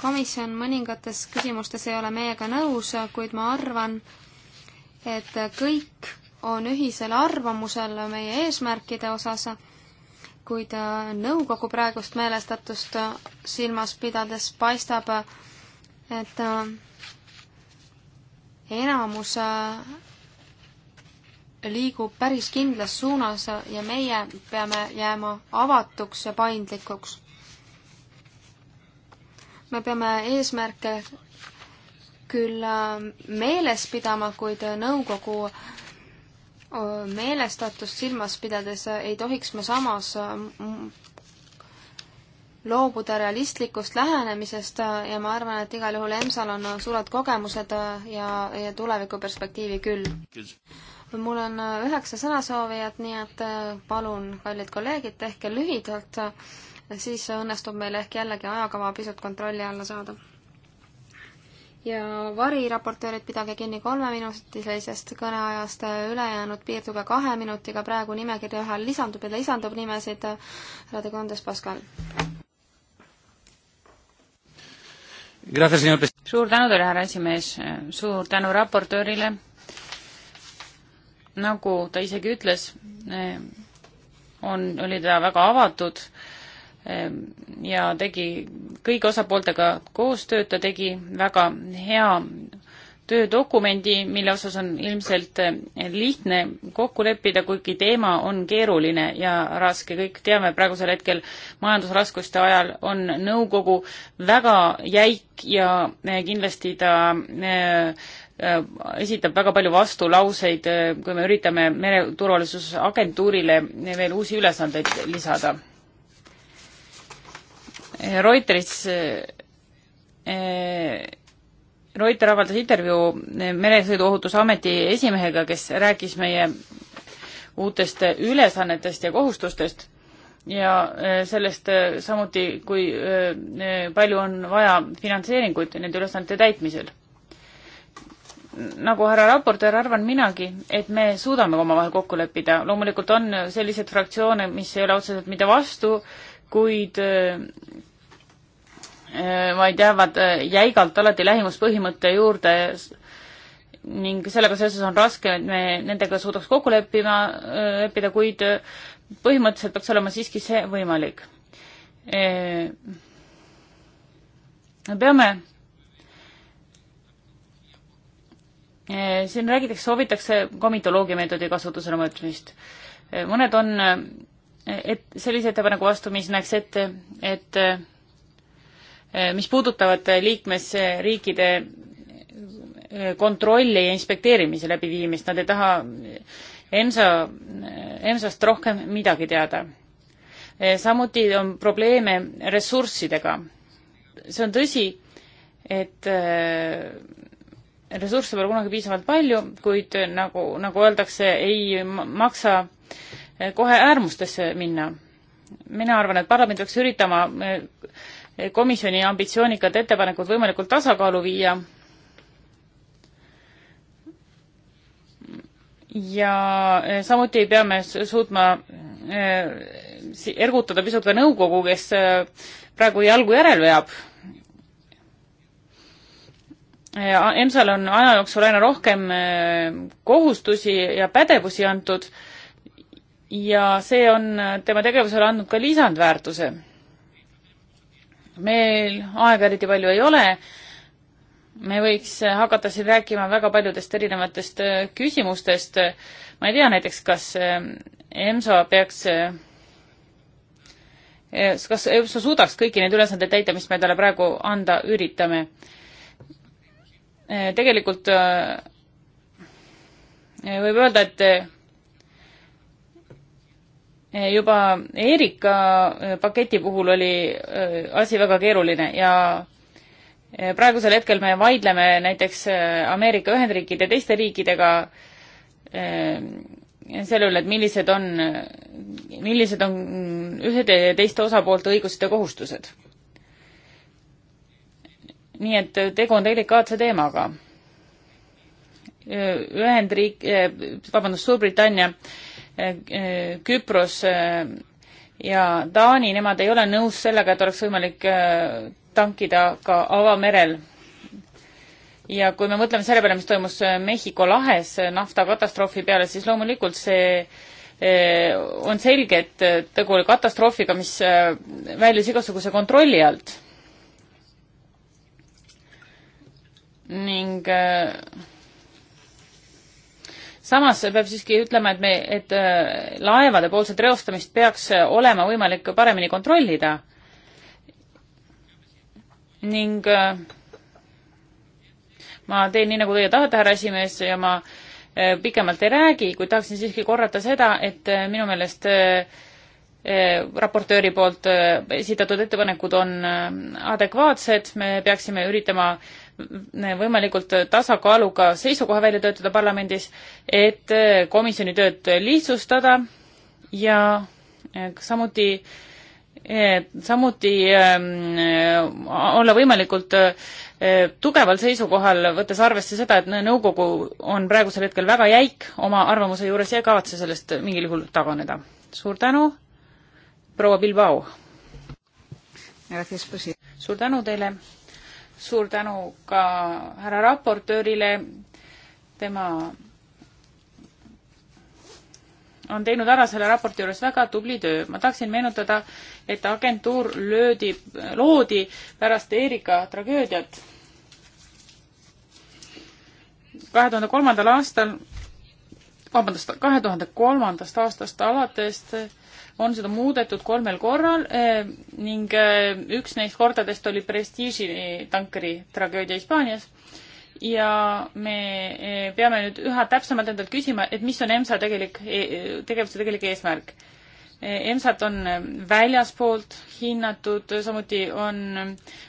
[SPEAKER 3] komisjon mõningates küsimustes ei ole meiega nõus, kuid ma arvan, et kõik on ühisel arvamusel meie eesmärkide osas, kuid nõukogu praegust meelestatust silmas pidades paistab, et enamus liigub päris kindlas suunas ja meie peame jääma avatuks ja paindlikuks. me peame eesmärke küll ähm, meeles pidama, kuid nõukogu äh, meelestatust silmas pidades ei tohiks me samas ähm, loobuda realistlikust lähenemisest äh, ja ma arvan, et igal juhul EMSA-l on suured kogemused äh, ja, ja tulevikuperspektiivi küll mul on äh, üheksa sõnasoovijat, nii et äh, palun, kallid kolleegid, tehke lühidalt, äh, siis õnnestub meil ehk jällegi ajakava pisut kontrolli alla saada. ja variraportöörid, pidage kinni kolmeminutilisest kõneajast, ülejäänud piirduge kahe minutiga, praegu nimekirja ühel lisandub ja lisandub nimesid, härra De Condes, Pascal.
[SPEAKER 4] suur tänu teile, härra esimees, suur tänu raportöörile nagu ta isegi ütles, eh, on, oli ta väga avatud eh, ja tegi kõigi osapooltega koostööd, ta tegi väga hea töödokumendi, mille osas on ilmselt eh, lihtne kokku leppida, kuigi teema on keeruline ja raske, kõik teame praegusel hetkel majandusraskuste ajal on nõukogu väga jäik ja kindlasti ta äh, Äh, esitab väga palju vastulauseid, äh, kui me üritame mereturvalisusagentuurile veel uusi ülesandeid lisada. Äh, Reuters, Reuter avaldas intervjuu Meresõiduohutusameti esimehega, kes rääkis meie uutest ülesannetest ja kohustustest ja sellest samuti, kui palju on vaja finantseeringuid nende ülesannete täitmisel nagu härra raportöör, arvan minagi, et me suudame omavahel kokku leppida. loomulikult on selliseid fraktsioone, mis ei ole otseselt mitte vastu, kuid äh, vaid jäävad äh, jäigalt alati lähimuspõhimõtte juurde ning sellega seoses on raske, et me nendega suudaks kokku leppima, äh, leppida, kuid põhimõtteliselt peaks olema siiski see võimalik. me peame Eh, siin räägitakse, soovitakse komitoloogia meetodi kasutusele mõtlemist. Eh, mõned on eh, et sellise ettepaneku vastu, mis näeks ette, et mis puudutavad liikmesriikide kontrolli ja inspekteerimise läbiviimist, nad ei taha EMSA, EMSA-st rohkem midagi teada. samuti on probleeme ressurssidega. see on tõsi, et ressursse pole kunagi piisavalt palju, kuid nagu, nagu öeldakse, ei maksa eh, kohe äärmustesse minna. mina arvan, et parlament peaks üritama eh, komisjoni ambitsioonikad ettepanekud võimalikult tasakaalu viia ja eh, samuti peame suutma ergutada pisut ka nõukogu, kes praegu jalgu järel veab EMSA-l on aja jooksul aina rohkem äh, kohustusi ja pädevusi antud ja see on äh, tema tegevusele andnud ka lisandväärtuse. meil aega eriti palju ei ole, me võiks äh, hakata siin rääkima väga paljudest erinevatest küsimustest, ma ei tea näiteks, kas EMSA peaks kas EMSA suudaks kõiki neid ülesandeid täita, mis me talle praegu anda üritame Eh, tegelikult eh, eh, võib öelda, et juba Erika paketi puhul oli asi väga keeruline ja praegusel hetkel me vaidleme näiteks Ameerika Ühendriikide teiste riikidega selle üle, et millised on, millised on ühede ja teiste osapoolte õigused ja kohustused nii et tegu on delikaatse teemaga. Ühendriik, eh, vabandust, Suurbritannia, eh, Küpros eh, ja Taani, nemad ei ole nõus sellega, et oleks võimalik tankida ka avamerel. ja kui me mõtleme selle peale, mis toimus Mehhiko lahes naftakatastroofi peale, siis loomulikult see on selge, et tegu oli katastroofiga, mis väljus igasuguse kontrolli alt ning äh, samas peab siiski ütlema, et me, et äh, laevade poolset reostamist peaks olema võimalik paremini kontrollida. ning äh, ma teen nii, nagu teie tahate, härra esimees, ja ma pikemalt ei räägi, kuid tahaksin siiski korrata seda, et minu meelest raportööri poolt esitatud ettepanekud on adekvaatsed, me peaksime üritama äh, võimalikult tasakaaluga seisukoha välja töötada parlamendis, et eh, komisjoni tööd lihtsustada ja eh, samuti eh, samuti ehm, olla võimalikult tugeval seisukohal, võttes arvesse seda, et nõukogu on praegusel hetkel väga jäik oma arvamuse juures ja ei kavatse sellest mingil juhul taganeda. suur tänu, proua Bilbao! suur tänu teile! suur tänu ka härra raportöörile, tema on teinud ära selle raporti juures väga tubli töö. ma tahaksin meenutada, et agentuur löödi, loodi pärast Erika tragöödiat. kahe tuhande kolmandal aastal, vabandust, kahe tuhande kolmandast aastast alates on seda muudetud kolmel korral eh, ning eh, üks neist kordadest oli prestiiži tankeri tragöödia Hispaanias ja me eh, peame nüüd üha täpsemalt endalt küsima, et mis on EMSA tegelik, e-, tegevuse tegelik eesmärk. EMSA-t on väljaspoolt hinnatud, samuti on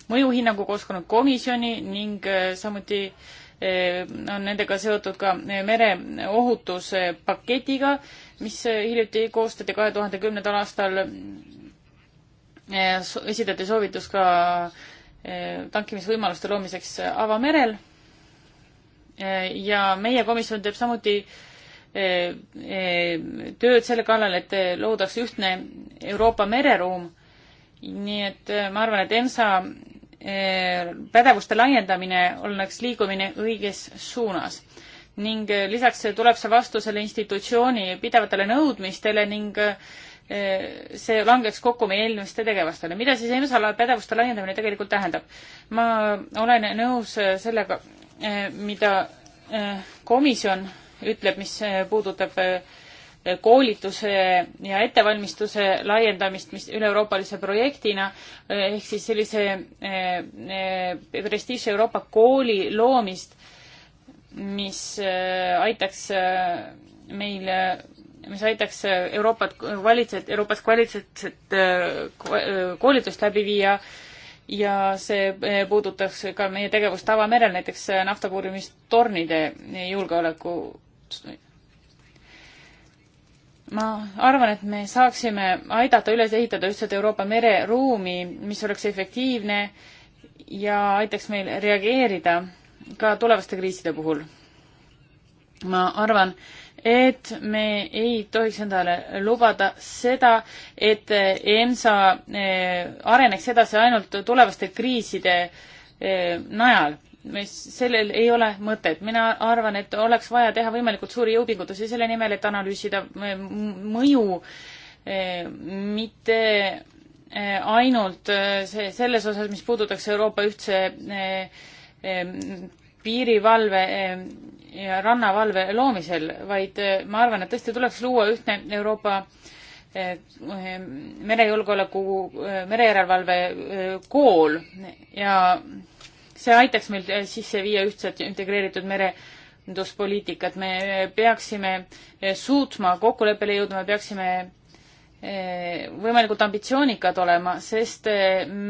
[SPEAKER 4] mõjuhinnangu koostanud komisjoni ning samuti äh, Eh, on nendega seotud ka eh, mereohutuse paketiga, mis eh, hiljuti koostati kahe tuhande kümnendal aastal. esitati soovitus ka tankimisvõimaluste loomiseks avamerel. ja meie komisjon teeb samuti tööd selle kallal, et loodaks ühtne Euroopa mereruum. nii et ma arvan, et EMSA Eh, pädevuste laiendamine oleks liigumine õiges suunas ning eh, lisaks tuleb see vastu selle institutsiooni pidevatele nõudmistele ning eh, see langeks kokku meie eelmiste tegevustele. mida siis EMSA pädevuste laiendamine tegelikult tähendab? ma olen nõus sellega, mida komisjon ütleb, mis puudutab koolituse ja ettevalmistuse laiendamist, mis üle-euroopalise projektina ehk siis sellise eh, eh, prestiižse Euroopa kooli loomist, mis eh, aitaks meil, mis aitaks Euroopat kvaliteet, Euroopas kvaliteetset koolitust läbi viia ja see puudutaks ka meie tegevust avamerel, näiteks naftapuurimistornide julgeoleku ma arvan, et me saaksime aidata üles ehitada lihtsalt Euroopa mereruumi, mis oleks efektiivne ja aitaks meil reageerida ka tulevaste kriiside puhul. ma arvan, et me ei tohiks endale lubada seda, et EMSA eh, areneks edasi ainult tulevaste kriiside eh, najal mis, sellel ei ole mõtet. mina arvan, et oleks vaja teha võimalikult suuri jõupingutusi selle nimel, et analüüsida eh, mõju, eh, mitte eh, ainult see, selles osas, mis puudutaks Euroopa ühtse piirivalve ja rannavalve loomisel, vaid ma arvan, et tõesti tuleks luua ühtne Euroopa merejulgeoleku, merejärelevalve kool ja see aitaks meil eh, sisse viia ühtset integreeritud merenduspoliitikat, me eh, peaksime eh, suutma kokkuleppele jõuda, me peaksime võimalikult ambitsioonikad olema, sest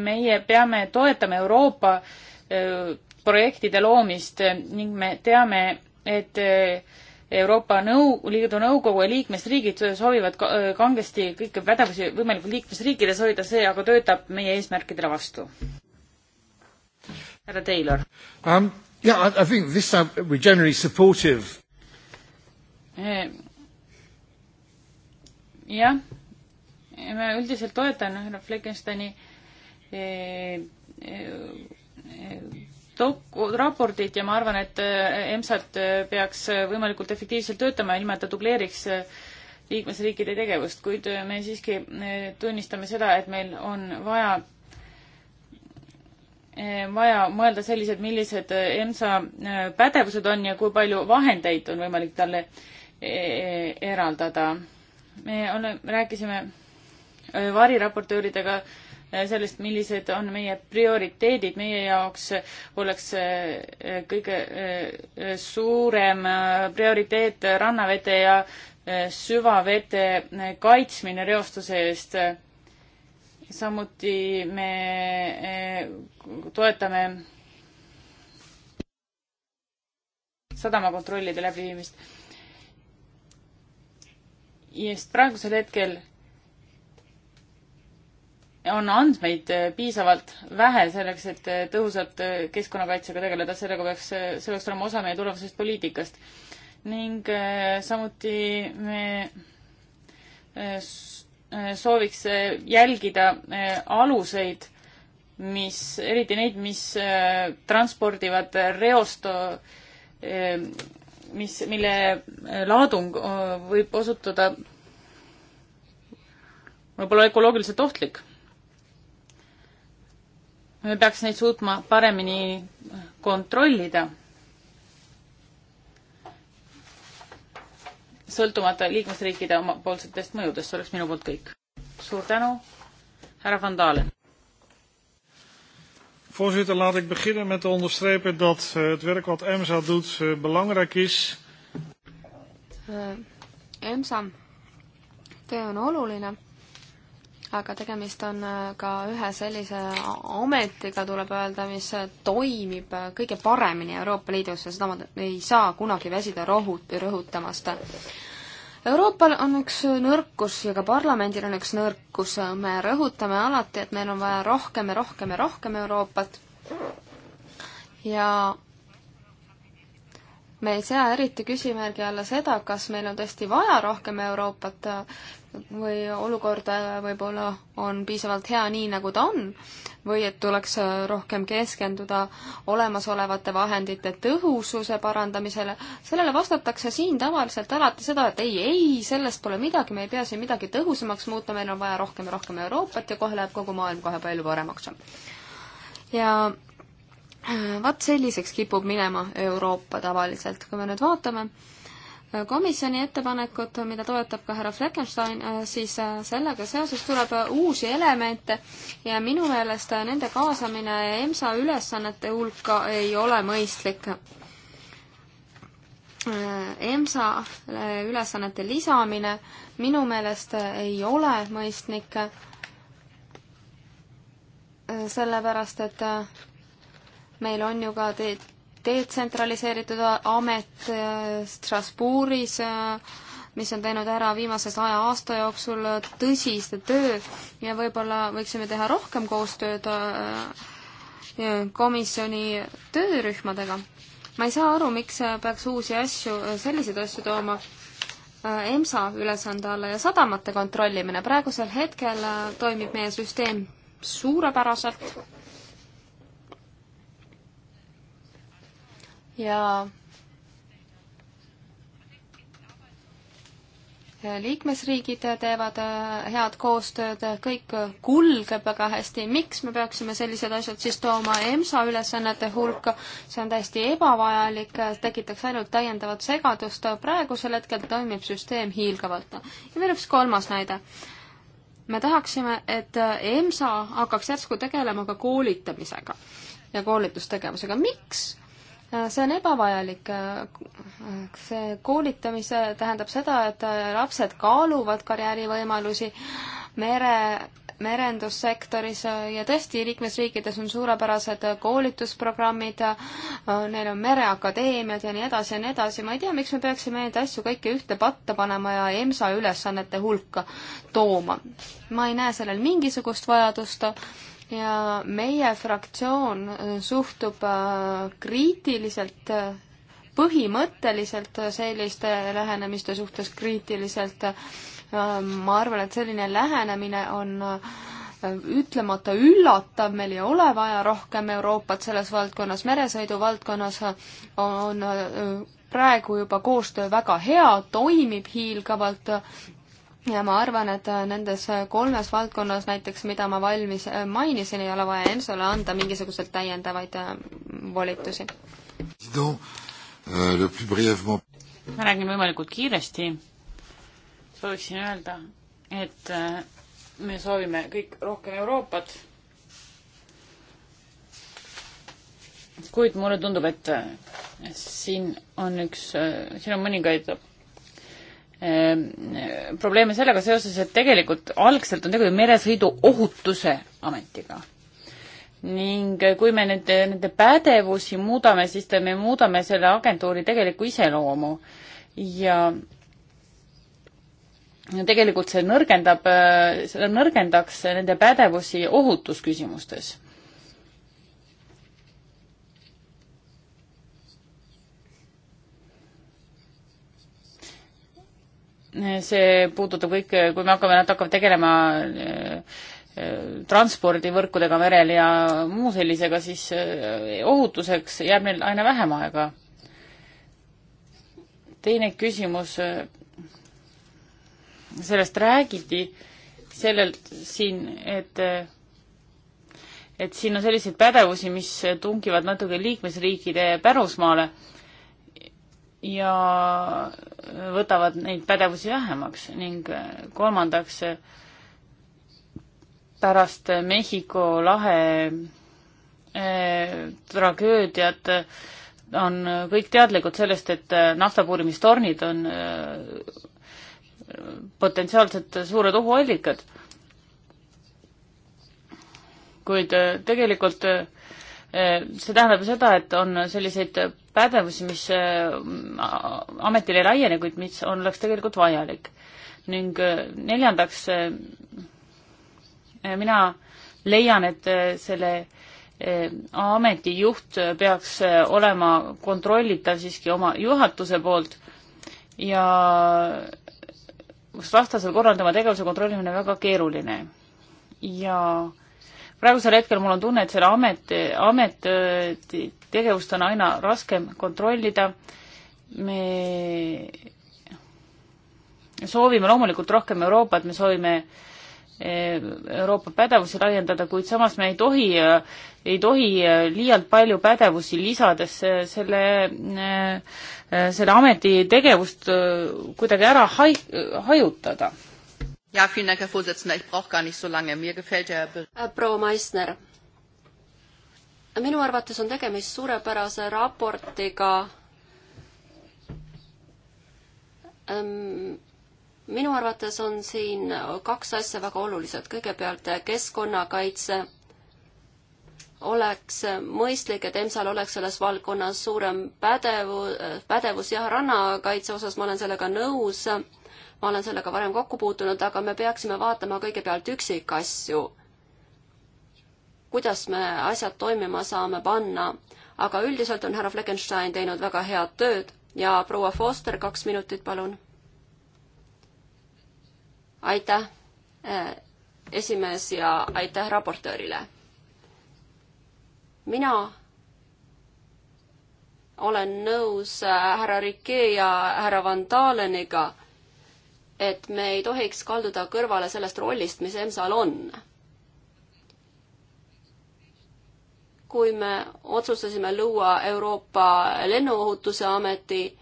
[SPEAKER 4] meie peame toetama Euroopa projektide loomist ning me teame, et Euroopa Nõu-, Liidu Nõukogu ja liikmesriigid soovivad kangesti kõiki pädevusi võimalikult liikmesriikides hoida, see aga töötab meie eesmärkidele vastu härra Taylor
[SPEAKER 1] um,. Yeah, I, I think this time we are generally supportive.
[SPEAKER 4] Eh, jah, ma üldiselt toetan härra Fleckensteini eh, eh, doku-, raportit ja ma arvan, et EMSA-t peaks võimalikult efektiivselt töötama, ilma et ta dubleeriks liikmesriikide tegevust, kuid me siiski tunnistame seda, et meil on vaja Eh, vaja mõelda sellised, millised eh, EMSA eh, pädevused on ja kui palju vahendeid on võimalik talle eraldada. me ole, rääkisime variraportööridega sellest, millised on meie prioriteedid, meie jaoks oleks kõige suurem prioriteet rannavete ja süvavete kaitsmine reostuse eest samuti me eh, toetame sadamakontrollide läbiviimist. just praegusel hetkel on andmeid eh, piisavalt vähe selleks, et eh, tõhusalt keskkonnakaitsega tegeleda, sellega peaks, see peaks olema osa meie tulevasest poliitikast. ning samuti me Äh, sooviks äh, jälgida äh, aluseid, mis, eriti neid, mis transpordivad reost, mis, mille laadung võib osutuda võib-olla ökoloogiliselt ohtlik. me peaks neid suutma paremini kontrollida sõltumata liikmesriikide omapoolsetest mõjudest, see oleks minu poolt kõik. suur tänu, härra Van Dalen.
[SPEAKER 1] Voorzitter, laat ik beginnen met te onderstrepen dat uh, het werk wat EMSA doet uh, belangrijk is.
[SPEAKER 3] Uh, EMSA töö on oluline, aga tegemist on ka ühe sellise ametiga, tuleb öelda, mis toimib kõige paremini Euroopa Liidus ja seda ma ei saa kunagi väsida rohut-, rõhutamast. Euroopal on üks nõrkus ja ka parlamendil on üks nõrkus. me rõhutame alati, et meil on vaja rohkem ja rohkem ja rohkem Euroopat. ja me ei sea eriti küsimärgi alla seda, kas meil on tõesti vaja rohkem Euroopat või olukord võib-olla on piisavalt hea nii, nagu ta on, või et tuleks äh, rohkem keskenduda olemasolevate vahendite tõhususe parandamisele, sellele vastatakse siin tavaliselt alati seda, et ei, ei, sellest pole midagi, me ei pea siin midagi tõhusamaks muutma, meil on vaja rohkem ja rohkem Euroopat ja kohe läheb kogu maailm kohe palju paremaks. ja äh, vaat selliseks kipub minema Euroopa tavaliselt, kui me nüüd vaatame, komisjoni ettepanekut, mida toetab ka härra Fleckenstein, äh, siis äh, sellega seoses tuleb äh, uusi elemente ja minu meelest nende kaasamine EMSA ülesannete hulka ei ole mõistlik. EMSA ülesannete lisamine minu meelest ei ole mõistlik, sellepärast et meil on ju ka teed detsentraliseeritud amet äh, Strasbourgis, äh, mis on teinud ära viimase saja aasta jooksul äh, tõsise töö ja võib-olla võiksime teha rohkem koostööd komisjoni töörühmadega. ma ei saa aru, miks peaks uusi asju, selliseid asju tooma EMSA ülesande alla ja sadamate kontrollimine. praegusel hetkel toimib meie süsteem suurepäraselt ja liikmesriigid teevad äh, head koostööd, kõik kulgeb väga hästi, miks me peaksime sellised asjad siis tooma EMSA ülesannete hulka, see on täiesti ebavajalik, tekitaks ainult täiendavat segadust, praegusel hetkel toimib süsteem hiilgavalt. ja veel üks kolmas näide. me tahaksime, et EMSA hakkaks järsku tegelema ka koolitamisega ja koolitustegevusega, miks Äh, see on ebavajalik. Äh, see koolitamise tähendab seda, et äh, lapsed kaaluvad karjäärivõimalusi mere, merendussektoris ja tõesti, liikmesriikides on suurepärased koolitusprogrammid, neil on mereakadeemiad ja nii edasi ja nii edasi, ma ei tea, miks me peaksime neid asju kõiki ühte patta panema ja EMSA ülesannete hulka tooma. ma ei näe sellel mingisugust vajadust ja meie fraktsioon äh, suhtub äh, kriitiliselt, äh, põhimõtteliselt selliste lähenemiste suhtes kriitiliselt. ma arvan, et selline lähenemine on ütlemata üllatav, meil ei ole vaja rohkem Euroopat selles valdkonnas, meresõidu valdkonnas on praegu juba koostöö väga hea, toimib hiilgavalt ja ma arvan, et äh, nendes äh, kolmes valdkonnas näiteks, mida ma valmis äh, mainisin, ei ole vaja EMSO-le anda mingisuguseid täiendavaid volitusi.
[SPEAKER 4] Euh, ma räägin võimalikult kiiresti. sooviksin öelda, et me soovime kõik rohkem Euroopat. kuid mulle tundub, et siin on üks, siin on mõningaid Ehm, probleeme sellega seoses, et tegelikult algselt on tegu ju meresõidu ohutuse ametiga. ning eh, kui me nüüd nende, nende pädevusi muudame, siis me muudame selle agentuuri tegelikku iseloomu ja tegelikult see nõrgendab, eh, see nõrgendaks nende pädevusi ohutusküsimustes see puudutab kõike, kui me hakkame, nad hakkavad tegelema eh, eh, transpordivõrkudega merel ja muu sellisega, siis eh, ohutuseks jääb neil aina vähem aega. teine küsimus, sellest räägiti sellelt siin, et et siin on selliseid pädevusi, mis tungivad natuke liikmesriikide pärusmaale ja võtavad neid pädevusi vähemaks ning kolmandaks pärast Mehhiko lahe eh, tragöödiat on kõik teadlikud sellest, et naftapuurimistornid on eh, potentsiaalselt suured ohuallikad. kuid eh, tegelikult äh, see tähendab seda, et on selliseid pädevusi, mis äh, ametile ei laiene, kuid mis on, oleks tegelikult vajalik. ning äh, neljandaks, äh, mina leian, et selle ameti juht peaks olema kontrollitav siiski oma juhatuse poolt ja vastasel korral tema tegevuse kontrollimine väga keeruline. ja äh, praegusel hetkel mul on tunne, et selle amet, ameti äh, tegevust on aina raskem kontrollida. me soovime loomulikult rohkem Euroopat, me soovime äh, Euroopa pädevusi laiendada, kuid samas me ei tohi, äh, ei tohi liialt palju pädevusi lisades selle, selle ameti tegevust kuidagi ära hai-, hajutada
[SPEAKER 2] Ja, vielen Dank, Herr Vorsitzender. Ich brauche gar nicht so lange. Mir gefällt der Herr... Äh, proua Meissner. minu arvates on tegemist suurepärase raportiga. Ähm, minu arvates on siin kaks asja väga olulised. kõigepealt keskkonnakaitse oleks mõistlik, et EMSA-l oleks selles valdkonnas suurem pädevu, pädevus jah, rannakaitse osas ma olen sellega nõus ma olen sellega varem kokku puutunud, aga me peaksime vaatama kõigepealt üksikasju, kuidas me asjad toimima saame panna, aga üldiselt on härra Fleckenstein teinud väga head tööd ja proua Foster, kaks minutit, palun. aitäh, eh, esimees ja aitäh raportöörile. mina olen nõus eh, härra Rike ja härra Van Daleniga et me ei tohiks kalduda kõrvale sellest rollist, mis EMSA-l on. kui me otsustasime luua Euroopa Lennuohutuse Ameti,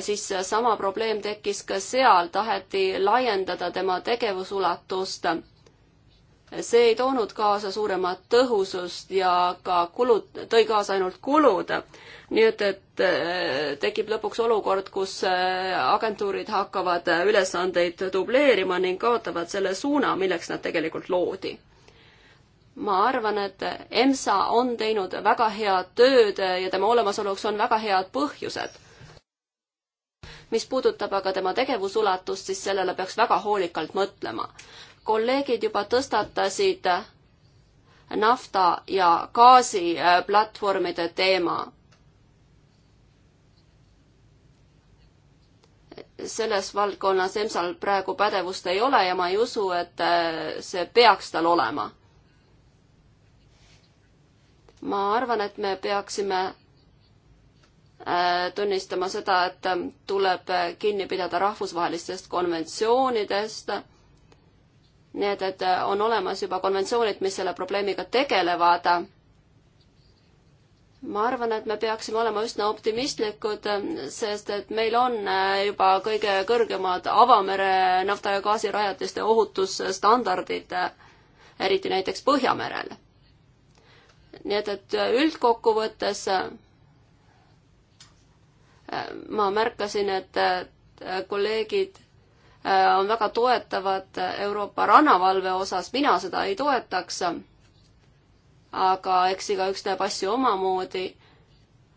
[SPEAKER 2] siis sama probleem tekkis ka seal, taheti laiendada tema tegevusulatust. see ei toonud kaasa suuremat tõhusust ja ka kulud, tõi kaasa ainult kulud nii et, et äh, tekib lõpuks olukord, kus äh, agentuurid hakkavad äh, ülesandeid dubleerima ning kaotavad selle suuna, milleks nad tegelikult loodi. ma arvan, et EMSA on teinud väga head tööd ja tema olemasoluks on väga head põhjused. mis puudutab aga tema tegevusulatust, siis sellele peaks väga hoolikalt mõtlema. kolleegid juba tõstatasid nafta ja gaasiplatvormide teema selles valdkonnas EMSA-l praegu pädevust ei ole ja ma ei usu, et äh, see peaks tal olema. ma arvan, et me peaksime äh, tunnistama seda, et äh, tuleb kinni pidada rahvusvahelistest konventsioonidest. nii et, et on olemas juba konventsioonid, mis selle probleemiga tegelevad ma arvan, et me peaksime olema üsna optimistlikud, ähm, sest et meil on äh, juba kõige kõrgemad avamere nafta- ja gaasirajatiste ohutusstandardid, äh, eriti näiteks Põhjamerel. nii et, et äh, üldkokkuvõttes ma märkasin, et kolleegid on väga toetavad Euroopa rannavalve osas, mina seda ei toetaks aga eks igaüks näeb asju omamoodi.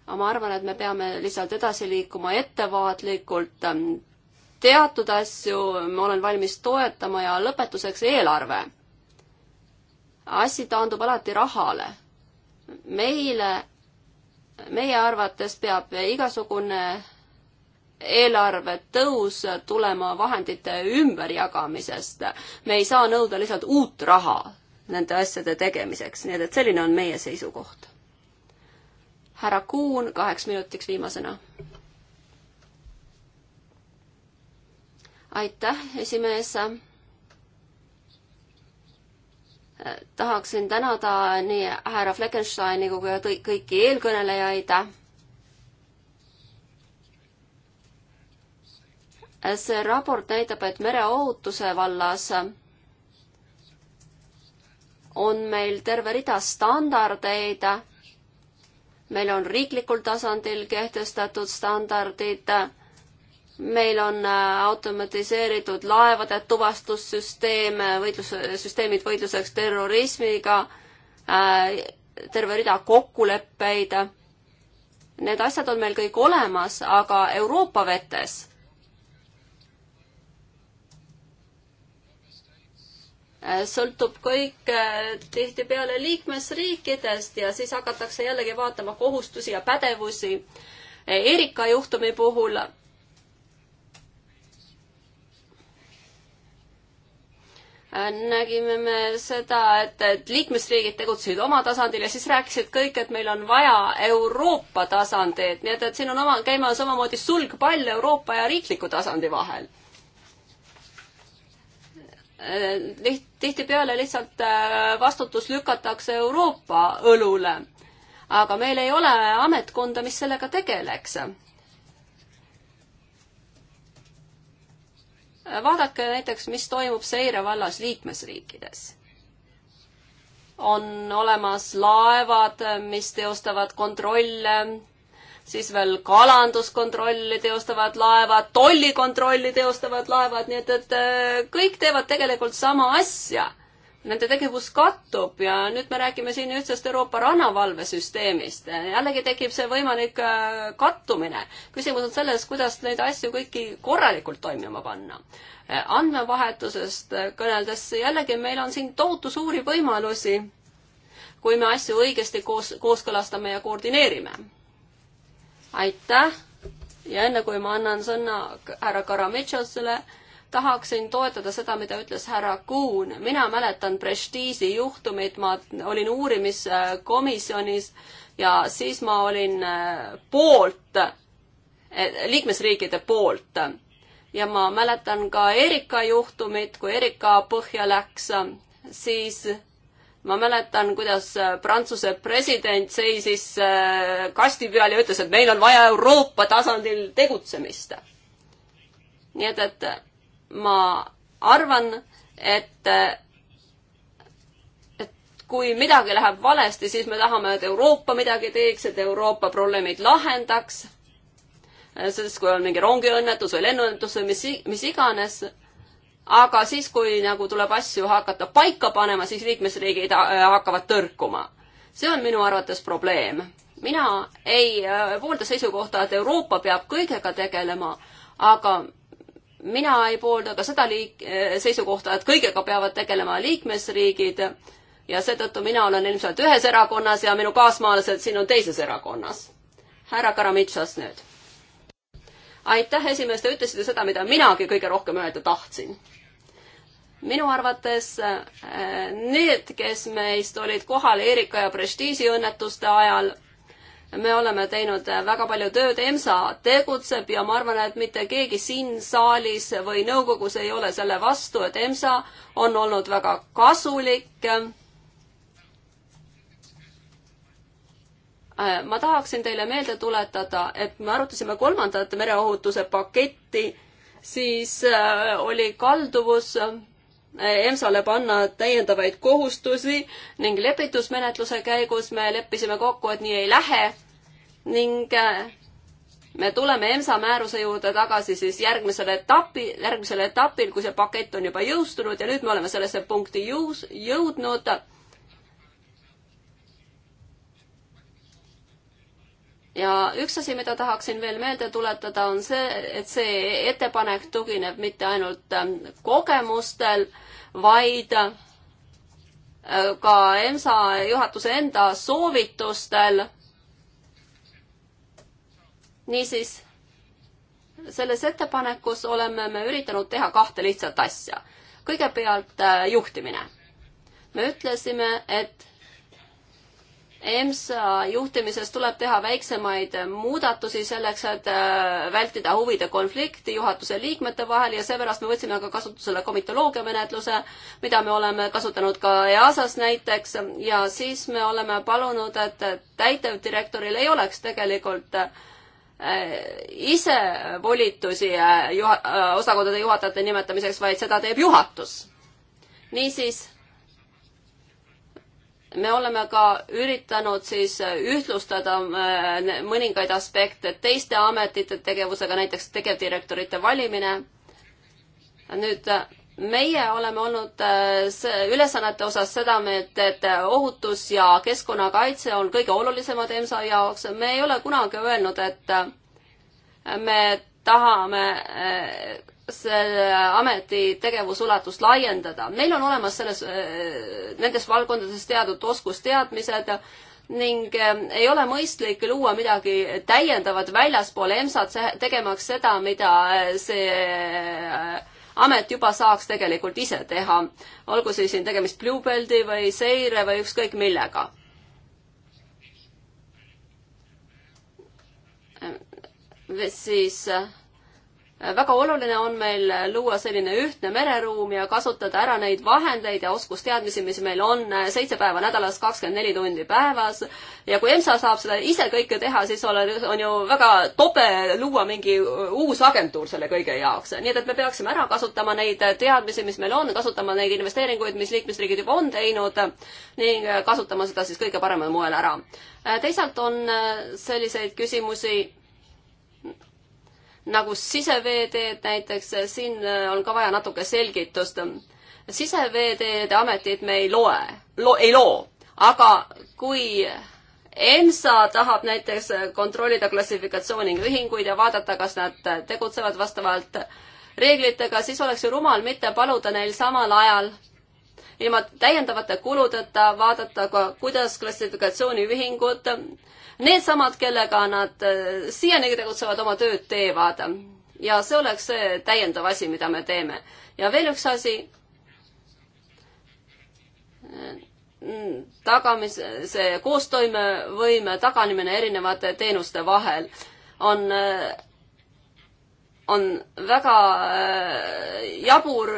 [SPEAKER 2] aga ma arvan, et me peame lihtsalt edasi liikuma ettevaatlikult. Ähm, teatud asju ma olen valmis toetama ja lõpetuseks eelarve. asi taandub alati rahale. meile, meie arvates peab igasugune eelarve tõus tulema vahendite ümberjagamisest. me ei saa nõuda lihtsalt uut raha nende asjade tegemiseks, nii et, et selline on meie seisukoht. härra Kuun kaheks minutiks viimasena. aitäh, esimees. tahaksin tänada nii härra Fleckensteini kui ka kõiki eelkõnelejaid see raport näitab, et mereohutuse vallas on meil terve rida standardeid. meil on riiklikul tasandil kehtestatud standardid, meil on äh, automatiseeritud laevade tuvastussüsteem, äh, võitlus, süsteemid võitluseks terrorismiga, äh, terve rida kokkuleppeid. Need asjad on meil kõik olemas, aga Euroopa vetes Äh, sõltub kõik äh, tihtipeale liikmesriikidest ja siis hakatakse jällegi vaatama kohustusi ja pädevusi. Äh, Erika juhtumi puhul nägime me seda, et, et liikmesriigid tegutsesid oma tasandil ja siis rääkisid kõik, et meil on vaja Euroopa tasandit, nii et, et siin on oma, käimas omamoodi sulgpall Euroopa ja riikliku tasandi vahel Äh, tihtipeale lihtsalt äh, vastutus lükatakse Euroopa õlule. aga meil ei ole ametkonda, mis sellega tegeleks. Äh, vaadake näiteks, mis toimub seire vallas liikmesriikides on olemas laevad, mis teostavad kontrolle siis veel kalanduskontrolli teostavad laevad, tollikontrolli teostavad laevad, nii et, et äh, kõik teevad tegelikult sama asja. Nende tegevus kattub ja nüüd me räägime siin ühtsest Euroopa rannavalvesüsteemist. jällegi tekib see võimalik äh, kattumine. küsimus on selles, kuidas neid asju kõiki korralikult toimima panna. Äh, andmevahetusest kõneldes jällegi meil on siin tohutu suuri võimalusi, kui me asju õigesti koos, kooskõlastame ja koordineerime aitäh ja enne kui ma annan sõna härra Karamitšosele, tahaksin toetada seda, mida ütles härra Kuhn. mina mäletan prestiiži juhtumit, ma olin uurimiskomisjonis ja siis ma olin äh, poolt, e, liikmesriikide poolt. ja ma mäletan ka Erika juhtumit, kui Erika põhja läks, siis ma mäletan, kuidas äh, Prantsuse president seisis äh, kasti peal ja ütles, et meil on vaja Euroopa tasandil tegutsemist. nii et, et äh, ma arvan, et, et kui midagi läheb valesti, siis me tahame, et Euroopa midagi teeks, et Euroopa probleemid lahendaks. sest kui on mingi rongiõnnetus või lennuõnnetus või mis, mis iganes aga siis, kui nagu tuleb asju hakata paika panema, siis liikmesriigid äh, hakkavad tõrkuma. see on minu arvates probleem. mina ei äh, poolda seisukohta, et Euroopa peab kõigega tegelema, aga mina ei poolda ka seda liik-, äh, seisukohta, et kõigega peavad tegelema liikmesriigid ja seetõttu mina olen ilmselt ühes erakonnas ja minu kaasmaalased siin on teises erakonnas. härra Karamitšas nüüd. aitäh, esimees, te ütlesite seda, mida minagi kõige rohkem öelda tahtsin minu arvates äh, need, kes meist olid kohal Erika ja Prestiiži õnnetuste ajal, me oleme teinud äh, väga palju tööd, EMSA tegutseb ja ma arvan, et mitte keegi siin saalis või nõukogus ei ole selle vastu, et EMSA on olnud väga kasulik äh, ma tahaksin teile meelde tuletada, et me arutasime kolmandat mereohutuse paketti, siis oli kalduvus EMSA-le panna täiendavaid kohustusi ning lepitusmenetluse käigus me leppisime kokku, et nii ei lähe ning äh, me tuleme EMSA määruse juurde tagasi siis järgmisel etapi, järgmisel etapil, kui see pakett on juba jõustunud ja nüüd me oleme sellesse punkti jõus, jõudnud ja üks asi, mida tahaksin veel meelde tuletada, on see, et see ettepanek tugineb mitte ainult ähm, kogemustel, vaid äh, ka EMSA juhatuse enda soovitustel. niisiis, selles ettepanekus oleme me üritanud teha kahte lihtsat asja. kõigepealt äh, juhtimine. me ütlesime, et EMSA juhtimises tuleb teha väiksemaid muudatusi selleks, et äh, vältida huvide konflikti juhatuse liikmete vahel ja seepärast me võtsime ka kasutusele komitoloogia menetluse, mida me oleme kasutanud ka EASA-s näiteks ja siis me oleme palunud, et täitevdirektoril ei oleks tegelikult äh, ise volitusi äh, juha-, osakondade juhatajate nimetamiseks, vaid seda teeb juhatus. niisiis me oleme ka üritanud siis ühtlustada äh, mõningaid aspekte teiste ametite tegevusega, näiteks tegevdirektorite valimine. nüüd meie oleme olnud äh, ülesannete osas seda meelt, et ohutus ja keskkonnakaitse on kõige olulisemad EMSA jaoks. me ei ole kunagi öelnud, et me tahame äh, selle ameti tegevusulatust laiendada. meil on olemas selles, äh, nendes valdkondades teatud oskusteadmised ning äh, ei ole mõistlik luua midagi täiendavat väljaspool EMSA-t, tegemaks seda, mida äh, see amet juba saaks tegelikult ise teha. olgu siis siin tegemist Blue Beldi või seire või ükskõik millega siis väga oluline on meil luua selline ühtne mereruum ja kasutada ära neid vahendeid ja oskusteadmisi, mis meil on eh, seitse päeva nädalas, kakskümmend neli tundi päevas. ja kui EMSA saab seda ise kõike teha, siis ole, on ju väga tobe luua mingi uus agentuur selle kõige jaoks. nii et, et me peaksime ära kasutama neid teadmisi, mis meil on, kasutama neid investeeringuid, mis liikmesriigid juba on teinud ning kasutama seda siis kõige paremal moel ära. Eh, teisalt on eh, selliseid küsimusi nagu siseveeteed näiteks, siin äh, on ka vaja natuke selgitust. siseveeteede ametit me ei loe, lo-, ei loo, aga kui EMSA tahab näiteks kontrollida klassifikatsiooniühinguid ja vaadata, kas nad tegutsevad vastavalt reeglitega, siis oleks ju rumal mitte paluda neil samal ajal ilma täiendavate kuludeta vaadata ka, kuidas klassifikatsiooniühingud needsamad, kellega nad eh, siiani tegutsevad, oma tööd teevad. ja see oleks see täiendav asi, mida me teeme. ja veel üks asi. Eh, tagamise, see koostoimevõime taganemine erinevate teenuste vahel on eh, on väga jabur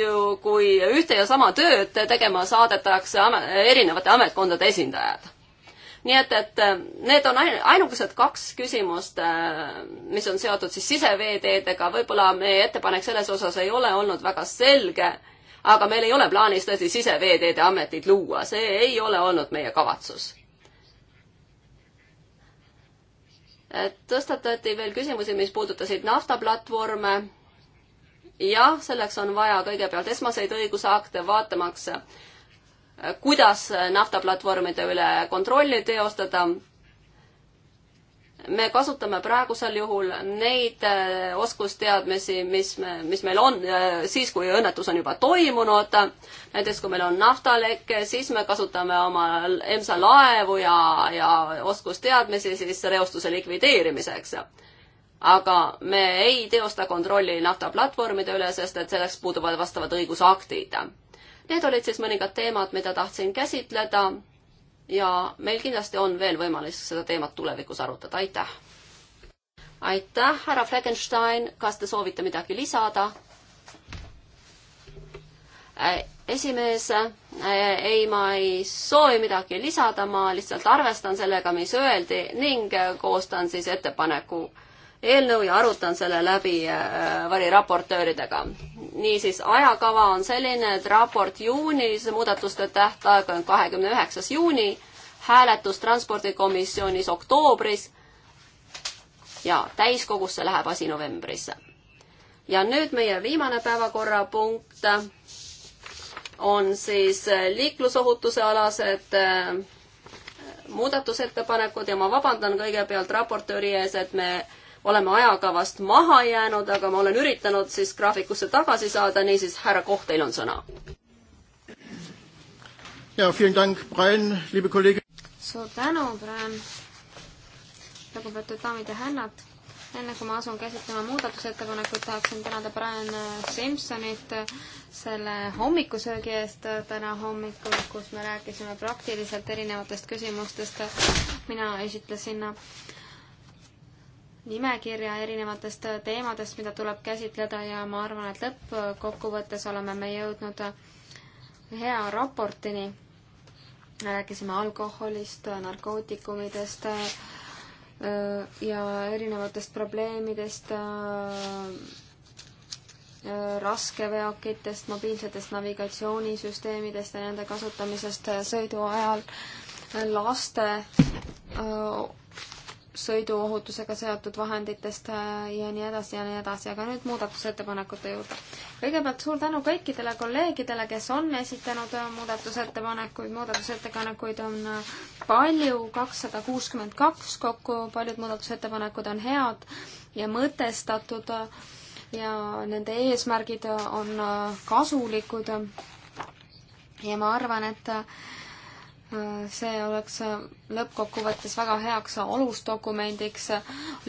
[SPEAKER 2] ju, kui ühte ja sama tööd tegema saadetakse erinevate ametkondade esindajad nii et, et äh, need on ain ainukesed kaks küsimust, äh, mis on seotud siis siseveeteedega, võib-olla meie ettepanek selles osas ei ole olnud väga selge, aga meil ei ole plaanis tõesti siseveeteede ametit luua, see ei ole olnud meie kavatsus. tõstatati veel küsimusi, mis puudutasid naftaplatvorme jah, selleks on vaja kõigepealt esmaseid õigusakte, vaatamaks kuidas naftaplatvormide üle kontrolli teostada. me kasutame praegusel juhul neid äh, oskusteadmisi, mis me, mis meil on äh, siis, kui õnnetus on juba toimunud. näiteks kui meil on naftaleke, siis me kasutame oma EMSA laevu ja, ja oskusteadmisi siis reostuse likvideerimiseks aga me ei teosta kontrolli naftaplatvormide üle, sest et selleks puuduvad vastavad õigusaktid Need olid siis mõningad teemad, mida tahtsin käsitleda ja meil kindlasti on veel võimalik seda teemat tulevikus arutada, aitäh! aitäh, härra Fleckenstein, kas te soovite midagi lisada? Äh, esimees, äh, ei, ma ei soovi midagi lisada, ma lihtsalt arvestan sellega, mis öeldi ning koostan siis ettepaneku äh, eelnõu ja arutan selle läbi äh, variraportööridega. niisiis, ajakava on selline, et raport juunis, muudatuste tähtaeg on kahekümne üheksas juuni, hääletus transpordikomisjonis oktoobris ja täiskogusse läheb asi novembrisse. ja nüüd meie viimane päevakorrapunkt on siis äh, liiklusohutuse alased äh, muudatusettepanekud ja ma vabandan kõigepealt raportööri ees, et me oleme ajakavast maha jäänud, aga ma olen üritanud siis graafikusse tagasi saada, niisiis härra Koht, teil on sõna.
[SPEAKER 4] ja, suur tänu,
[SPEAKER 3] Brian. lugupeetud daamid ja härrad, enne kui ma asun käsitlema muudatusettepanekuid, tahaksin tänada Brian Simsonit selle hommikusöögi eest täna hommikul, kus me rääkisime praktiliselt erinevatest küsimustest. mina esitlesin nimekirja erinevatest teemadest, mida tuleb käsitleda ja ma arvan, et lõppkokkuvõttes oleme me jõudnud hea raportini. rääkisime alkoholist, narkootikumidest äh, ja erinevatest probleemidest, äh, raskeveokitest, mobiilsetest navigatsioonisüsteemidest ja nende kasutamisest äh, sõidu ajal, laste sõiduohutusega seotud vahenditest äh, ja nii edasi ja nii edasi, aga nüüd muudatusettepanekute juurde. kõigepealt suur tänu kõikidele kolleegidele, kes on esitanud äh, muudatusettepanekuid, muudatusettepanekuid on äh, palju, kakssada kuuskümmend kaks kokku, paljud muudatusettepanekud on head ja mõtestatud ja nende eesmärgid on kasulikud. ja ma arvan, et see oleks lõppkokkuvõttes väga heaks alusdokumendiks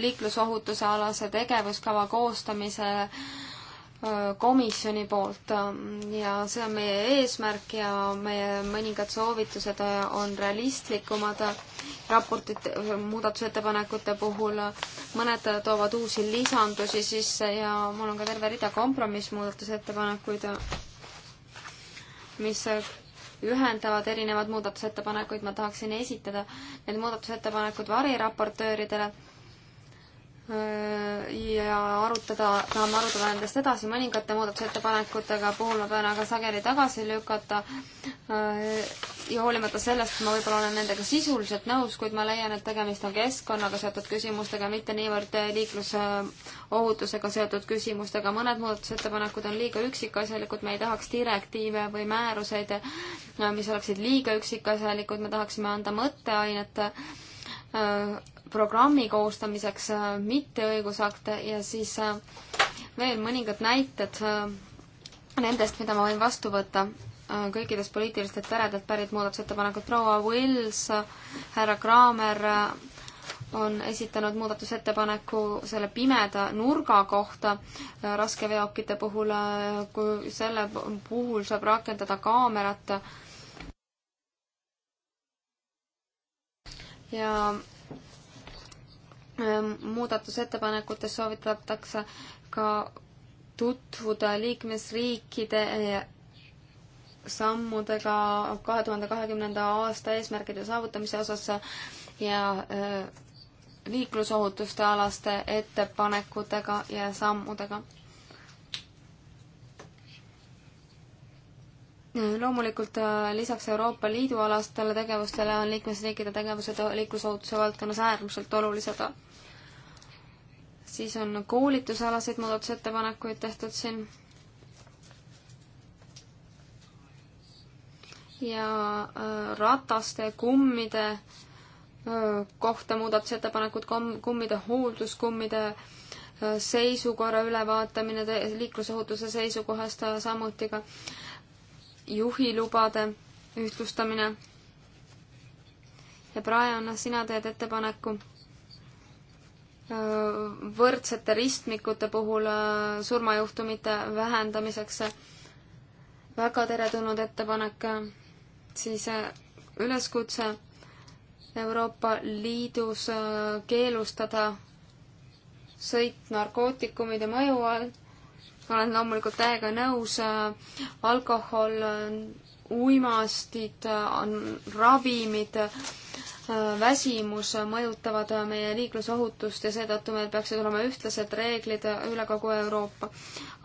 [SPEAKER 3] liiklusohutuse alase tegevuskava koostamise äh, komisjoni poolt ja see on meie eesmärk ja meie mõningad soovitused on realistlikumad raportite, muudatusettepanekute puhul. mõned toovad uusi lisandusi sisse ja mul on ka terve rida kompromissmuudatusettepanekuid, mis ühendavad erinevad muudatusettepanekuid, ma tahaksin esitada need muudatusettepanekud variraportööridele Äh, ja arutada, tahame arutada nendest edasi mõningate muudatusettepanekutega, puhul ma pean aga sageli tagasi lükata. Äh, ja hoolimata sellest, ma võib-olla olen nendega sisuliselt nõus, kuid ma leian, et tegemist on keskkonnaga seotud küsimustega, mitte niivõrd liiklusohutusega seotud küsimustega. mõned muudatusettepanekud on liiga üksikasjalikud, me ei tahaks direktiive või määruseid, mis oleksid liiga üksikasjalikud, me tahaksime anda mõtteainet äh, programmi koostamiseks äh, mitte õigusakte ja siis äh, veel mõningad näited äh, nendest, mida ma võin vastu võtta kõikidest poliitilistelt peredelt pärit muudatusettepanekud. proua Wills, härra Kraamer on esitanud muudatusettepaneku selle pimeda nurga kohta raskeveokite puhul, kui selle puhul saab rakendada kaamerat. ja Ehm, muudatusettepanekutes soovitatakse ka tutvuda liikmesriikide eh, sammudega kahe tuhande kahekümnenda aasta eesmärkide saavutamise osas ja eh, liiklusohutuste alaste ettepanekutega ja sammudega Mm, loomulikult äh, lisaks Euroopa Liidu alastele tegevustele on liikmesriikide tegevused liiklusohutuse valdkonnas äärmiselt olulised. siis on koolitusalaseid muudatusettepanekuid tehtud siin. ja äh, rataste, kummide äh, kohta muudatusettepanekud, kummide hooldus, kummide seisukorra ülevaatamine liiklusohutuse seisukohast samuti ka juhilubade ühtlustamine. ja Brian, sina teed ettepaneku võrdsete ristmikute puhul surmajuhtumite vähendamiseks. väga teretulnud ettepanek, siis üleskutse Euroopa Liidus keelustada sõit narkootikumide mõju all ma olen loomulikult täiega nõus, äh, alkohol, äh, uimastid, äh, ravimid, väsimus mõjutavad meie liiklusohutust ja seetõttu meil peaksid olema ühtlased reeglid üle kogu Euroopa.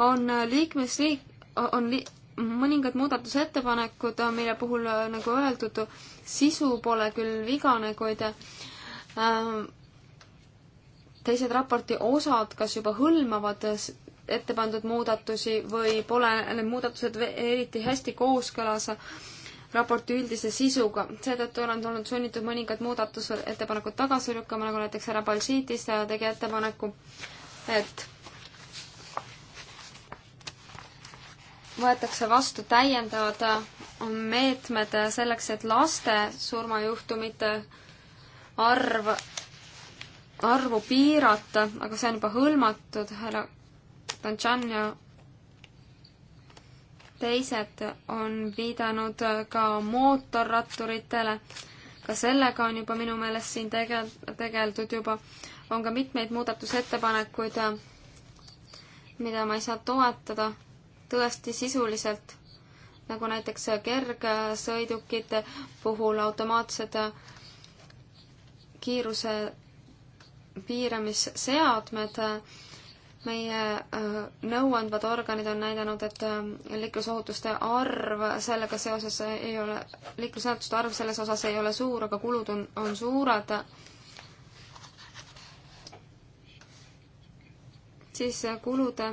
[SPEAKER 3] on liikmesriik, on li-, mõningad muudatusettepanekud, mille puhul, nagu öeldud, sisu pole küll vigane, kuid teised raporti osad kas juba hõlmavad ette pandud muudatusi või pole need muudatused eriti hästi kooskõlas raporti üldise sisuga. seetõttu olen olnud sunnitud mõningad muudatusettepanekud tagasi lükkama, nagu näiteks härra Balsiitis tegi ettepaneku, et võetakse vastu täiendavad meetmed selleks, et laste surmajuhtumite arv, arvu piirata, aga see on juba hõlmatud härra Tantšan ja teised on viidanud ka mootorratturitele, ka sellega on juba minu meelest siin tegel-, tegeldud juba, on ka mitmeid muudatusettepanekuid, mida ma ei saa toetada tõesti sisuliselt, nagu näiteks kergsõidukite puhul automaatsed kiiruse piiramisseadmed, meie äh, nõuandvad organid on näidanud, et äh, liiklusohutuste arv sellega seoses ei ole, liiklusõnnetuste arv selles osas ei ole suur, aga kulud on, on suured. siis äh, kulude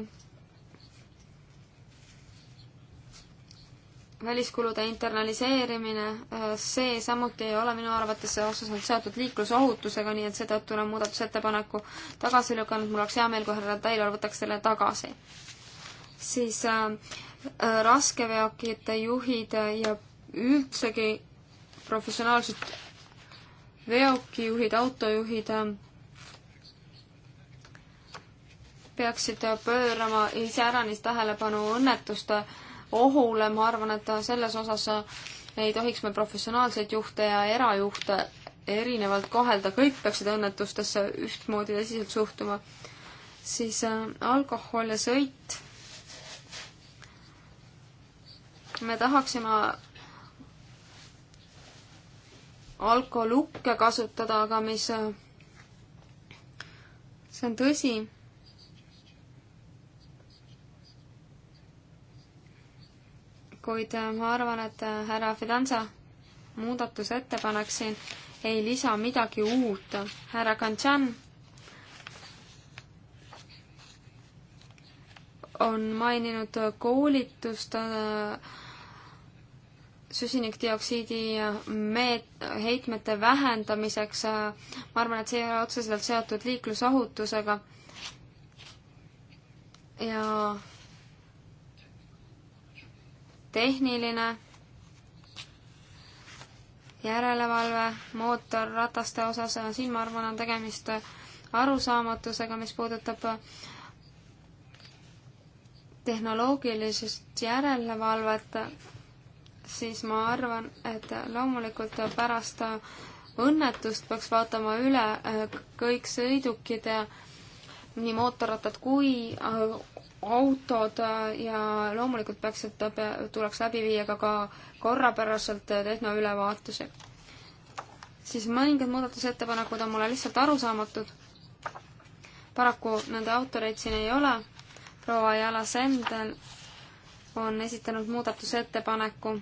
[SPEAKER 3] väliskulude internaliseerimine, äh, see samuti ei ole minu arvates otseselt seotud liiklusohutusega, nii et seetõttu olen muudatusettepaneku tagasi lükanud, mul oleks hea meel, kui härra Taylor võtaks selle tagasi. siis äh, äh raskeveokite juhid ja üldsegi professionaalsed veokijuhid, autojuhid äh, peaksid pöörama iseäranis tähelepanu õnnetuste äh, ohule, ma arvan, et selles osas ei tohiks me professionaalseid juhte ja erajuhte erinevalt kohelda, kõik peaksid õnnetustesse ühtmoodi tõsiselt suhtuma. siis äh, alkohol ja sõit. me tahaksime alkolukke kasutada, aga mis, äh, see on tõsi kuid äh, ma arvan, et äh, härra Fidanza muudatusettepanek siin ei lisa midagi uut. härra Kantšan on maininud koolitust äh, süsinikdioksiidi meet-, heitmete vähendamiseks. ma arvan, et see ei ole otseselt seotud liiklusohutusega. ja tehniline järelevalve mootorrataste osas, siin ma arvan, on tegemist arusaamatusega, mis puudutab tehnoloogilisest järelevalvet, siis ma arvan, et loomulikult pärast õnnetust peaks vaatama üle kõik sõidukid ja nii mootorrattad kui autod äh, ja loomulikult peaksid, tuleks läbi viia ka, ka korrapäraselt äh, tehnoülevaatusi. siis mõningad muudatusettepanekud on mulle lihtsalt arusaamatud. paraku nende autoreid siin ei ole. proua Jala Sendel on esitanud muudatusettepaneku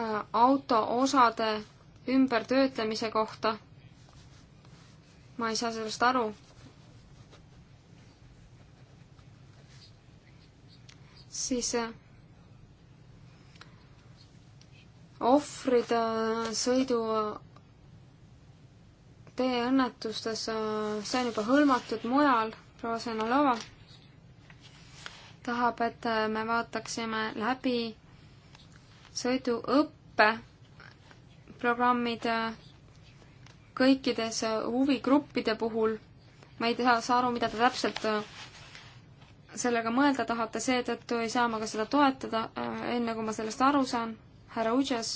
[SPEAKER 3] Äh, autoosade ümbertöötlemise kohta. ma ei saa sellest aru. siis äh, ohvrid sõidu äh, teeõnnetustes, see on juba hõlmatud mujal, proua Sõnalova tahab, et me vaataksime läbi sõiduõppe programmid äh, kõikides äh, huvigruppide puhul. ma ei tea, saa aru, mida te täpselt äh, sellega mõelda tahate, seetõttu ei saa ma ka seda toetada, enne kui ma sellest aru saan. härra Udžas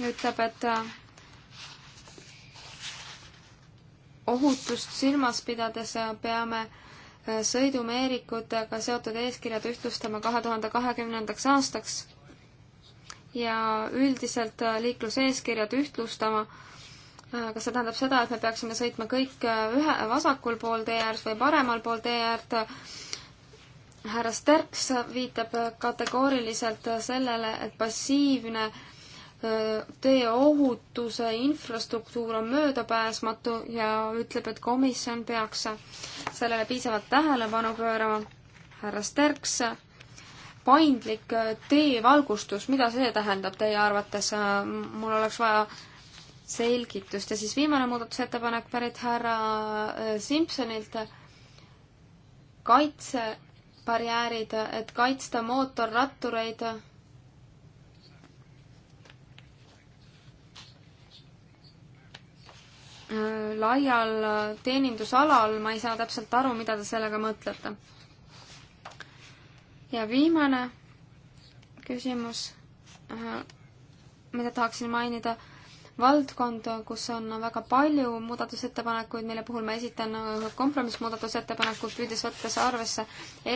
[SPEAKER 3] ütleb, et ohutust silmas pidades peame sõidumeerikutega seotud eeskirjad ühtlustama kahe tuhande kahekümnendaks aastaks ja üldiselt äh, liikluseeskirjad ühtlustama. Äh, kas see tähendab seda, et me peaksime sõitma kõik äh, ühe vasakul pool tee äärt või paremal pool tee äärt? härra Sterks viitab kategooriliselt sellele, et passiivne äh, teeohutuse infrastruktuur on möödapääsmatu ja ütleb, et komisjon peaks sellele piisavalt tähelepanu pöörama. härra Sterks, paindlik teevalgustus, mida see tähendab teie arvates? mul oleks vaja selgitust ja siis viimane muudatusettepanek pärit härra äh, Simsonilt. kaitsebarjäärid, et kaitsta mootorrattureid Äh, laial äh, teenindusalal, ma ei saa täpselt aru, mida te sellega mõtlete. ja viimane küsimus, äh, mida tahaksin mainida, valdkond, kus on väga palju muudatusettepanekuid, mille puhul ma esitan kompromissmuudatusettepanekud, püüdes võtta see arvesse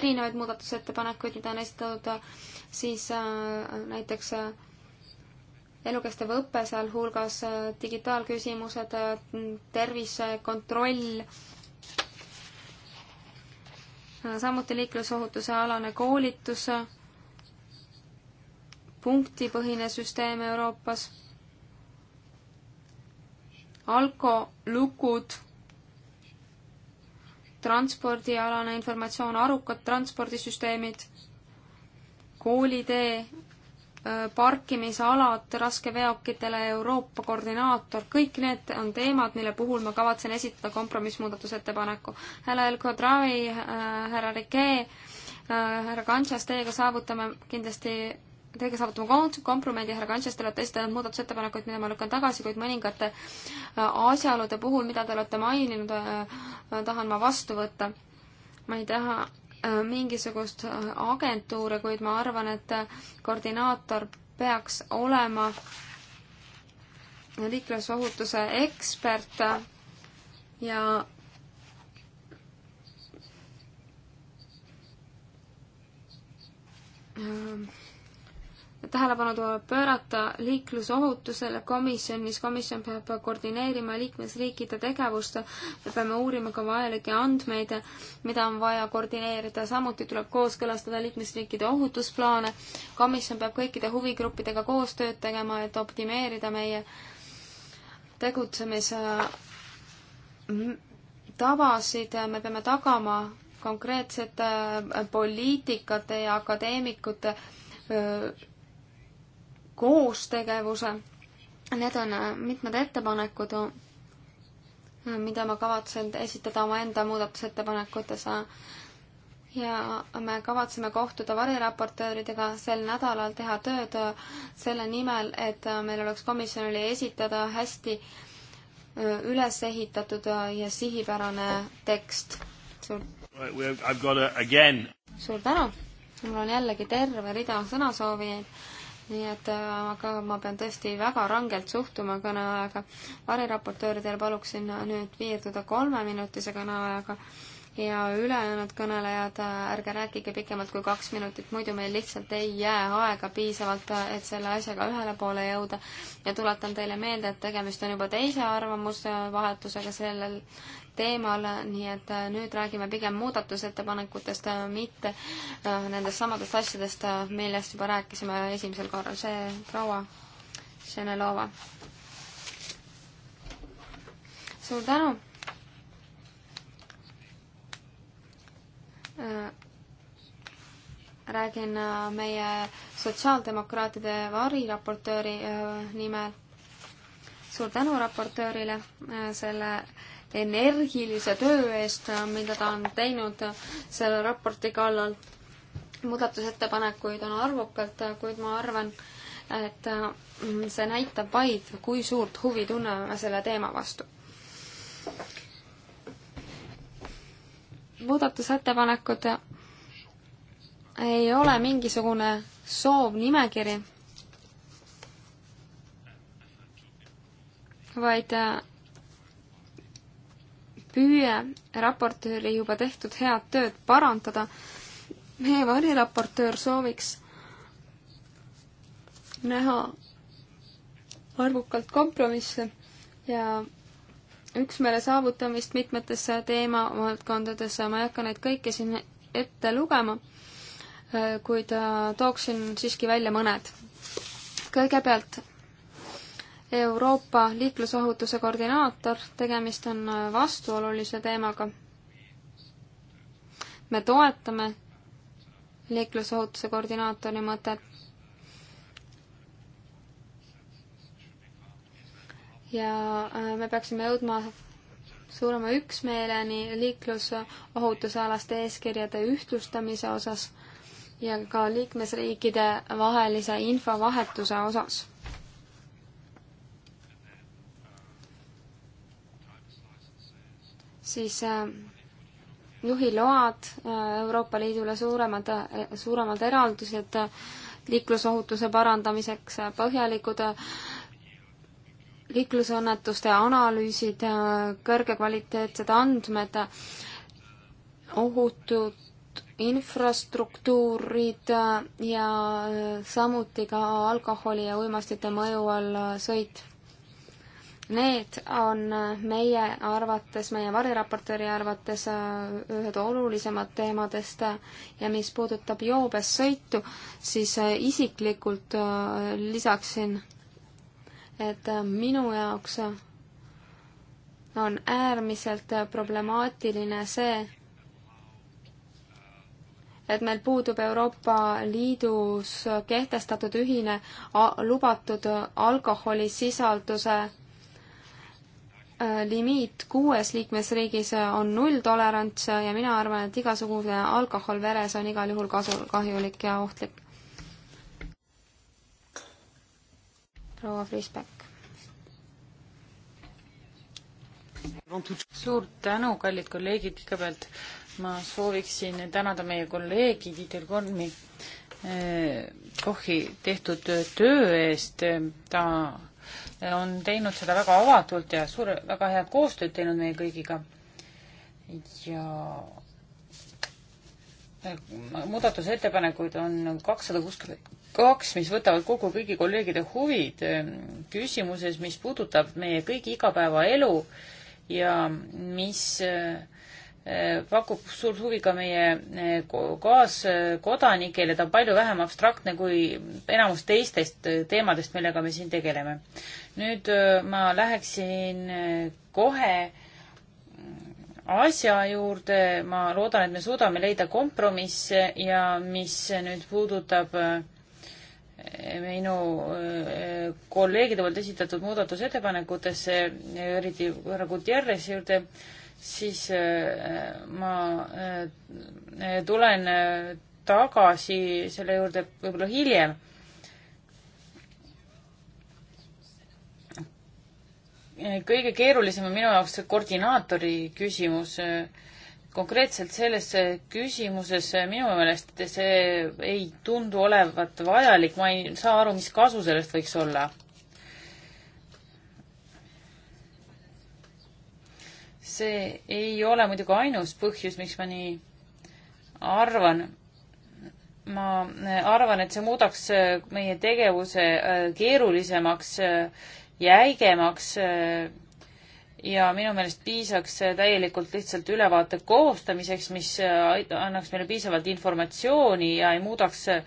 [SPEAKER 3] erinevaid muudatusettepanekuid, mida on esitatud siis näiteks äh, elukestev õpe, sealhulgas äh, digitaalküsimused, äh, tervisekontroll, äh, samuti liiklusohutuse alane koolitus, punktipõhine süsteem Euroopas, alkolukud, transpordialane informatsioon, arukad transpordisüsteemid, koolitee Äh, parkimisalad raskeveokitele, Euroopa koordinaator, kõik need on teemad, mille puhul ma kavatsen esitada kompromissmuudatusettepaneku. härra El Khadraoui, äh, härra Rike, äh, härra Kantsas, teiega saavutame kindlasti teiega saavutame kompromendi, härra Kantsas, te olete esitanud muudatusettepanekuid, mida ma lükkan tagasi, kuid mõningate asjaolude puhul, mida te olete maininud, tahan ma vastu võtta. ma ei taha Äh, mingisugust äh, agentuure, kuid ma arvan, et äh, koordinaator peaks olema liiklusohutuse ekspert ja tähelepanu tuleb pöörata liiklusohutusele komisjonis, komisjon peab koordineerima liikmesriikide tegevust, me peame uurima ka vajalikke andmeid, mida on vaja koordineerida, samuti tuleb kooskõlastada liikmesriikide ohutusplaane, komisjon peab kõikide huvigruppidega koostööd tegema, et optimeerida meie tegutsemise tavasid, me peame tagama konkreetsete poliitikate ja akadeemikute koostegevuse. Need on äh, mitmed ettepanekud, mida ma kavatsen esitada omaenda muudatusettepanekutes ja me kavatseme kohtuda variraportööridega sel nädalal, teha tööd selle nimel, et meil oleks komisjonile esitada hästi äh, üles ehitatud ja sihipärane tekst. suur, suur tänu! mul on jällegi terve rida sõnasoovijaid nii et äh, aga ma pean tõesti väga rangelt suhtuma kõneaega. variraportööridel paluksin nüüd piirduda kolmeminutilise kõneajaga ja ülejäänud kõnelejad, äh, ärge rääkige pikemalt kui kaks minutit, muidu meil lihtsalt ei jää aega piisavalt, äh, et selle asjaga ühele poole jõuda. ja tuletan teile meelde, et tegemist on juba teise arvamusvahetusega sellel teemal, nii et äh, nüüd räägime pigem muudatusettepanekutest, mitte nendest samadest asjadest, millest juba rääkisime esimesel korral. see proua Šenelova. suur tänu Äh, räägin äh, meie sotsiaaldemokraatide variraportööri äh, nimel. suur tänu raportöörile selle energilise töö eest, mida ta on teinud selle raporti kallal. muudatusettepanekuid on arvukalt, kuid ma arvan, et see näitab vaid, kui suurt huvi tunneme selle teema vastu muudatusettepanekud ei ole mingisugune soovnimekiri, vaid äh, püüe raportööri juba tehtud head tööd parandada. meie variraportöör sooviks näha arvukalt kompromisse ja üksmeele saavutamist mitmetes teemavaldkondades, ma ei hakka neid kõiki siin ette lugema, kuid äh, tooksin siiski välja mõned. kõigepealt Euroopa liiklusohutuse koordinaator, tegemist on äh, vastuolulise teemaga. me toetame liiklusohutuse koordinaatori mõtet, ja äh, me peaksime jõudma suurema üksmeeleni liiklusohutusalaste eeskirjade ühtlustamise osas ja ka liikmesriikide vahelise infovahetuse osas. siis äh, juhiload, äh, Euroopa Liidule suuremad, suuremad eraldused liiklusohutuse parandamiseks, põhjalikud liiklusõnnetuste analüüsid, kõrgekvaliteetsed andmed, ohutud infrastruktuurid ja samuti ka alkoholi ja uimastite mõju all sõit. Need on meie arvates, meie variraportööri arvates ühed olulisemad teemadest ja mis puudutab joobes sõitu, siis isiklikult lisaksin et äh, minu jaoks on äärmiselt problemaatiline see, et meil puudub Euroopa Liidus kehtestatud ühine lubatud alkoholisisalduse äh, limiit kuues liikmesriigis on nulltolerants ja mina arvan, et igasugune alkohol veres on igal juhul kasu, kahjulik ja ohtlik. proua Frisbeck.
[SPEAKER 4] suur tänu, kallid kolleegid, kõigepealt ma sooviksin tänada meie kolleegi Tiitel Kolmi eh, Kochi tehtud töö eest, ta on teinud seda väga avatult ja suure, väga head koostööd teinud meie kõigiga. ja eh, muudatusettepanekuid on kakssada kuuskümmend kaks, mis võtavad kokku kõigi kolleegide huvid ehm, küsimuses, mis puudutab meie kõigi igapäevaelu ja mis eh, eh, pakub suurt huvi ka meie eh, kaaskodanikele, ta on palju vähem abstraktne kui enamus teistest teemadest, millega me siin tegeleme. nüüd ma läheksin kohe mm, asja juurde, ma loodan, et me suudame leida kompromisse ja mis nüüd puudutab minu äh, kolleegide poolt esitatud muudatusettepanekutesse, eriti härra Gutierrezi juurde, siis äh, ma äh, tulen tagasi selle juurde võib-olla hiljem. kõige keerulisem on minu jaoks see koordinaatori küsimus konkreetselt selles küsimuses minu meelest see ei tundu olevat vajalik, ma ei saa aru, mis kasu sellest võiks olla. see ei ole muidugi ainus põhjus, miks ma nii arvan. ma arvan, et see muudaks meie tegevuse keerulisemaks, jäigemaks ja minu meelest piisaks täielikult lihtsalt ülevaate koostamiseks, mis äh, annaks meile piisavalt informatsiooni ja ei muudaks äh,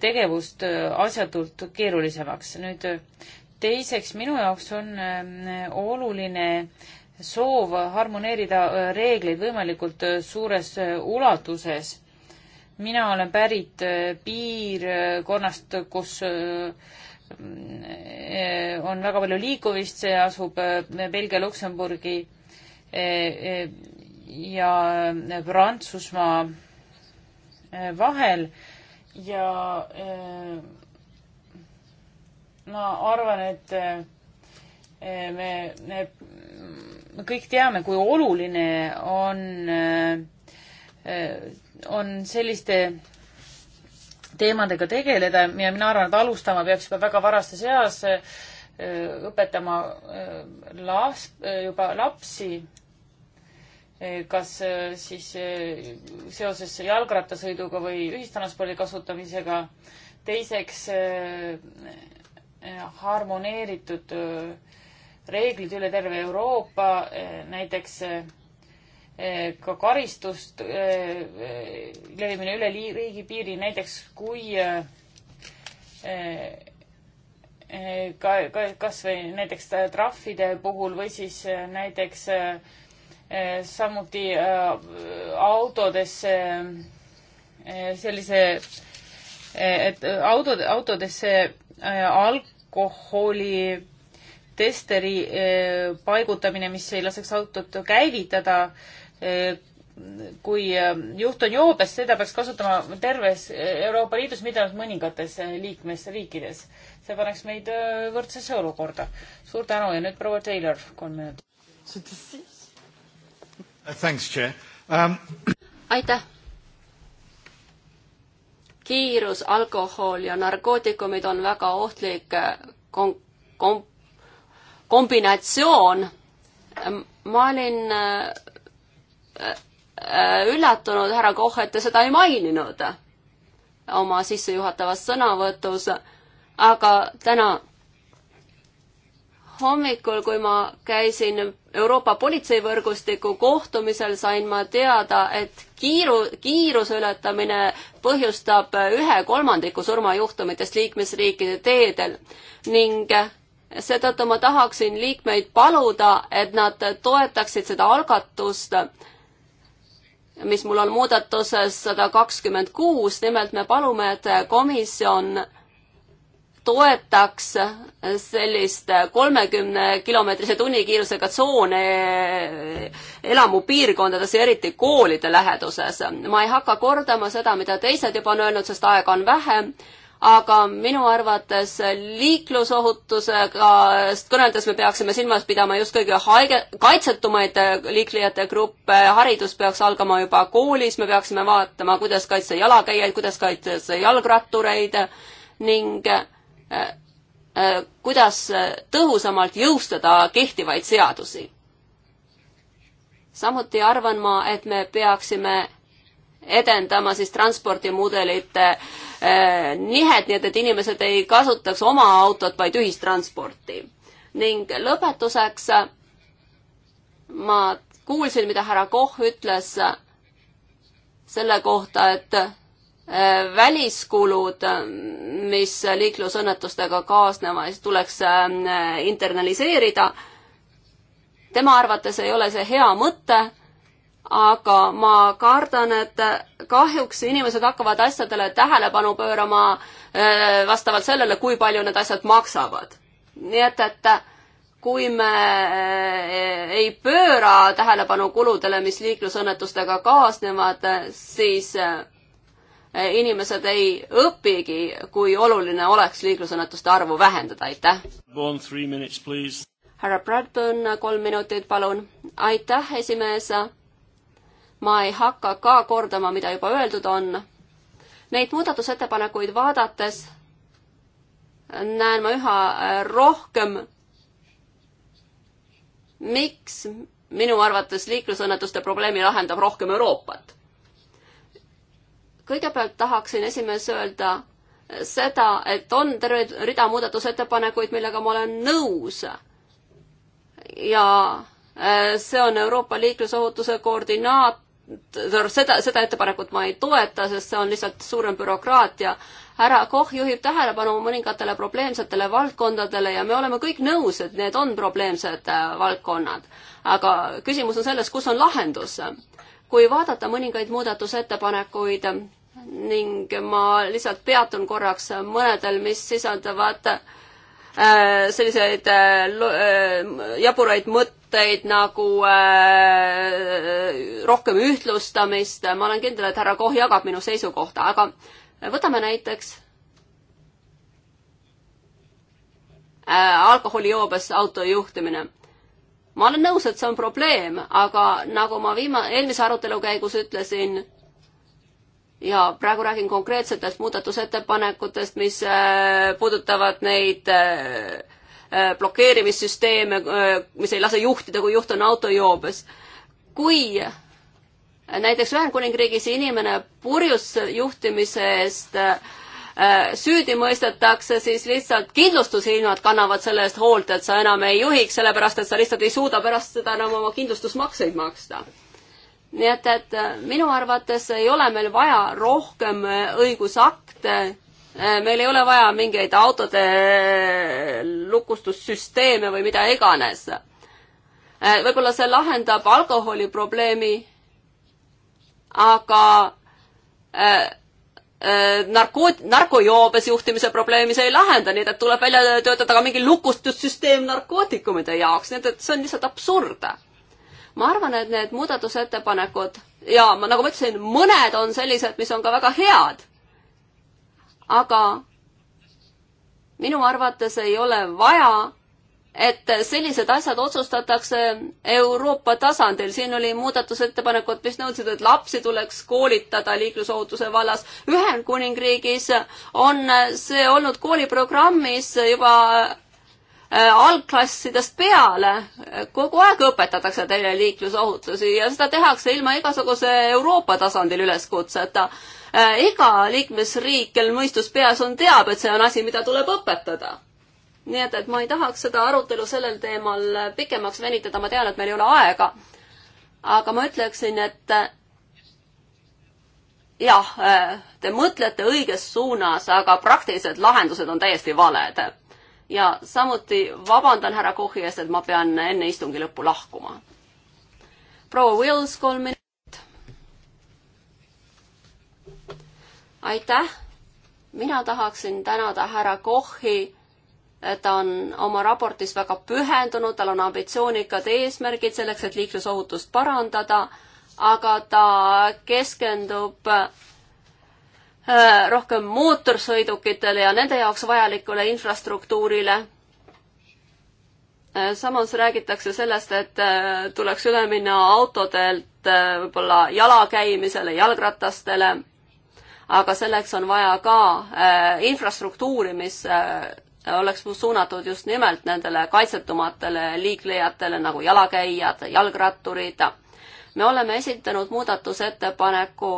[SPEAKER 4] tegevust äh, asjatult keerulisemaks. nüüd teiseks, minu jaoks on oluline soov harmoneerida reegleid võimalikult suures ulatuses. mina olen pärit piirkonnast, kus Äh, on väga palju liikumist, see asub äh, Belgia, Luksemburgi äh, ja Prantsusmaa vahel ja ma arvan, et me, me, me kõik teame, kui oluline on, on selliste teemadega tegeleda ja mina arvan, et alustama peaks juba väga varastes eas äh, õpetama äh, las-, äh, juba lapsi, kas siis seoses jalgrattasõiduga või ühistranspordi kasutamisega. teiseks harmoneeritud reeglid üle terve Euroopa, näiteks ka karistust eh, levimine üle riigipiiri, näiteks kui eh, eh, ka, ka kas või näiteks trahvide puhul või siis näiteks samuti autodesse sellise, et autod, autodesse alkoholi testeri paigutamine, mis ei laseks autot käivitada Äh, kui äh, juht on joobes, seda peaks kasutama terves Euroopa Liidus, mitte ainult mõningates äh, liikmesriikides. see paneks meid võrdsesse olukorda. suur tänu ja nüüd proua Taylor, kolm minutit.
[SPEAKER 2] Uh,
[SPEAKER 1] thanks, Chair um....
[SPEAKER 2] aitäh. kiirus, alkohol ja narkootikumid on väga ohtlik kom-, kom-, kombinatsioon. ma olin Äh, äh, üllatunud, härra Koch, et te seda ei maininud oma sissejuhatavas sõnavõtus, aga täna hommikul, kui ma käisin Euroopa politseivõrgustiku kohtumisel, sain ma teada, et kiiru, kiiruse ületamine põhjustab ühe kolmandiku surmajuhtumitest liikmesriikide teedel ning seetõttu ma tahaksin liikmeid paluda, et nad toetaksid seda algatust mis mul on muudatuses sada kakskümmend kuus, nimelt me palume, et komisjon toetaks sellist kolmekümne kilomeetrise tunnikiirusega tsoone elamupiirkondades ja eriti koolide läheduses. ma ei hakka kordama seda, mida teised juba on öelnud, sest aega on vähe aga minu arvates liiklusohutusega kõneldes me peaksime silmas pidama just kõige haige, kaitsetumaid äh, liiklejate gruppe, haridus peaks algama juba koolis, me peaksime vaatama, kuidas kaitsta jalakäijaid, kuidas kaitsta jalgrattureid ning äh, äh, kuidas tõhusamalt jõustada kehtivaid seadusi. samuti arvan ma, et me peaksime edendama siis transpordimudelite eh, nihet, nii et, et inimesed ei kasutaks oma autot, vaid ühistransporti. ning lõpetuseks ma kuulsin, mida härra Koch ütles selle kohta, et eh, väliskulud, mis liiklusõnnetustega kaasnevad, tuleks eh, internaliseerida. tema arvates ei ole see hea mõte aga ma kardan, et kahjuks inimesed hakkavad asjadele tähelepanu pöörama äh, vastavalt sellele, kui palju need asjad maksavad. nii et, et kui me äh, ei pööra tähelepanu kuludele, mis liiklusõnnetustega kaasnevad, siis äh, inimesed ei õpigi, kui oluline oleks liiklusõnnetuste arvu vähendada, aitäh! härra Bradburn, kolm minutit, palun. aitäh, esimees ma ei hakka ka kordama, mida juba öeldud on. Neid muudatusettepanekuid vaadates näen ma üha äh, rohkem, miks minu arvates liiklusõnnetuste probleemi lahendab rohkem Euroopat. kõigepealt tahaksin esimees öelda äh, seda, et on terve rida muudatusettepanekuid, millega ma olen nõus. ja äh, see on Euroopa liiklusohutuse koordinaat, seda, seda ettepanekut ma ei toeta, sest see on lihtsalt suurem bürokraatia. härra Koch juhib tähelepanu mõningatele probleemsetele valdkondadele ja me oleme kõik nõus, et need on probleemsed äh, valdkonnad. aga küsimus on selles, kus on lahendus. kui vaadata mõningaid muudatusettepanekuid ning ma lihtsalt peatun korraks mõnedel, mis sisaldavad äh, selliseid äh, jaburaid mõtteid, mõtteid nagu äh, rohkem ühtlustamist, ma olen kindel, et härra Koh jagab minu seisukohta, aga võtame näiteks äh, alkoholijoobes auto juhtimine. ma olen nõus, et see on probleem, aga nagu ma viima-, eelmise arutelu käigus ütlesin, ja praegu räägin konkreetsetest muudatusettepanekutest, mis äh, puudutavad neid äh, Äh, blokeerimissüsteeme, äh, mis ei lase juhtida, kui juht on autojoobes. kui näiteks Ühendkuningriigis inimene purjus juhtimise eest äh, süüdi mõistetakse, siis lihtsalt kindlustusfirmad kannavad selle eest hoolt, et sa enam ei juhiks, sellepärast et sa lihtsalt ei suuda pärast seda enam oma kindlustusmakseid maksta. nii et, et minu arvates ei ole meil vaja rohkem õigusakte Äh, meil ei ole vaja mingeid autode lukustussüsteeme või mida iganes. Äh, võib-olla see lahendab alkoholiprobleemi, aga äh, narkoot-, narkojoobes juhtimise probleemi see ei lahenda, nii et tuleb välja töötada ka mingi lukustussüsteem narkootikumide jaoks, nii et, et see on lihtsalt absurd. ma arvan, et need muudatusettepanekud ja ma, nagu ma ütlesin, mõned on sellised, mis on ka väga head aga minu arvates ei ole vaja, et sellised asjad otsustatakse Euroopa tasandil. siin oli muudatusettepanekud, mis nõudsid, et lapsi tuleks koolitada liiklusohutuse vallas. Ühendkuningriigis on see olnud kooliprogrammis juba Äh, algklassidest peale kogu aeg õpetatakse teile liiklusohutusi ja seda tehakse ilma igasuguse Euroopa tasandil üleskutseta. Äh, iga liikmesriik, kel mõistus peas on, teab, et see on asi, mida tuleb õpetada. nii et, et ma ei tahaks seda arutelu sellel teemal pikemaks venitada, ma tean, et meil ei ole aega. aga ma ütleksin, et äh, jah, te mõtlete õiges suunas, aga praktilised lahendused on täiesti valed ja samuti vabandan härra Kochi eest, et ma pean enne istungi lõppu lahkuma. proua Wills, kolm minutit. aitäh. mina tahaksin tänada härra Kochi. ta on oma raportis väga pühendunud, tal on ambitsioonikad eesmärgid selleks, et liiklusohutust parandada, aga ta keskendub Äh, rohkem mootorsõidukitele ja nende jaoks vajalikule infrastruktuurile. Äh, samas räägitakse sellest, et äh, tuleks üle minna autodelt võib-olla jalakäimisele, jalgratastele, aga selleks on vaja ka infrastruktuuri, mis oleks suunatud just nimelt nendele kaitsetumatele liiklejatele nagu jalakäijad, jalgratturid. me oleme esitanud muudatusettepaneku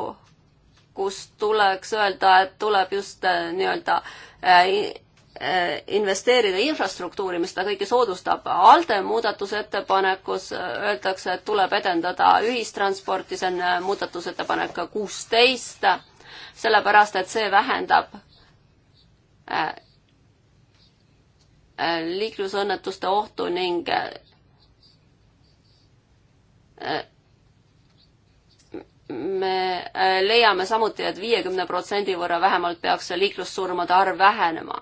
[SPEAKER 2] kus tuleks öelda, et tuleb just äh, nii-öelda äh, äh, investeerida infrastruktuuri, mis seda kõike soodustab. ALDE muudatusettepanekus öeldakse, et tuleb edendada ühistransporti, see on muudatusettepanek kuusteist, sellepärast et see vähendab liiklusõnnetuste ohtu ning me äh, leiame samuti et, et viiekümne protsendi võrra vähemalt peaks liiklussurmade arv vähenema.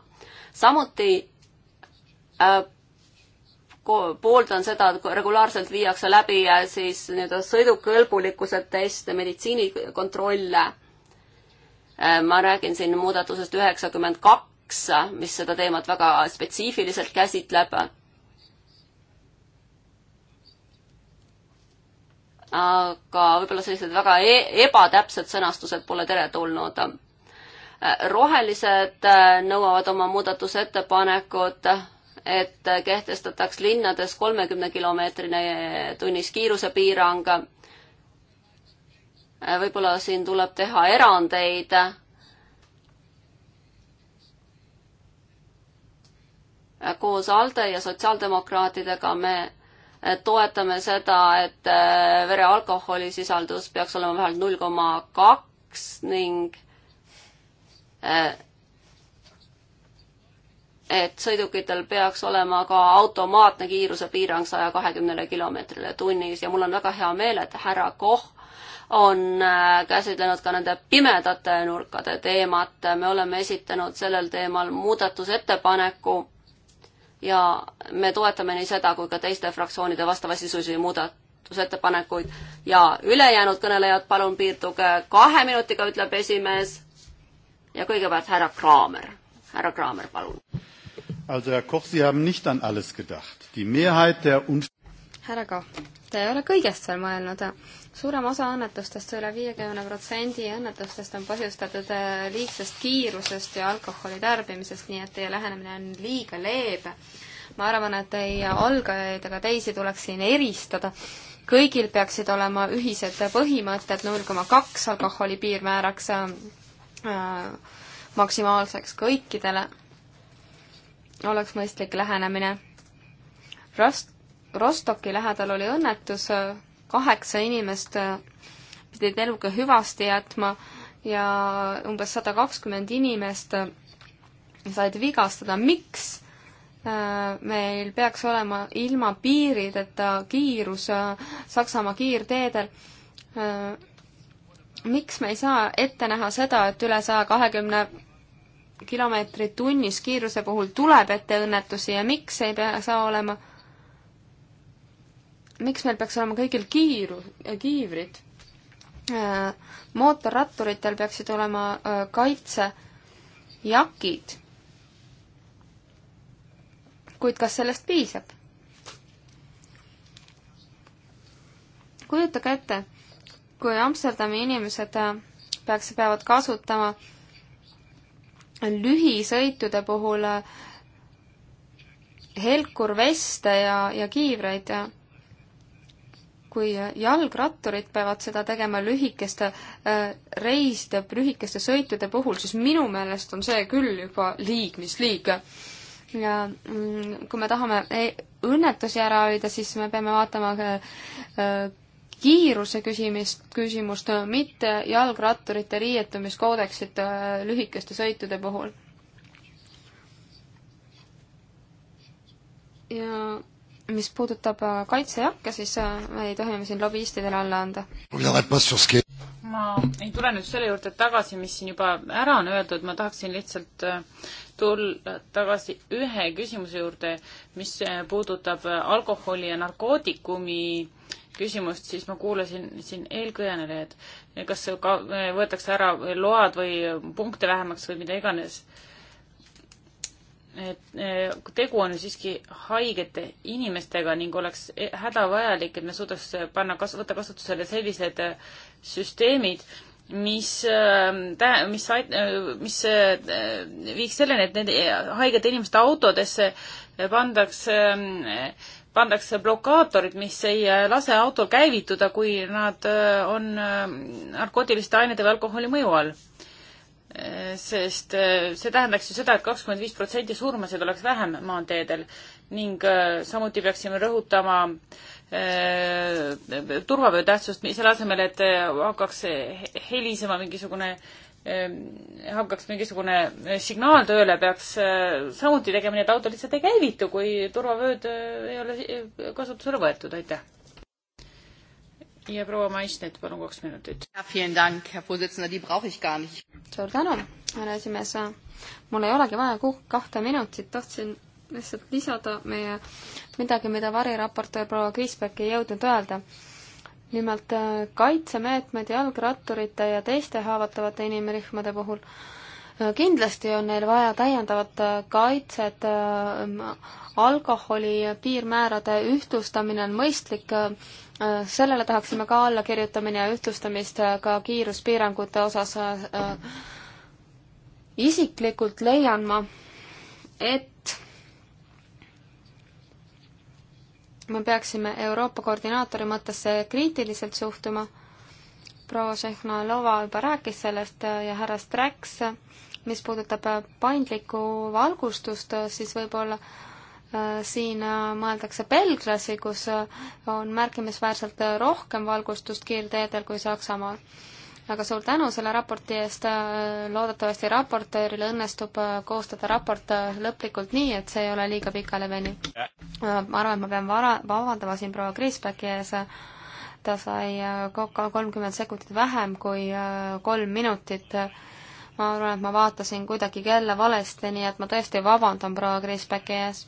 [SPEAKER 2] samuti äh, pooldan seda, et regulaarselt viiakse läbi äh, siis nii-öelda sõidukõlbulikkuse teste, meditsiinikontrolle. Äh, ma räägin siin muudatusest üheksakümmend kaks, mis seda teemat väga spetsiifiliselt käsitleb aga võib-olla sellised väga e ebatäpsed sõnastused pole teretulnud. rohelised äh, nõuavad oma muudatusettepanekut, et kehtestataks linnades kolmekümne kilomeetrine tunnis kiirusepiirang. võib-olla siin tuleb teha erandeid koos ALDE ja sotsiaaldemokraatidega me toetame seda, et äh, vere alkoholisisaldus peaks olema vähemalt null koma kaks ning äh, et sõidukitel peaks olema ka automaatne kiirusepiirang saja kahekümnele kilomeetrile tunnis ja mul on väga hea meel, et härra Koch on äh, käsitlenud ka nende pimedate nurkade teemat. me oleme esitanud sellel teemal muudatusettepaneku ja me toetame nii seda kui ka teiste fraktsioonide vastavasisulisi muudatusettepanekuid ja ülejäänud kõnelejad palun piirduge kahe minutiga, ütleb esimees. ja kõigepealt härra Kraamer, härra Kraamer, palun.
[SPEAKER 1] Also Herr Koch, Sie haben nicht an alles gedacht. Die Mehrheit der Un-
[SPEAKER 2] härra Koch, te
[SPEAKER 3] ei ole kõigest veel mõelnud suurem osa õnnetustest, üle viiekümne protsendi õnnetustest on põhjustatud äh, liigsest kiirusest ja alkoholi tarbimisest, nii et teie lähenemine on liiga leebe. ma arvan, et ei algajaid ega teisi tuleks siin eristada. kõigil peaksid olema ühised põhimõtted, null koma kaks alkoholi piirmääraks äh, maksimaalseks kõikidele oleks mõistlik lähenemine. Rost-, Rostoki lähedal oli õnnetus kaheksa inimest äh, pidid eluga hüvasti jätma ja umbes sada kakskümmend inimest äh, said vigastada. miks äh, meil peaks olema ilma piirideta kiirus Saksamaa kiirteedel? miks me ei saa ette näha seda, et üle saja kahekümne kilomeetri tunnis kiiruse puhul tuleb ette õnnetusi ja miks ei pea, saa olema miks meil peaks olema kõigil kiiru, kiivrid? Äh, mootorratturitel peaksid olema äh, kaitsejakid. kuid kas sellest piisab? kujutage ette, kui Amsterdami inimesed äh, peaks, peavad kasutama lühisõitude puhul helkurveste ja, ja kiivreid ja kui jalgratturid peavad seda tegema lühikeste äh, reiside, lühikeste sõitude puhul, siis minu meelest on see küll juba liig, mis liig. ja mm, kui me tahame e-, õnnetusi ära hoida, siis me peame vaatama äh, kiiruse küsimist, küsimust, mitte jalgratturite riietumiskoodeksit äh, lühikeste sõitude puhul. ja mis puudutab äh, kaitsejakke, siis äh, me ei tohi me siin lobbyistidele alla anda. ma
[SPEAKER 4] ei tule nüüd selle juurde tagasi, mis siin juba ära on öeldud, ma tahaksin lihtsalt äh, tulla tagasi ühe küsimuse juurde, mis puudutab alkoholi ja narkootikumi küsimust, siis ma kuulasin siin eelkõnelejad, kas ka võetakse ära load või punkte vähemaks või mida iganes et eh, tegu on ju siiski haigete inimestega ning oleks eh, hädavajalik, et me suudaks panna kas-, võtta kasutusele sellised eh, süsteemid, mis tä-, mis, mis viiks selleni, et nende haigete inimeste autodesse pandakse, pandakse blokaatorid, mis ei lase autol käivituda, kui nad on narkootiliste ainete või alkoholi mõju all sest äh, see tähendaks ju seda et, et kakskümmend viis protsenti surmasid oleks vähem maanteedel ning äh, samuti peaksime rõhutama äh, turvavöö tähtsust, selle asemel, et äh, hakkaks helisema mingisugune äh,, hakkaks mingisugune signaal tööle, peaks äh, samuti tegema nii, et auto lihtsalt ei käivitu, kui turvavööd ei ole kasutusele võetud, aitäh ja proua Maisnet, palun kaks minutit.
[SPEAKER 3] suur tänu, härra esimees. mul ei olegi vaja kuh-, kahte minutit, tahtsin lihtsalt lisada meie midagi, mida variraportöör proua Kriisberg ei jõudnud öelda. nimelt äh, kaitsemeetmed jalgratturite ja teiste haavatavate inimrühmade puhul kindlasti on neil vaja täiendavat äh, kaitset, äh, alkoholi piirmäärade ühtlustamine on mõistlik, äh, sellele tahaksime ka allakirjutamine ja ühtlustamist ka kiiruspiirangute osas. isiklikult leian ma, et me peaksime Euroopa koordinaatori mõttesse kriitiliselt suhtuma proua Šehnalova juba rääkis sellest ja härra Straks mis puudutab äh, paindlikku valgustust, äh, siis võib-olla äh, siin mõeldakse Belglasi, kus on märkimisväärselt rohkem valgustust kiirteedel kui Saksamaal. aga suur tänu selle raporti eest, loodetavasti raportööril õnnestub koostada raport lõplikult nii, et see ei ole liiga pikale veniv. ma arvan, et ma pean vara, vabandama siin proua Kriisbecki ees, ta sai kokku kolmkümmend sekundit vähem kui kolm minutit ma arvan, et ma vaatasin kuidagi kella valesti, nii et ma tõesti vabandan proua Kriisbeki ees.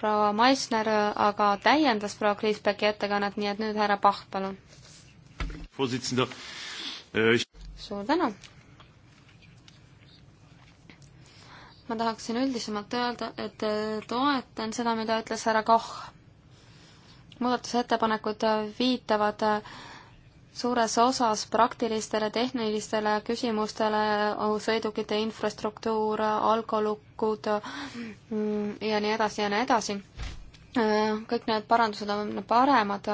[SPEAKER 3] proua Maisner aga täiendas proua Kriisbeki ettekannet, nii et nüüd härra Pahv, palun.
[SPEAKER 1] Eh,
[SPEAKER 3] suur tänu. ma tahaksin üldisemalt öelda, et eh, toetan seda, mida ütles härra Koch. muudatusettepanekud viitavad äh, suures osas praktilistele tehnilistele küsimustele, sõidukite infrastruktuur, algolukud mm, ja nii edasi ja nii edasi. kõik need parandused on paremad,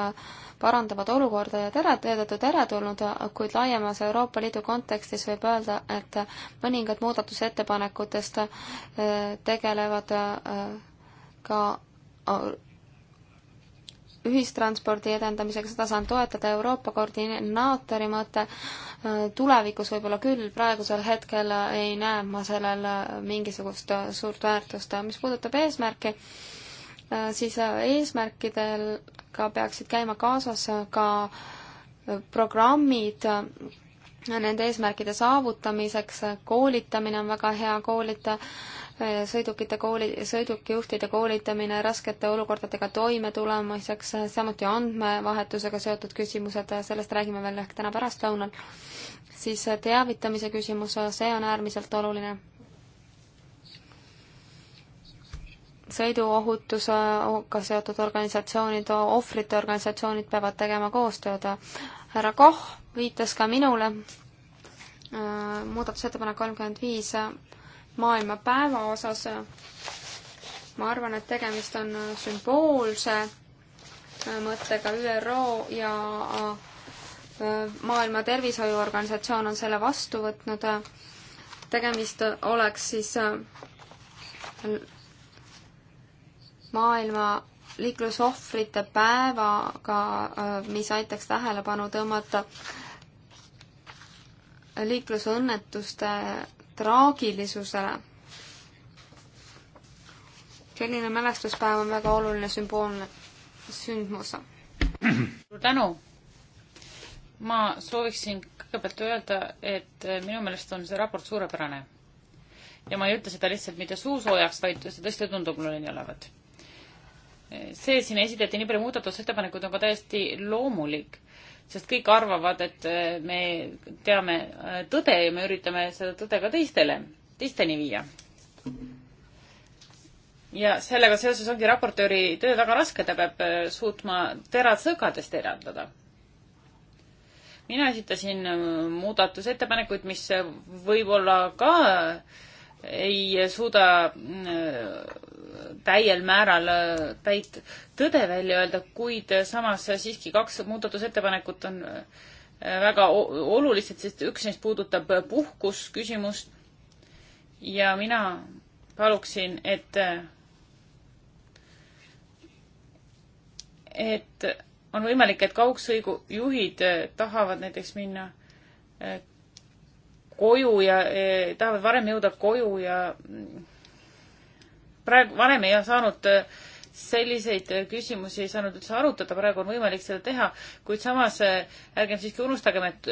[SPEAKER 3] parandavad olukorda ja tere, seetõttu teretulnud, kuid laiemas Euroopa Liidu kontekstis võib öelda, et mõningad muudatusettepanekutest eh, tegelevad eh, ka ühistranspordi edendamisega, seda saan toetada, Euroopa koordinaatori mõte tulevikus võib-olla küll, praegusel hetkel ei näe ma sellel mingisugust suurt väärtust. mis puudutab eesmärki, siis eesmärkidel ka peaksid käima kaasas ka programmid, nende eesmärkide saavutamiseks, koolitamine on väga hea, koolita-, sõidukite kooli, sõidukijuhtide koolitamine raskete olukordadega toimetulemiseks, samuti andmevahetusega seotud küsimused, sellest räägime veel ehk täna pärastlõunal. siis teavitamise küsimus, see on äärmiselt oluline. sõiduohutusega seotud organisatsioonid, ohvrite organisatsioonid peavad tegema koostööd. härra Koch viitas ka minule äh, muudatusettepanek kolmkümmend viis maailmapäeva osas. ma arvan, et tegemist on sümboolse mõttega ÜRO ja äh, Maailma Tervishoiuorganisatsioon on selle vastu võtnud. tegemist oleks siis äh, maailma liiklusohvrite päevaga, äh, mis aitaks tähelepanu tõmmata liiklusõnnetuste traagilisusele. selline mälestuspäev on väga oluline sümboolne sündmus. suur tänu! ma sooviksin kõigepealt
[SPEAKER 4] öelda, et minu meelest on see raport suurepärane. ja ma ei ütle seda lihtsalt mitte suu soojaks, vaid see tõesti tundub mulle nii olevat see siin esitati nii palju muudatusettepanekuid, on ka täiesti loomulik, sest kõik arvavad, et äh, me teame äh, tõde ja me üritame seda tõde ka teistele, teisteni viia. ja sellega seoses ongi raportööri töö väga raske, ta peab äh, suutma terad sõgadest eraldada mina esitasin muudatusettepanekuid, mis võib-olla ka äh, ei suuda mm, täiel määral äh, täit tõde välja öelda, kuid samas siiski kaks muudatusettepanekut on äh, väga olulised, sest üks neist puudutab puhkusküsimust ja mina paluksin, et, et on võimalik, et kaugsõigu juhid tahavad näiteks minna äh, koju ja eh, tahavad varem jõuda koju ja praegu, varem ei saanud eh, selliseid eh, küsimusi ei saanud üldse arutada, praegu on võimalik seda teha, kuid samas eh, ärgem siiski unustagem, et,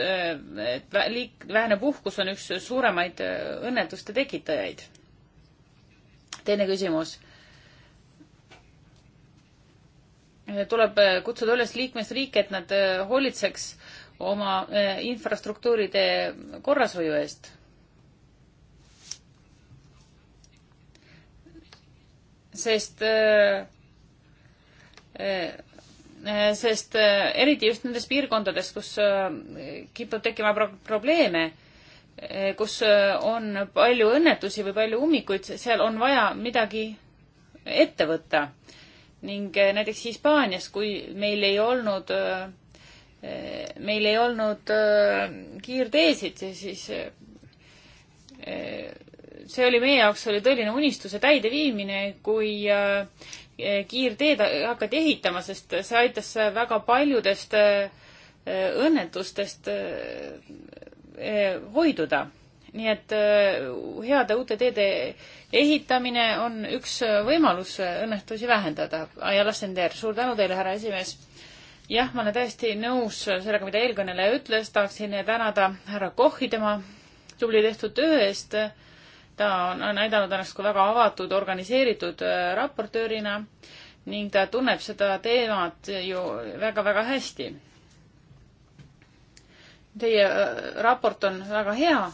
[SPEAKER 4] et liik-, vähene puhkus on üks suuremaid õnnetuste tekitajaid. teine küsimus tuleb kutsuda üles liikmesriike, et nad hoolitseks oma eh, infrastruktuuride korrashoiu eest. sest, eh, eh, sest eriti just nendes piirkondades, kus kipub tekkima pro probleeme, kus on palju õnnetusi või palju ummikuid, seal on vaja midagi ette võtta. ning näiteks Hispaanias, kui meil ei olnud äh, Eh, meil ei olnud eh, kiirteesid ja siis eh, see oli meie jaoks oli tõeline unistuse täideviimine, kui kiirteed hakati ehitama, sest see aitas väga paljudest õnnetustest hoiduda. nii et heade uute teede ehitamine on üks võimalus õnnetusi vähendada. ja Lassender, suur tänu teile, härra esimees jah, ma olen täiesti nõus sellega, mida eelkõneleja ütles, tahaksin tänada härra Kochi tema tubli tehtud töö eest. ta on näidanud ennast kui väga avatud, organiseeritud äh, raportöörina ning ta tunneb seda teemat ju väga-väga hästi. Teie äh, raport on väga hea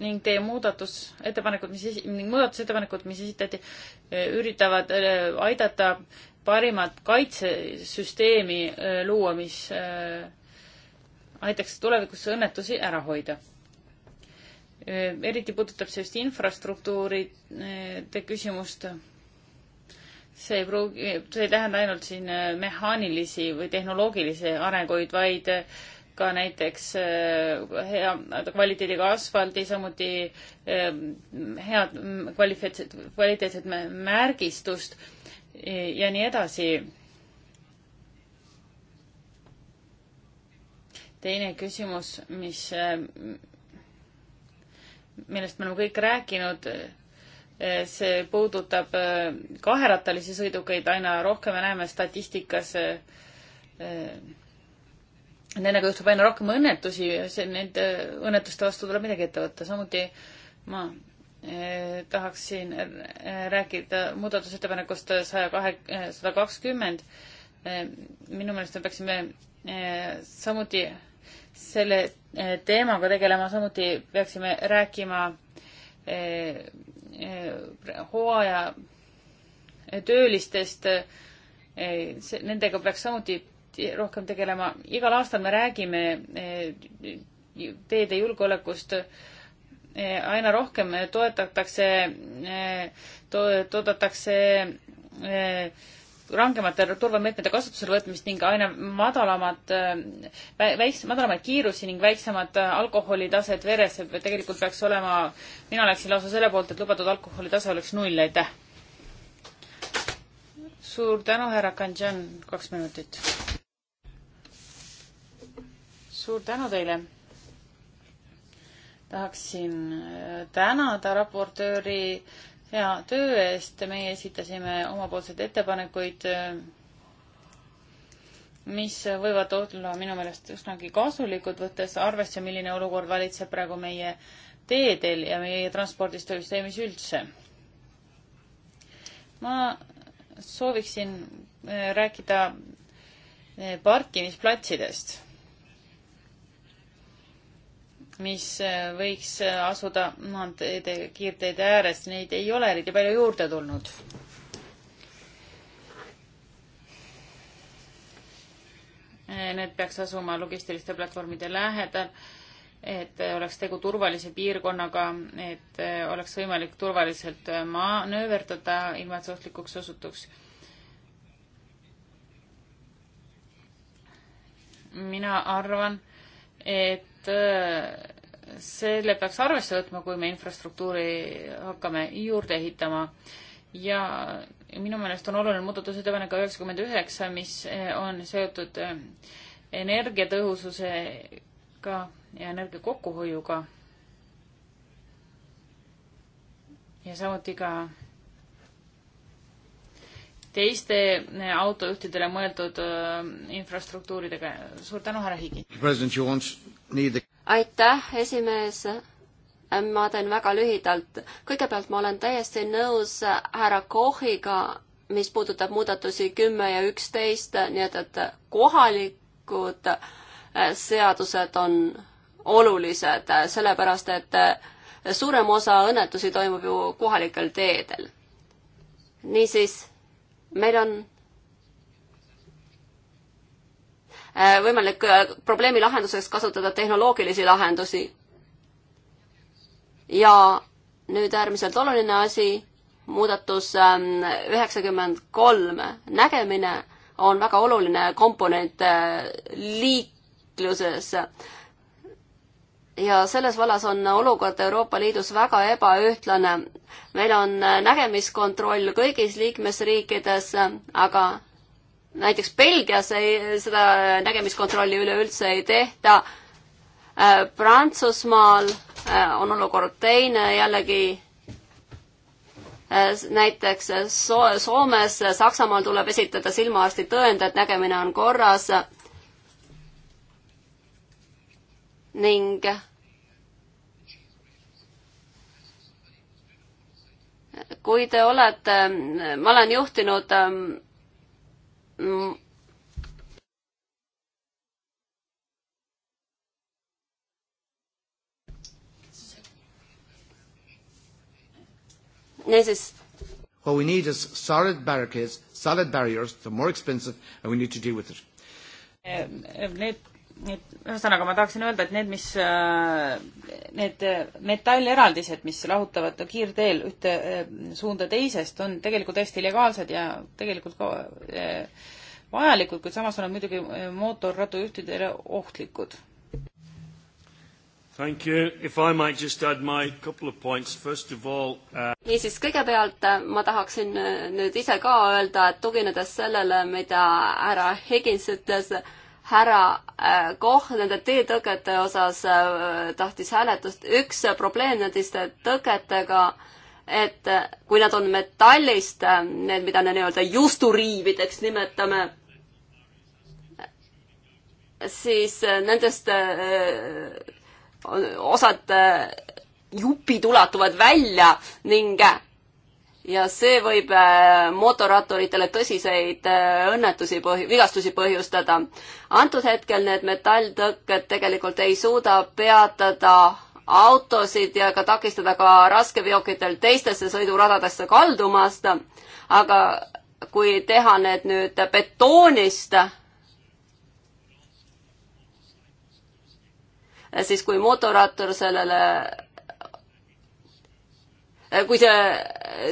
[SPEAKER 4] ning teie muudatusettepanekud, mis esi-, ning muudatusettepanekud, mis esitati, äh, üritavad aidata parimat kaitsesüsteemi äh, luua, mis äh, aitaks tulevikus õnnetusi ära hoida. Äh, eriti puudutab see just infrastruktuuride küsimust. see ei pruugi, see ei tähenda ainult siin mehaanilisi või tehnoloogilisi arenguid, vaid ka näiteks hea kvaliteediga asfaldi, samuti head kvaliteetset, kvaliteetset märgistust ja nii edasi. teine küsimus, mis, millest me oleme kõik rääkinud, see puudutab äh, kaherattalisi sõidukeid, aina rohkem me näeme statistikas äh, nendega juhtub aina rohkem õnnetusi, see, nende õnnetuste vastu tuleb midagi ette võtta, samuti ma Eh, tahaksin eh, rääkida muudatusettepanekust saja kahe, eh, sada kakskümmend. minu meelest me peaksime samuti selle teemaga tegelema, samuti peaksime rääkima hooaja töölistest. Nendega peaks samuti rohkem tegelema. igal aastal me räägime teede julgeolekust Eh, aina rohkem eh, toetatakse, eh, toodetakse rangemate turvameetmete kasutusele võtmist ning aina madalamad, väiks-, madalamaid kiirusi ning väiksemad alkoholitaset veres tegelikult peaks olema, mina läksin lausa selle poolt, et lubatud alkoholitase oleks null, aitäh. suur tänu, härra Kanjan, kaks minutit. suur tänu teile tahaksin äh, tänada raportööri hea töö eest, meie esitasime omapoolseid ettepanekuid, äh, mis võivad olla minu meelest üsnagi kasulikud, võttes arvesse, milline olukord valitseb praegu meie teedel ja meie transpordisüsteemis üldse. ma sooviksin äh, rääkida parkimisplatsidest mis äh, võiks äh, asuda maanteede, kiirteede ääres, neid ei ole eriti palju juurde tulnud. Äh, need peaks asuma logistiliste platvormide lähedal, et oleks tegu turvalise piirkonnaga, et oleks võimalik turvaliselt manööverdada, ilma et see ohtlikuks osutuks mina arvan, et et äh, selle peaks arvesse võtma, kui me infrastruktuuri hakkame juurde ehitama. ja minu meelest on oluline muudatusettepanek ka üheksakümmend üheksa, mis äh, on seotud äh, energiatõhususega ja energia kokkuhoiuga. ja samuti ka teiste autojuhtidele mõeldud infrastruktuuridega. suur tänu, härra Higi! president, you want
[SPEAKER 2] aitäh, esimees. ma teen väga lühidalt. kõigepealt ma olen täiesti nõus härra Kohiga, mis puudutab muudatusi kümme ja üksteist, nii et, et kohalikud äh, seadused on olulised, äh, sellepärast et äh, suurem osa õnnetusi toimub ju kohalikel teedel. niisiis, meil on Äh, võimalik äh, probleemi lahenduseks kasutada tehnoloogilisi lahendusi. ja nüüd äärmiselt oluline asi, muudatus ähm, üheksakümmend kolm, nägemine on väga oluline komponent äh, liikluses. ja selles vallas on olukord Euroopa Liidus väga ebaühtlane. meil on nägemiskontroll kõigis liikmesriikides, aga näiteks Belgias ei, seda nägemiskontrolli üleüldse ei tehta. Äh, Prantsusmaal äh, on olukord teine jällegi. Äh, näiteks so Soomes, Saksamaal tuleb esitada silmaarsti tõend, et nägemine on korras. ning kui te olete, ma olen juhtinud ähm, niisiis.
[SPEAKER 3] What we need is solid barricades, solid barriers, they're more expensive and we need to deal with it.
[SPEAKER 4] Need et ühesõnaga ma tahaksin öelda, et need, mis, äh, need äh, metalleraldised, mis lahutavad kiirteel ühte äh, suunda teisest, on tegelikult hästi legaalsed ja tegelikult ka vajalikud, kuid samas on nad muidugi mootorrattajuhtidele ohtlikud.
[SPEAKER 1] Thank you. If I might just add my couple of points, first of all uh....
[SPEAKER 2] niisiis, kõigepealt ma tahaksin nüüd ise ka öelda, et tuginedes sellele, mida härra Higins ütles uh,, härra äh, Koch nende teetõkete osas äh, tahtis hääletust. üks probleem nendiste tõketega, et äh, kui nad on metallist, need, mida me nii-öelda justuriivideks nimetame, siis nendest osad jupid ulatuvad välja ning ja see võib äh, mootorratturitele tõsiseid äh, õnnetusi, vigastusi põhjustada. antud hetkel need metalltõkked tegelikult ei suuda peatada autosid ja ka takistada ka raskeveokitel teistesse sõiduradadesse kaldumast. aga kui teha need nüüd betoonist, siis kui mootorrattur sellele Äh, kui see,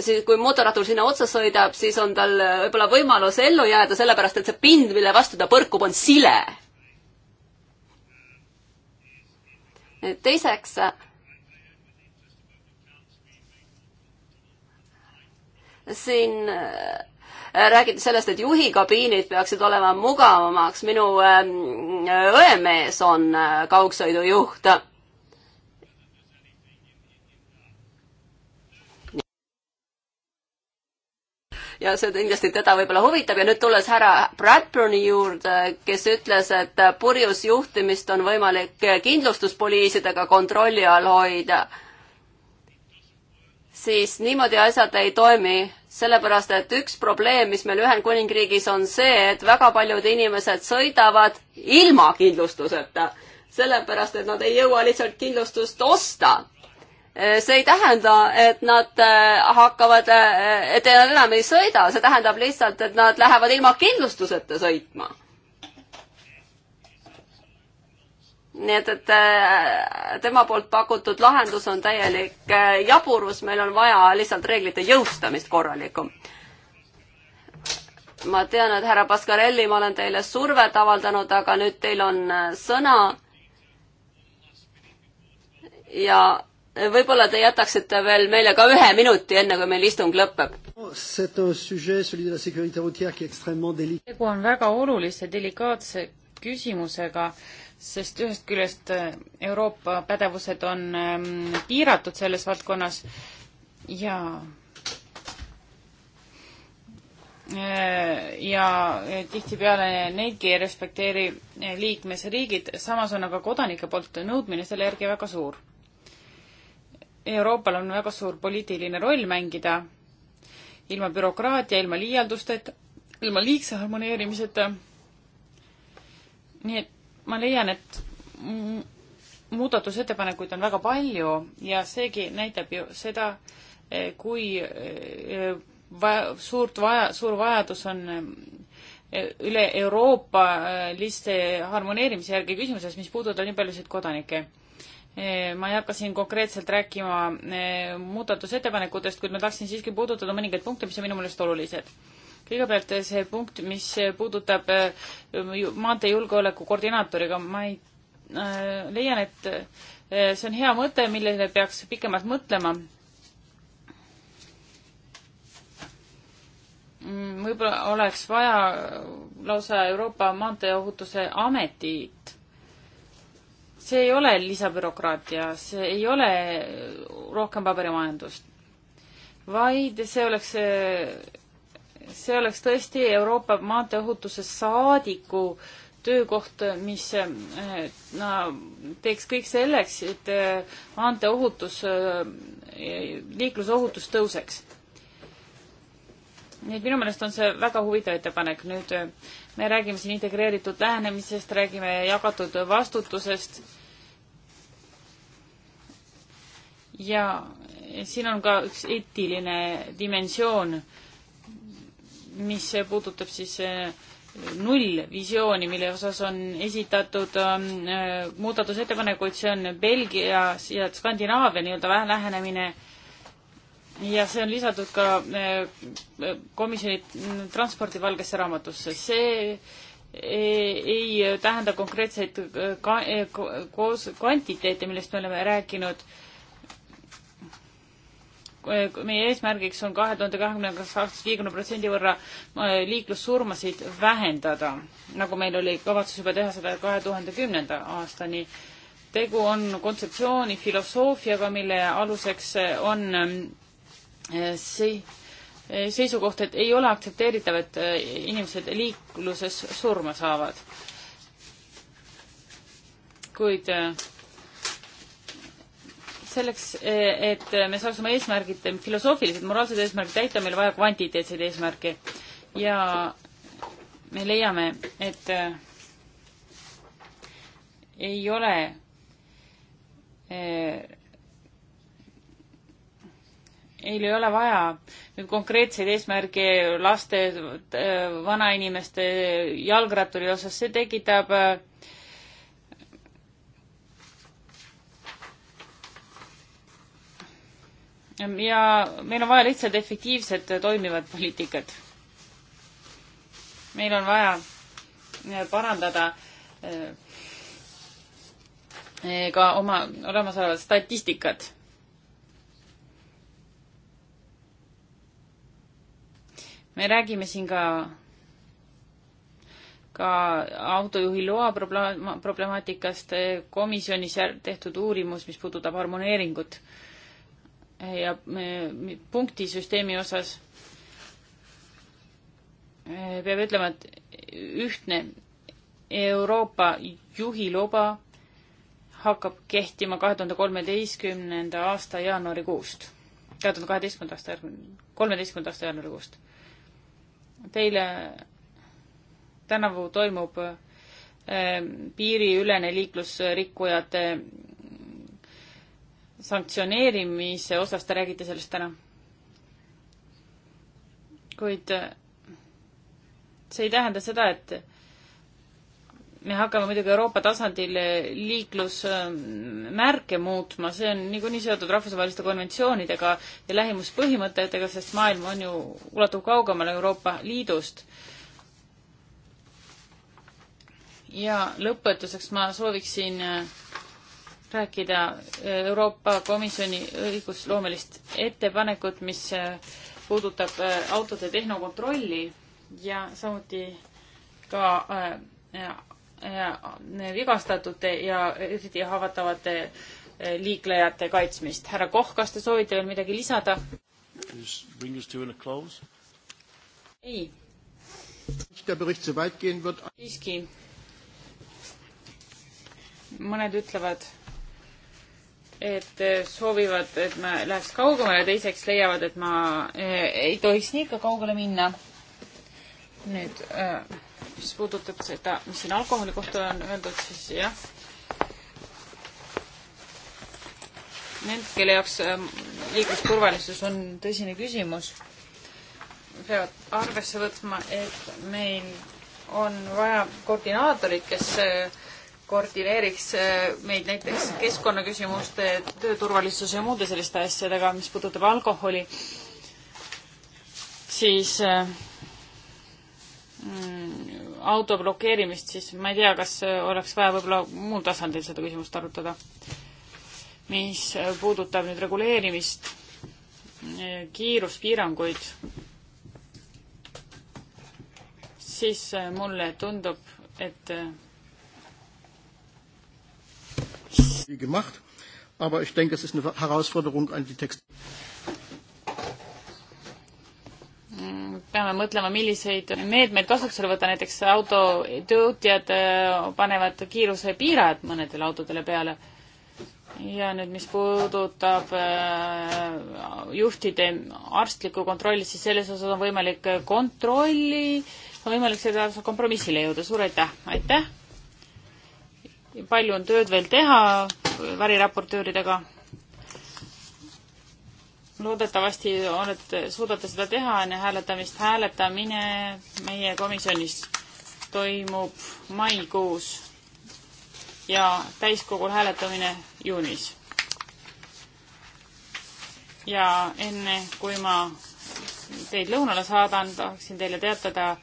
[SPEAKER 2] siis kui mootorrattur sinna otsa sõidab, siis on tal äh, võib-olla võimalus ellu jääda, sellepärast et see pind, mille vastu ta põrkub, on sile. teiseks siin äh, räägiti sellest, et juhikabiinid peaksid olema mugavamaks. minu ähm, õemees on kaugsõidujuht ja see kindlasti teda võib-olla huvitab ja nüüd tulles härra Bradburni juurde, kes ütles, et purjus juhtimist on võimalik kindlustuspoliisidega kontrolli all hoida, siis niimoodi asjad ei toimi, sellepärast et üks probleem, mis meil Ühendkuningriigis on see, et väga paljud inimesed sõidavad ilma kindlustuseta, sellepärast et nad ei jõua lihtsalt kindlustust osta Eh, see ei tähenda, et nad eh, hakkavad, eh, et nad enam ei sõida, see tähendab lihtsalt, et nad lähevad ilma kindlustuseta sõitma. nii et, et tema poolt pakutud lahendus on täielik jaburus, meil on vaja lihtsalt reeglite jõustamist korralikku ma tean, et härra Pascarelli, ma olen teile survet avaldanud, aga nüüd teil on sõna. ja võib-olla te jätaksite veel meile ka ühe minuti, enne kui meil istung lõpeb.
[SPEAKER 4] tegu on väga olulise delikaatse küsimusega, sest ühest küljest äh, Euroopa pädevused on ähm, piiratud selles valdkonnas ja äh, ja tihtipeale neidki ei respekteeri äh, liikmesriigid, samas on aga kodanike poolt nõudmine selle järgi väga suur Euroopal on väga suur poliitiline roll mängida ilma bürokraatia, ilma liialdusteta, ilma liigse harmoneerimiseta. nii et ma leian, et muudatusettepanekuid on väga palju ja seegi näitab ju seda, eh, kui eh, vaja, suurt vaja, suur vajadus on eh, üle Euroopa liste harmoneerimise järgi küsimuses, mis puudutab nii paljusid kodanikke Eh, ma ei hakka siin konkreetselt rääkima eh, muudatusettepanekutest, kuid ma tahtsin siiski puudutada mõningaid punkte, mis on minu meelest olulised. kõigepealt eh, see punkt, mis puudutab maanteejulgeoleku koordinaatoriga, ma ei äh,, leian, et see on hea mõte, millele peaks pikemalt mõtlema. Mm, võib-olla oleks vaja lausa Euroopa Maanteeohutuse Ametit see ei ole lisabürokraatia, see ei ole rohkem paberimajandust, vaid see oleks, see oleks tõesti Euroopa maanteeohutuse saadiku töökoht, mis no, teeks kõik selleks, et maanteeohutus, liiklusohutus tõuseks. nii et minu meelest on see väga huvitav ettepanek. nüüd me räägime siin integreeritud lähenemisest, räägime jagatud vastutusest ja siin on ka üks eetiline dimensioon, mis puudutab siis äh, nullvisiooni, mille osas on esitatud ähm, äh, muudatusettepanekuid, see on Belgia ja Skandinaavia nii-öelda lähenemine ja see on lisatud ka äh, komisjoni transpordi valgesse raamatusse. see ei tähenda konkreetseid koos kvantiteete, millest me oleme rääkinud meie eesmärgiks on kahe tuhande kahekümnendaks aastaks viiekümne protsendi võrra äh, liiklussurmasid vähendada, nagu meil oli kavatsus juba teha seda kahe tuhande kümnenda aastani. tegu on kontseptsiooni filosoofiaga, mille aluseks on äh, see äh, seisukoht, et ei ole aktsepteeritav, et inimesed liikluses surma saavad. kuid selleks, e, et me saaks oma eesmärgid, filosoofilised, moraalsed eesmärgid täita, meil vaja kvantiteetseid eesmärke. ja me leiame, et e, ei ole e, meil ei ole vaja nüüd konkreetseid eesmärke laste, vanainimeste, jalgratturi osas, see tekitab äh, ja meil on vaja lihtsalt efektiivset toimivat poliitikat. meil on vaja äh, parandada äh, äh, ka oma olemasolevat statistikat. me räägime siin ka ka autojuhi loa problema-, problemaatikast, komisjonis tehtud uurimus, mis puudutab harmoneeringut äh, ja punktisüsteemi osas eh, peab ütlema, et ühtne Euroopa juhiluba hakkab kehtima kahe tuhande kolmeteistkümnenda aasta jaanuarikuust. kahe tuhande kaheteistkümnenda aasta järgmine, kolmeteistkümnenda aasta jaanuarikuust. Teile tänavu toimub eh, piiriülene liiklus rikkujate sanktsioneerimise osas te räägite sellest täna. kuid äh, see ei tähenda seda, et me hakkame muidugi Euroopa tasandil äh, liiklusmärke ähm, muutma, see on niikuinii seotud rahvusvaheliste konventsioonidega ja lähimuspõhimõtetega, sest maailm on ju, ulatub kaugemale Euroopa Liidust. ja lõpetuseks ma sooviksin äh, rääkida äh, Euroopa Komisjoni õigusloomelist ettepanekut, mis äh, puudutab äh, autode tehnokontrolli ja samuti ka vigastatute ja eriti haavatavate liiklejate kaitsmist. härra Koch, kas te soovite veel midagi lisada? ei. siiski. mõned ütlevad et eh, soovivad, et ma läheks kaugemale, teiseks leiavad, et ma eh, ei tohiks nii ikka kaugele minna. nüüd, eh, mis puudutab seda, mis siin alkoholi kohta on öeldud, siis jah. Need, kelle jaoks liiklusturvalisus on tõsine küsimus, peavad arvesse võtma, et meil on vaja koordinaatorid, kes koordineeriks äh, meid näiteks keskkonnaküsimuste, tööturvalisuse ja muude selliste asjadega, mis puudutab alkoholi, siis äh, mm, auto blokeerimist, siis ma ei tea, kas äh, oleks vaja võib-olla muul tasandil seda küsimust arutada. mis puudutab nüüd reguleerimist, kiiruspiiranguid, siis mulle tundub, et gemacht, aber ich denke, es ist eine Herausforderung an die Texte. Mm, peame mõtlema, milliseid meetmeid kasutusele võtta, näiteks autotöötajad äh, panevad kiirusepiirajad mõnedele autodele peale. ja nüüd, mis puudutab äh, juhtide arstlikku kontrolli, siis selles osas on võimalik kontrolli, on võimalik seda kompromissile jõuda, suur aitäh, aitäh! palju on tööd veel teha variraportööridega. loodetavasti olete, suudate seda teha enne hääletamist. hääletamine meie komisjonis toimub maikuus ja täiskogul hääletamine juunis. ja enne, kui ma teid lõunale saadan, tahaksin teile teatada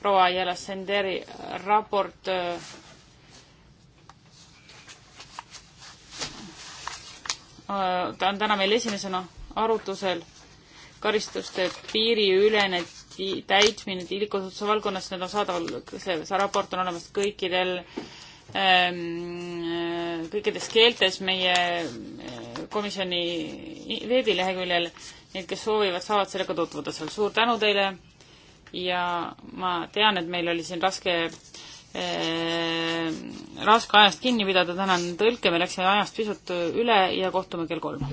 [SPEAKER 4] proua Jelasenderi raport Äh, ta on täna meil esimesena arutusel karistuste piiriülene täitmine tiilikutuse valdkonnas, need on saadaval, see, see raport on olemas kõikidel ähm, kõikides keeltes meie äh, komisjoni veebileheküljel. Need, kes soovivad, saavad sellega tutvuda seal. suur tänu teile ja ma tean, et meil oli siin raske Äh, raske ajast kinni pidada, tänan tõlke, me läksime ajast pisut üle ja kohtume kell kolm.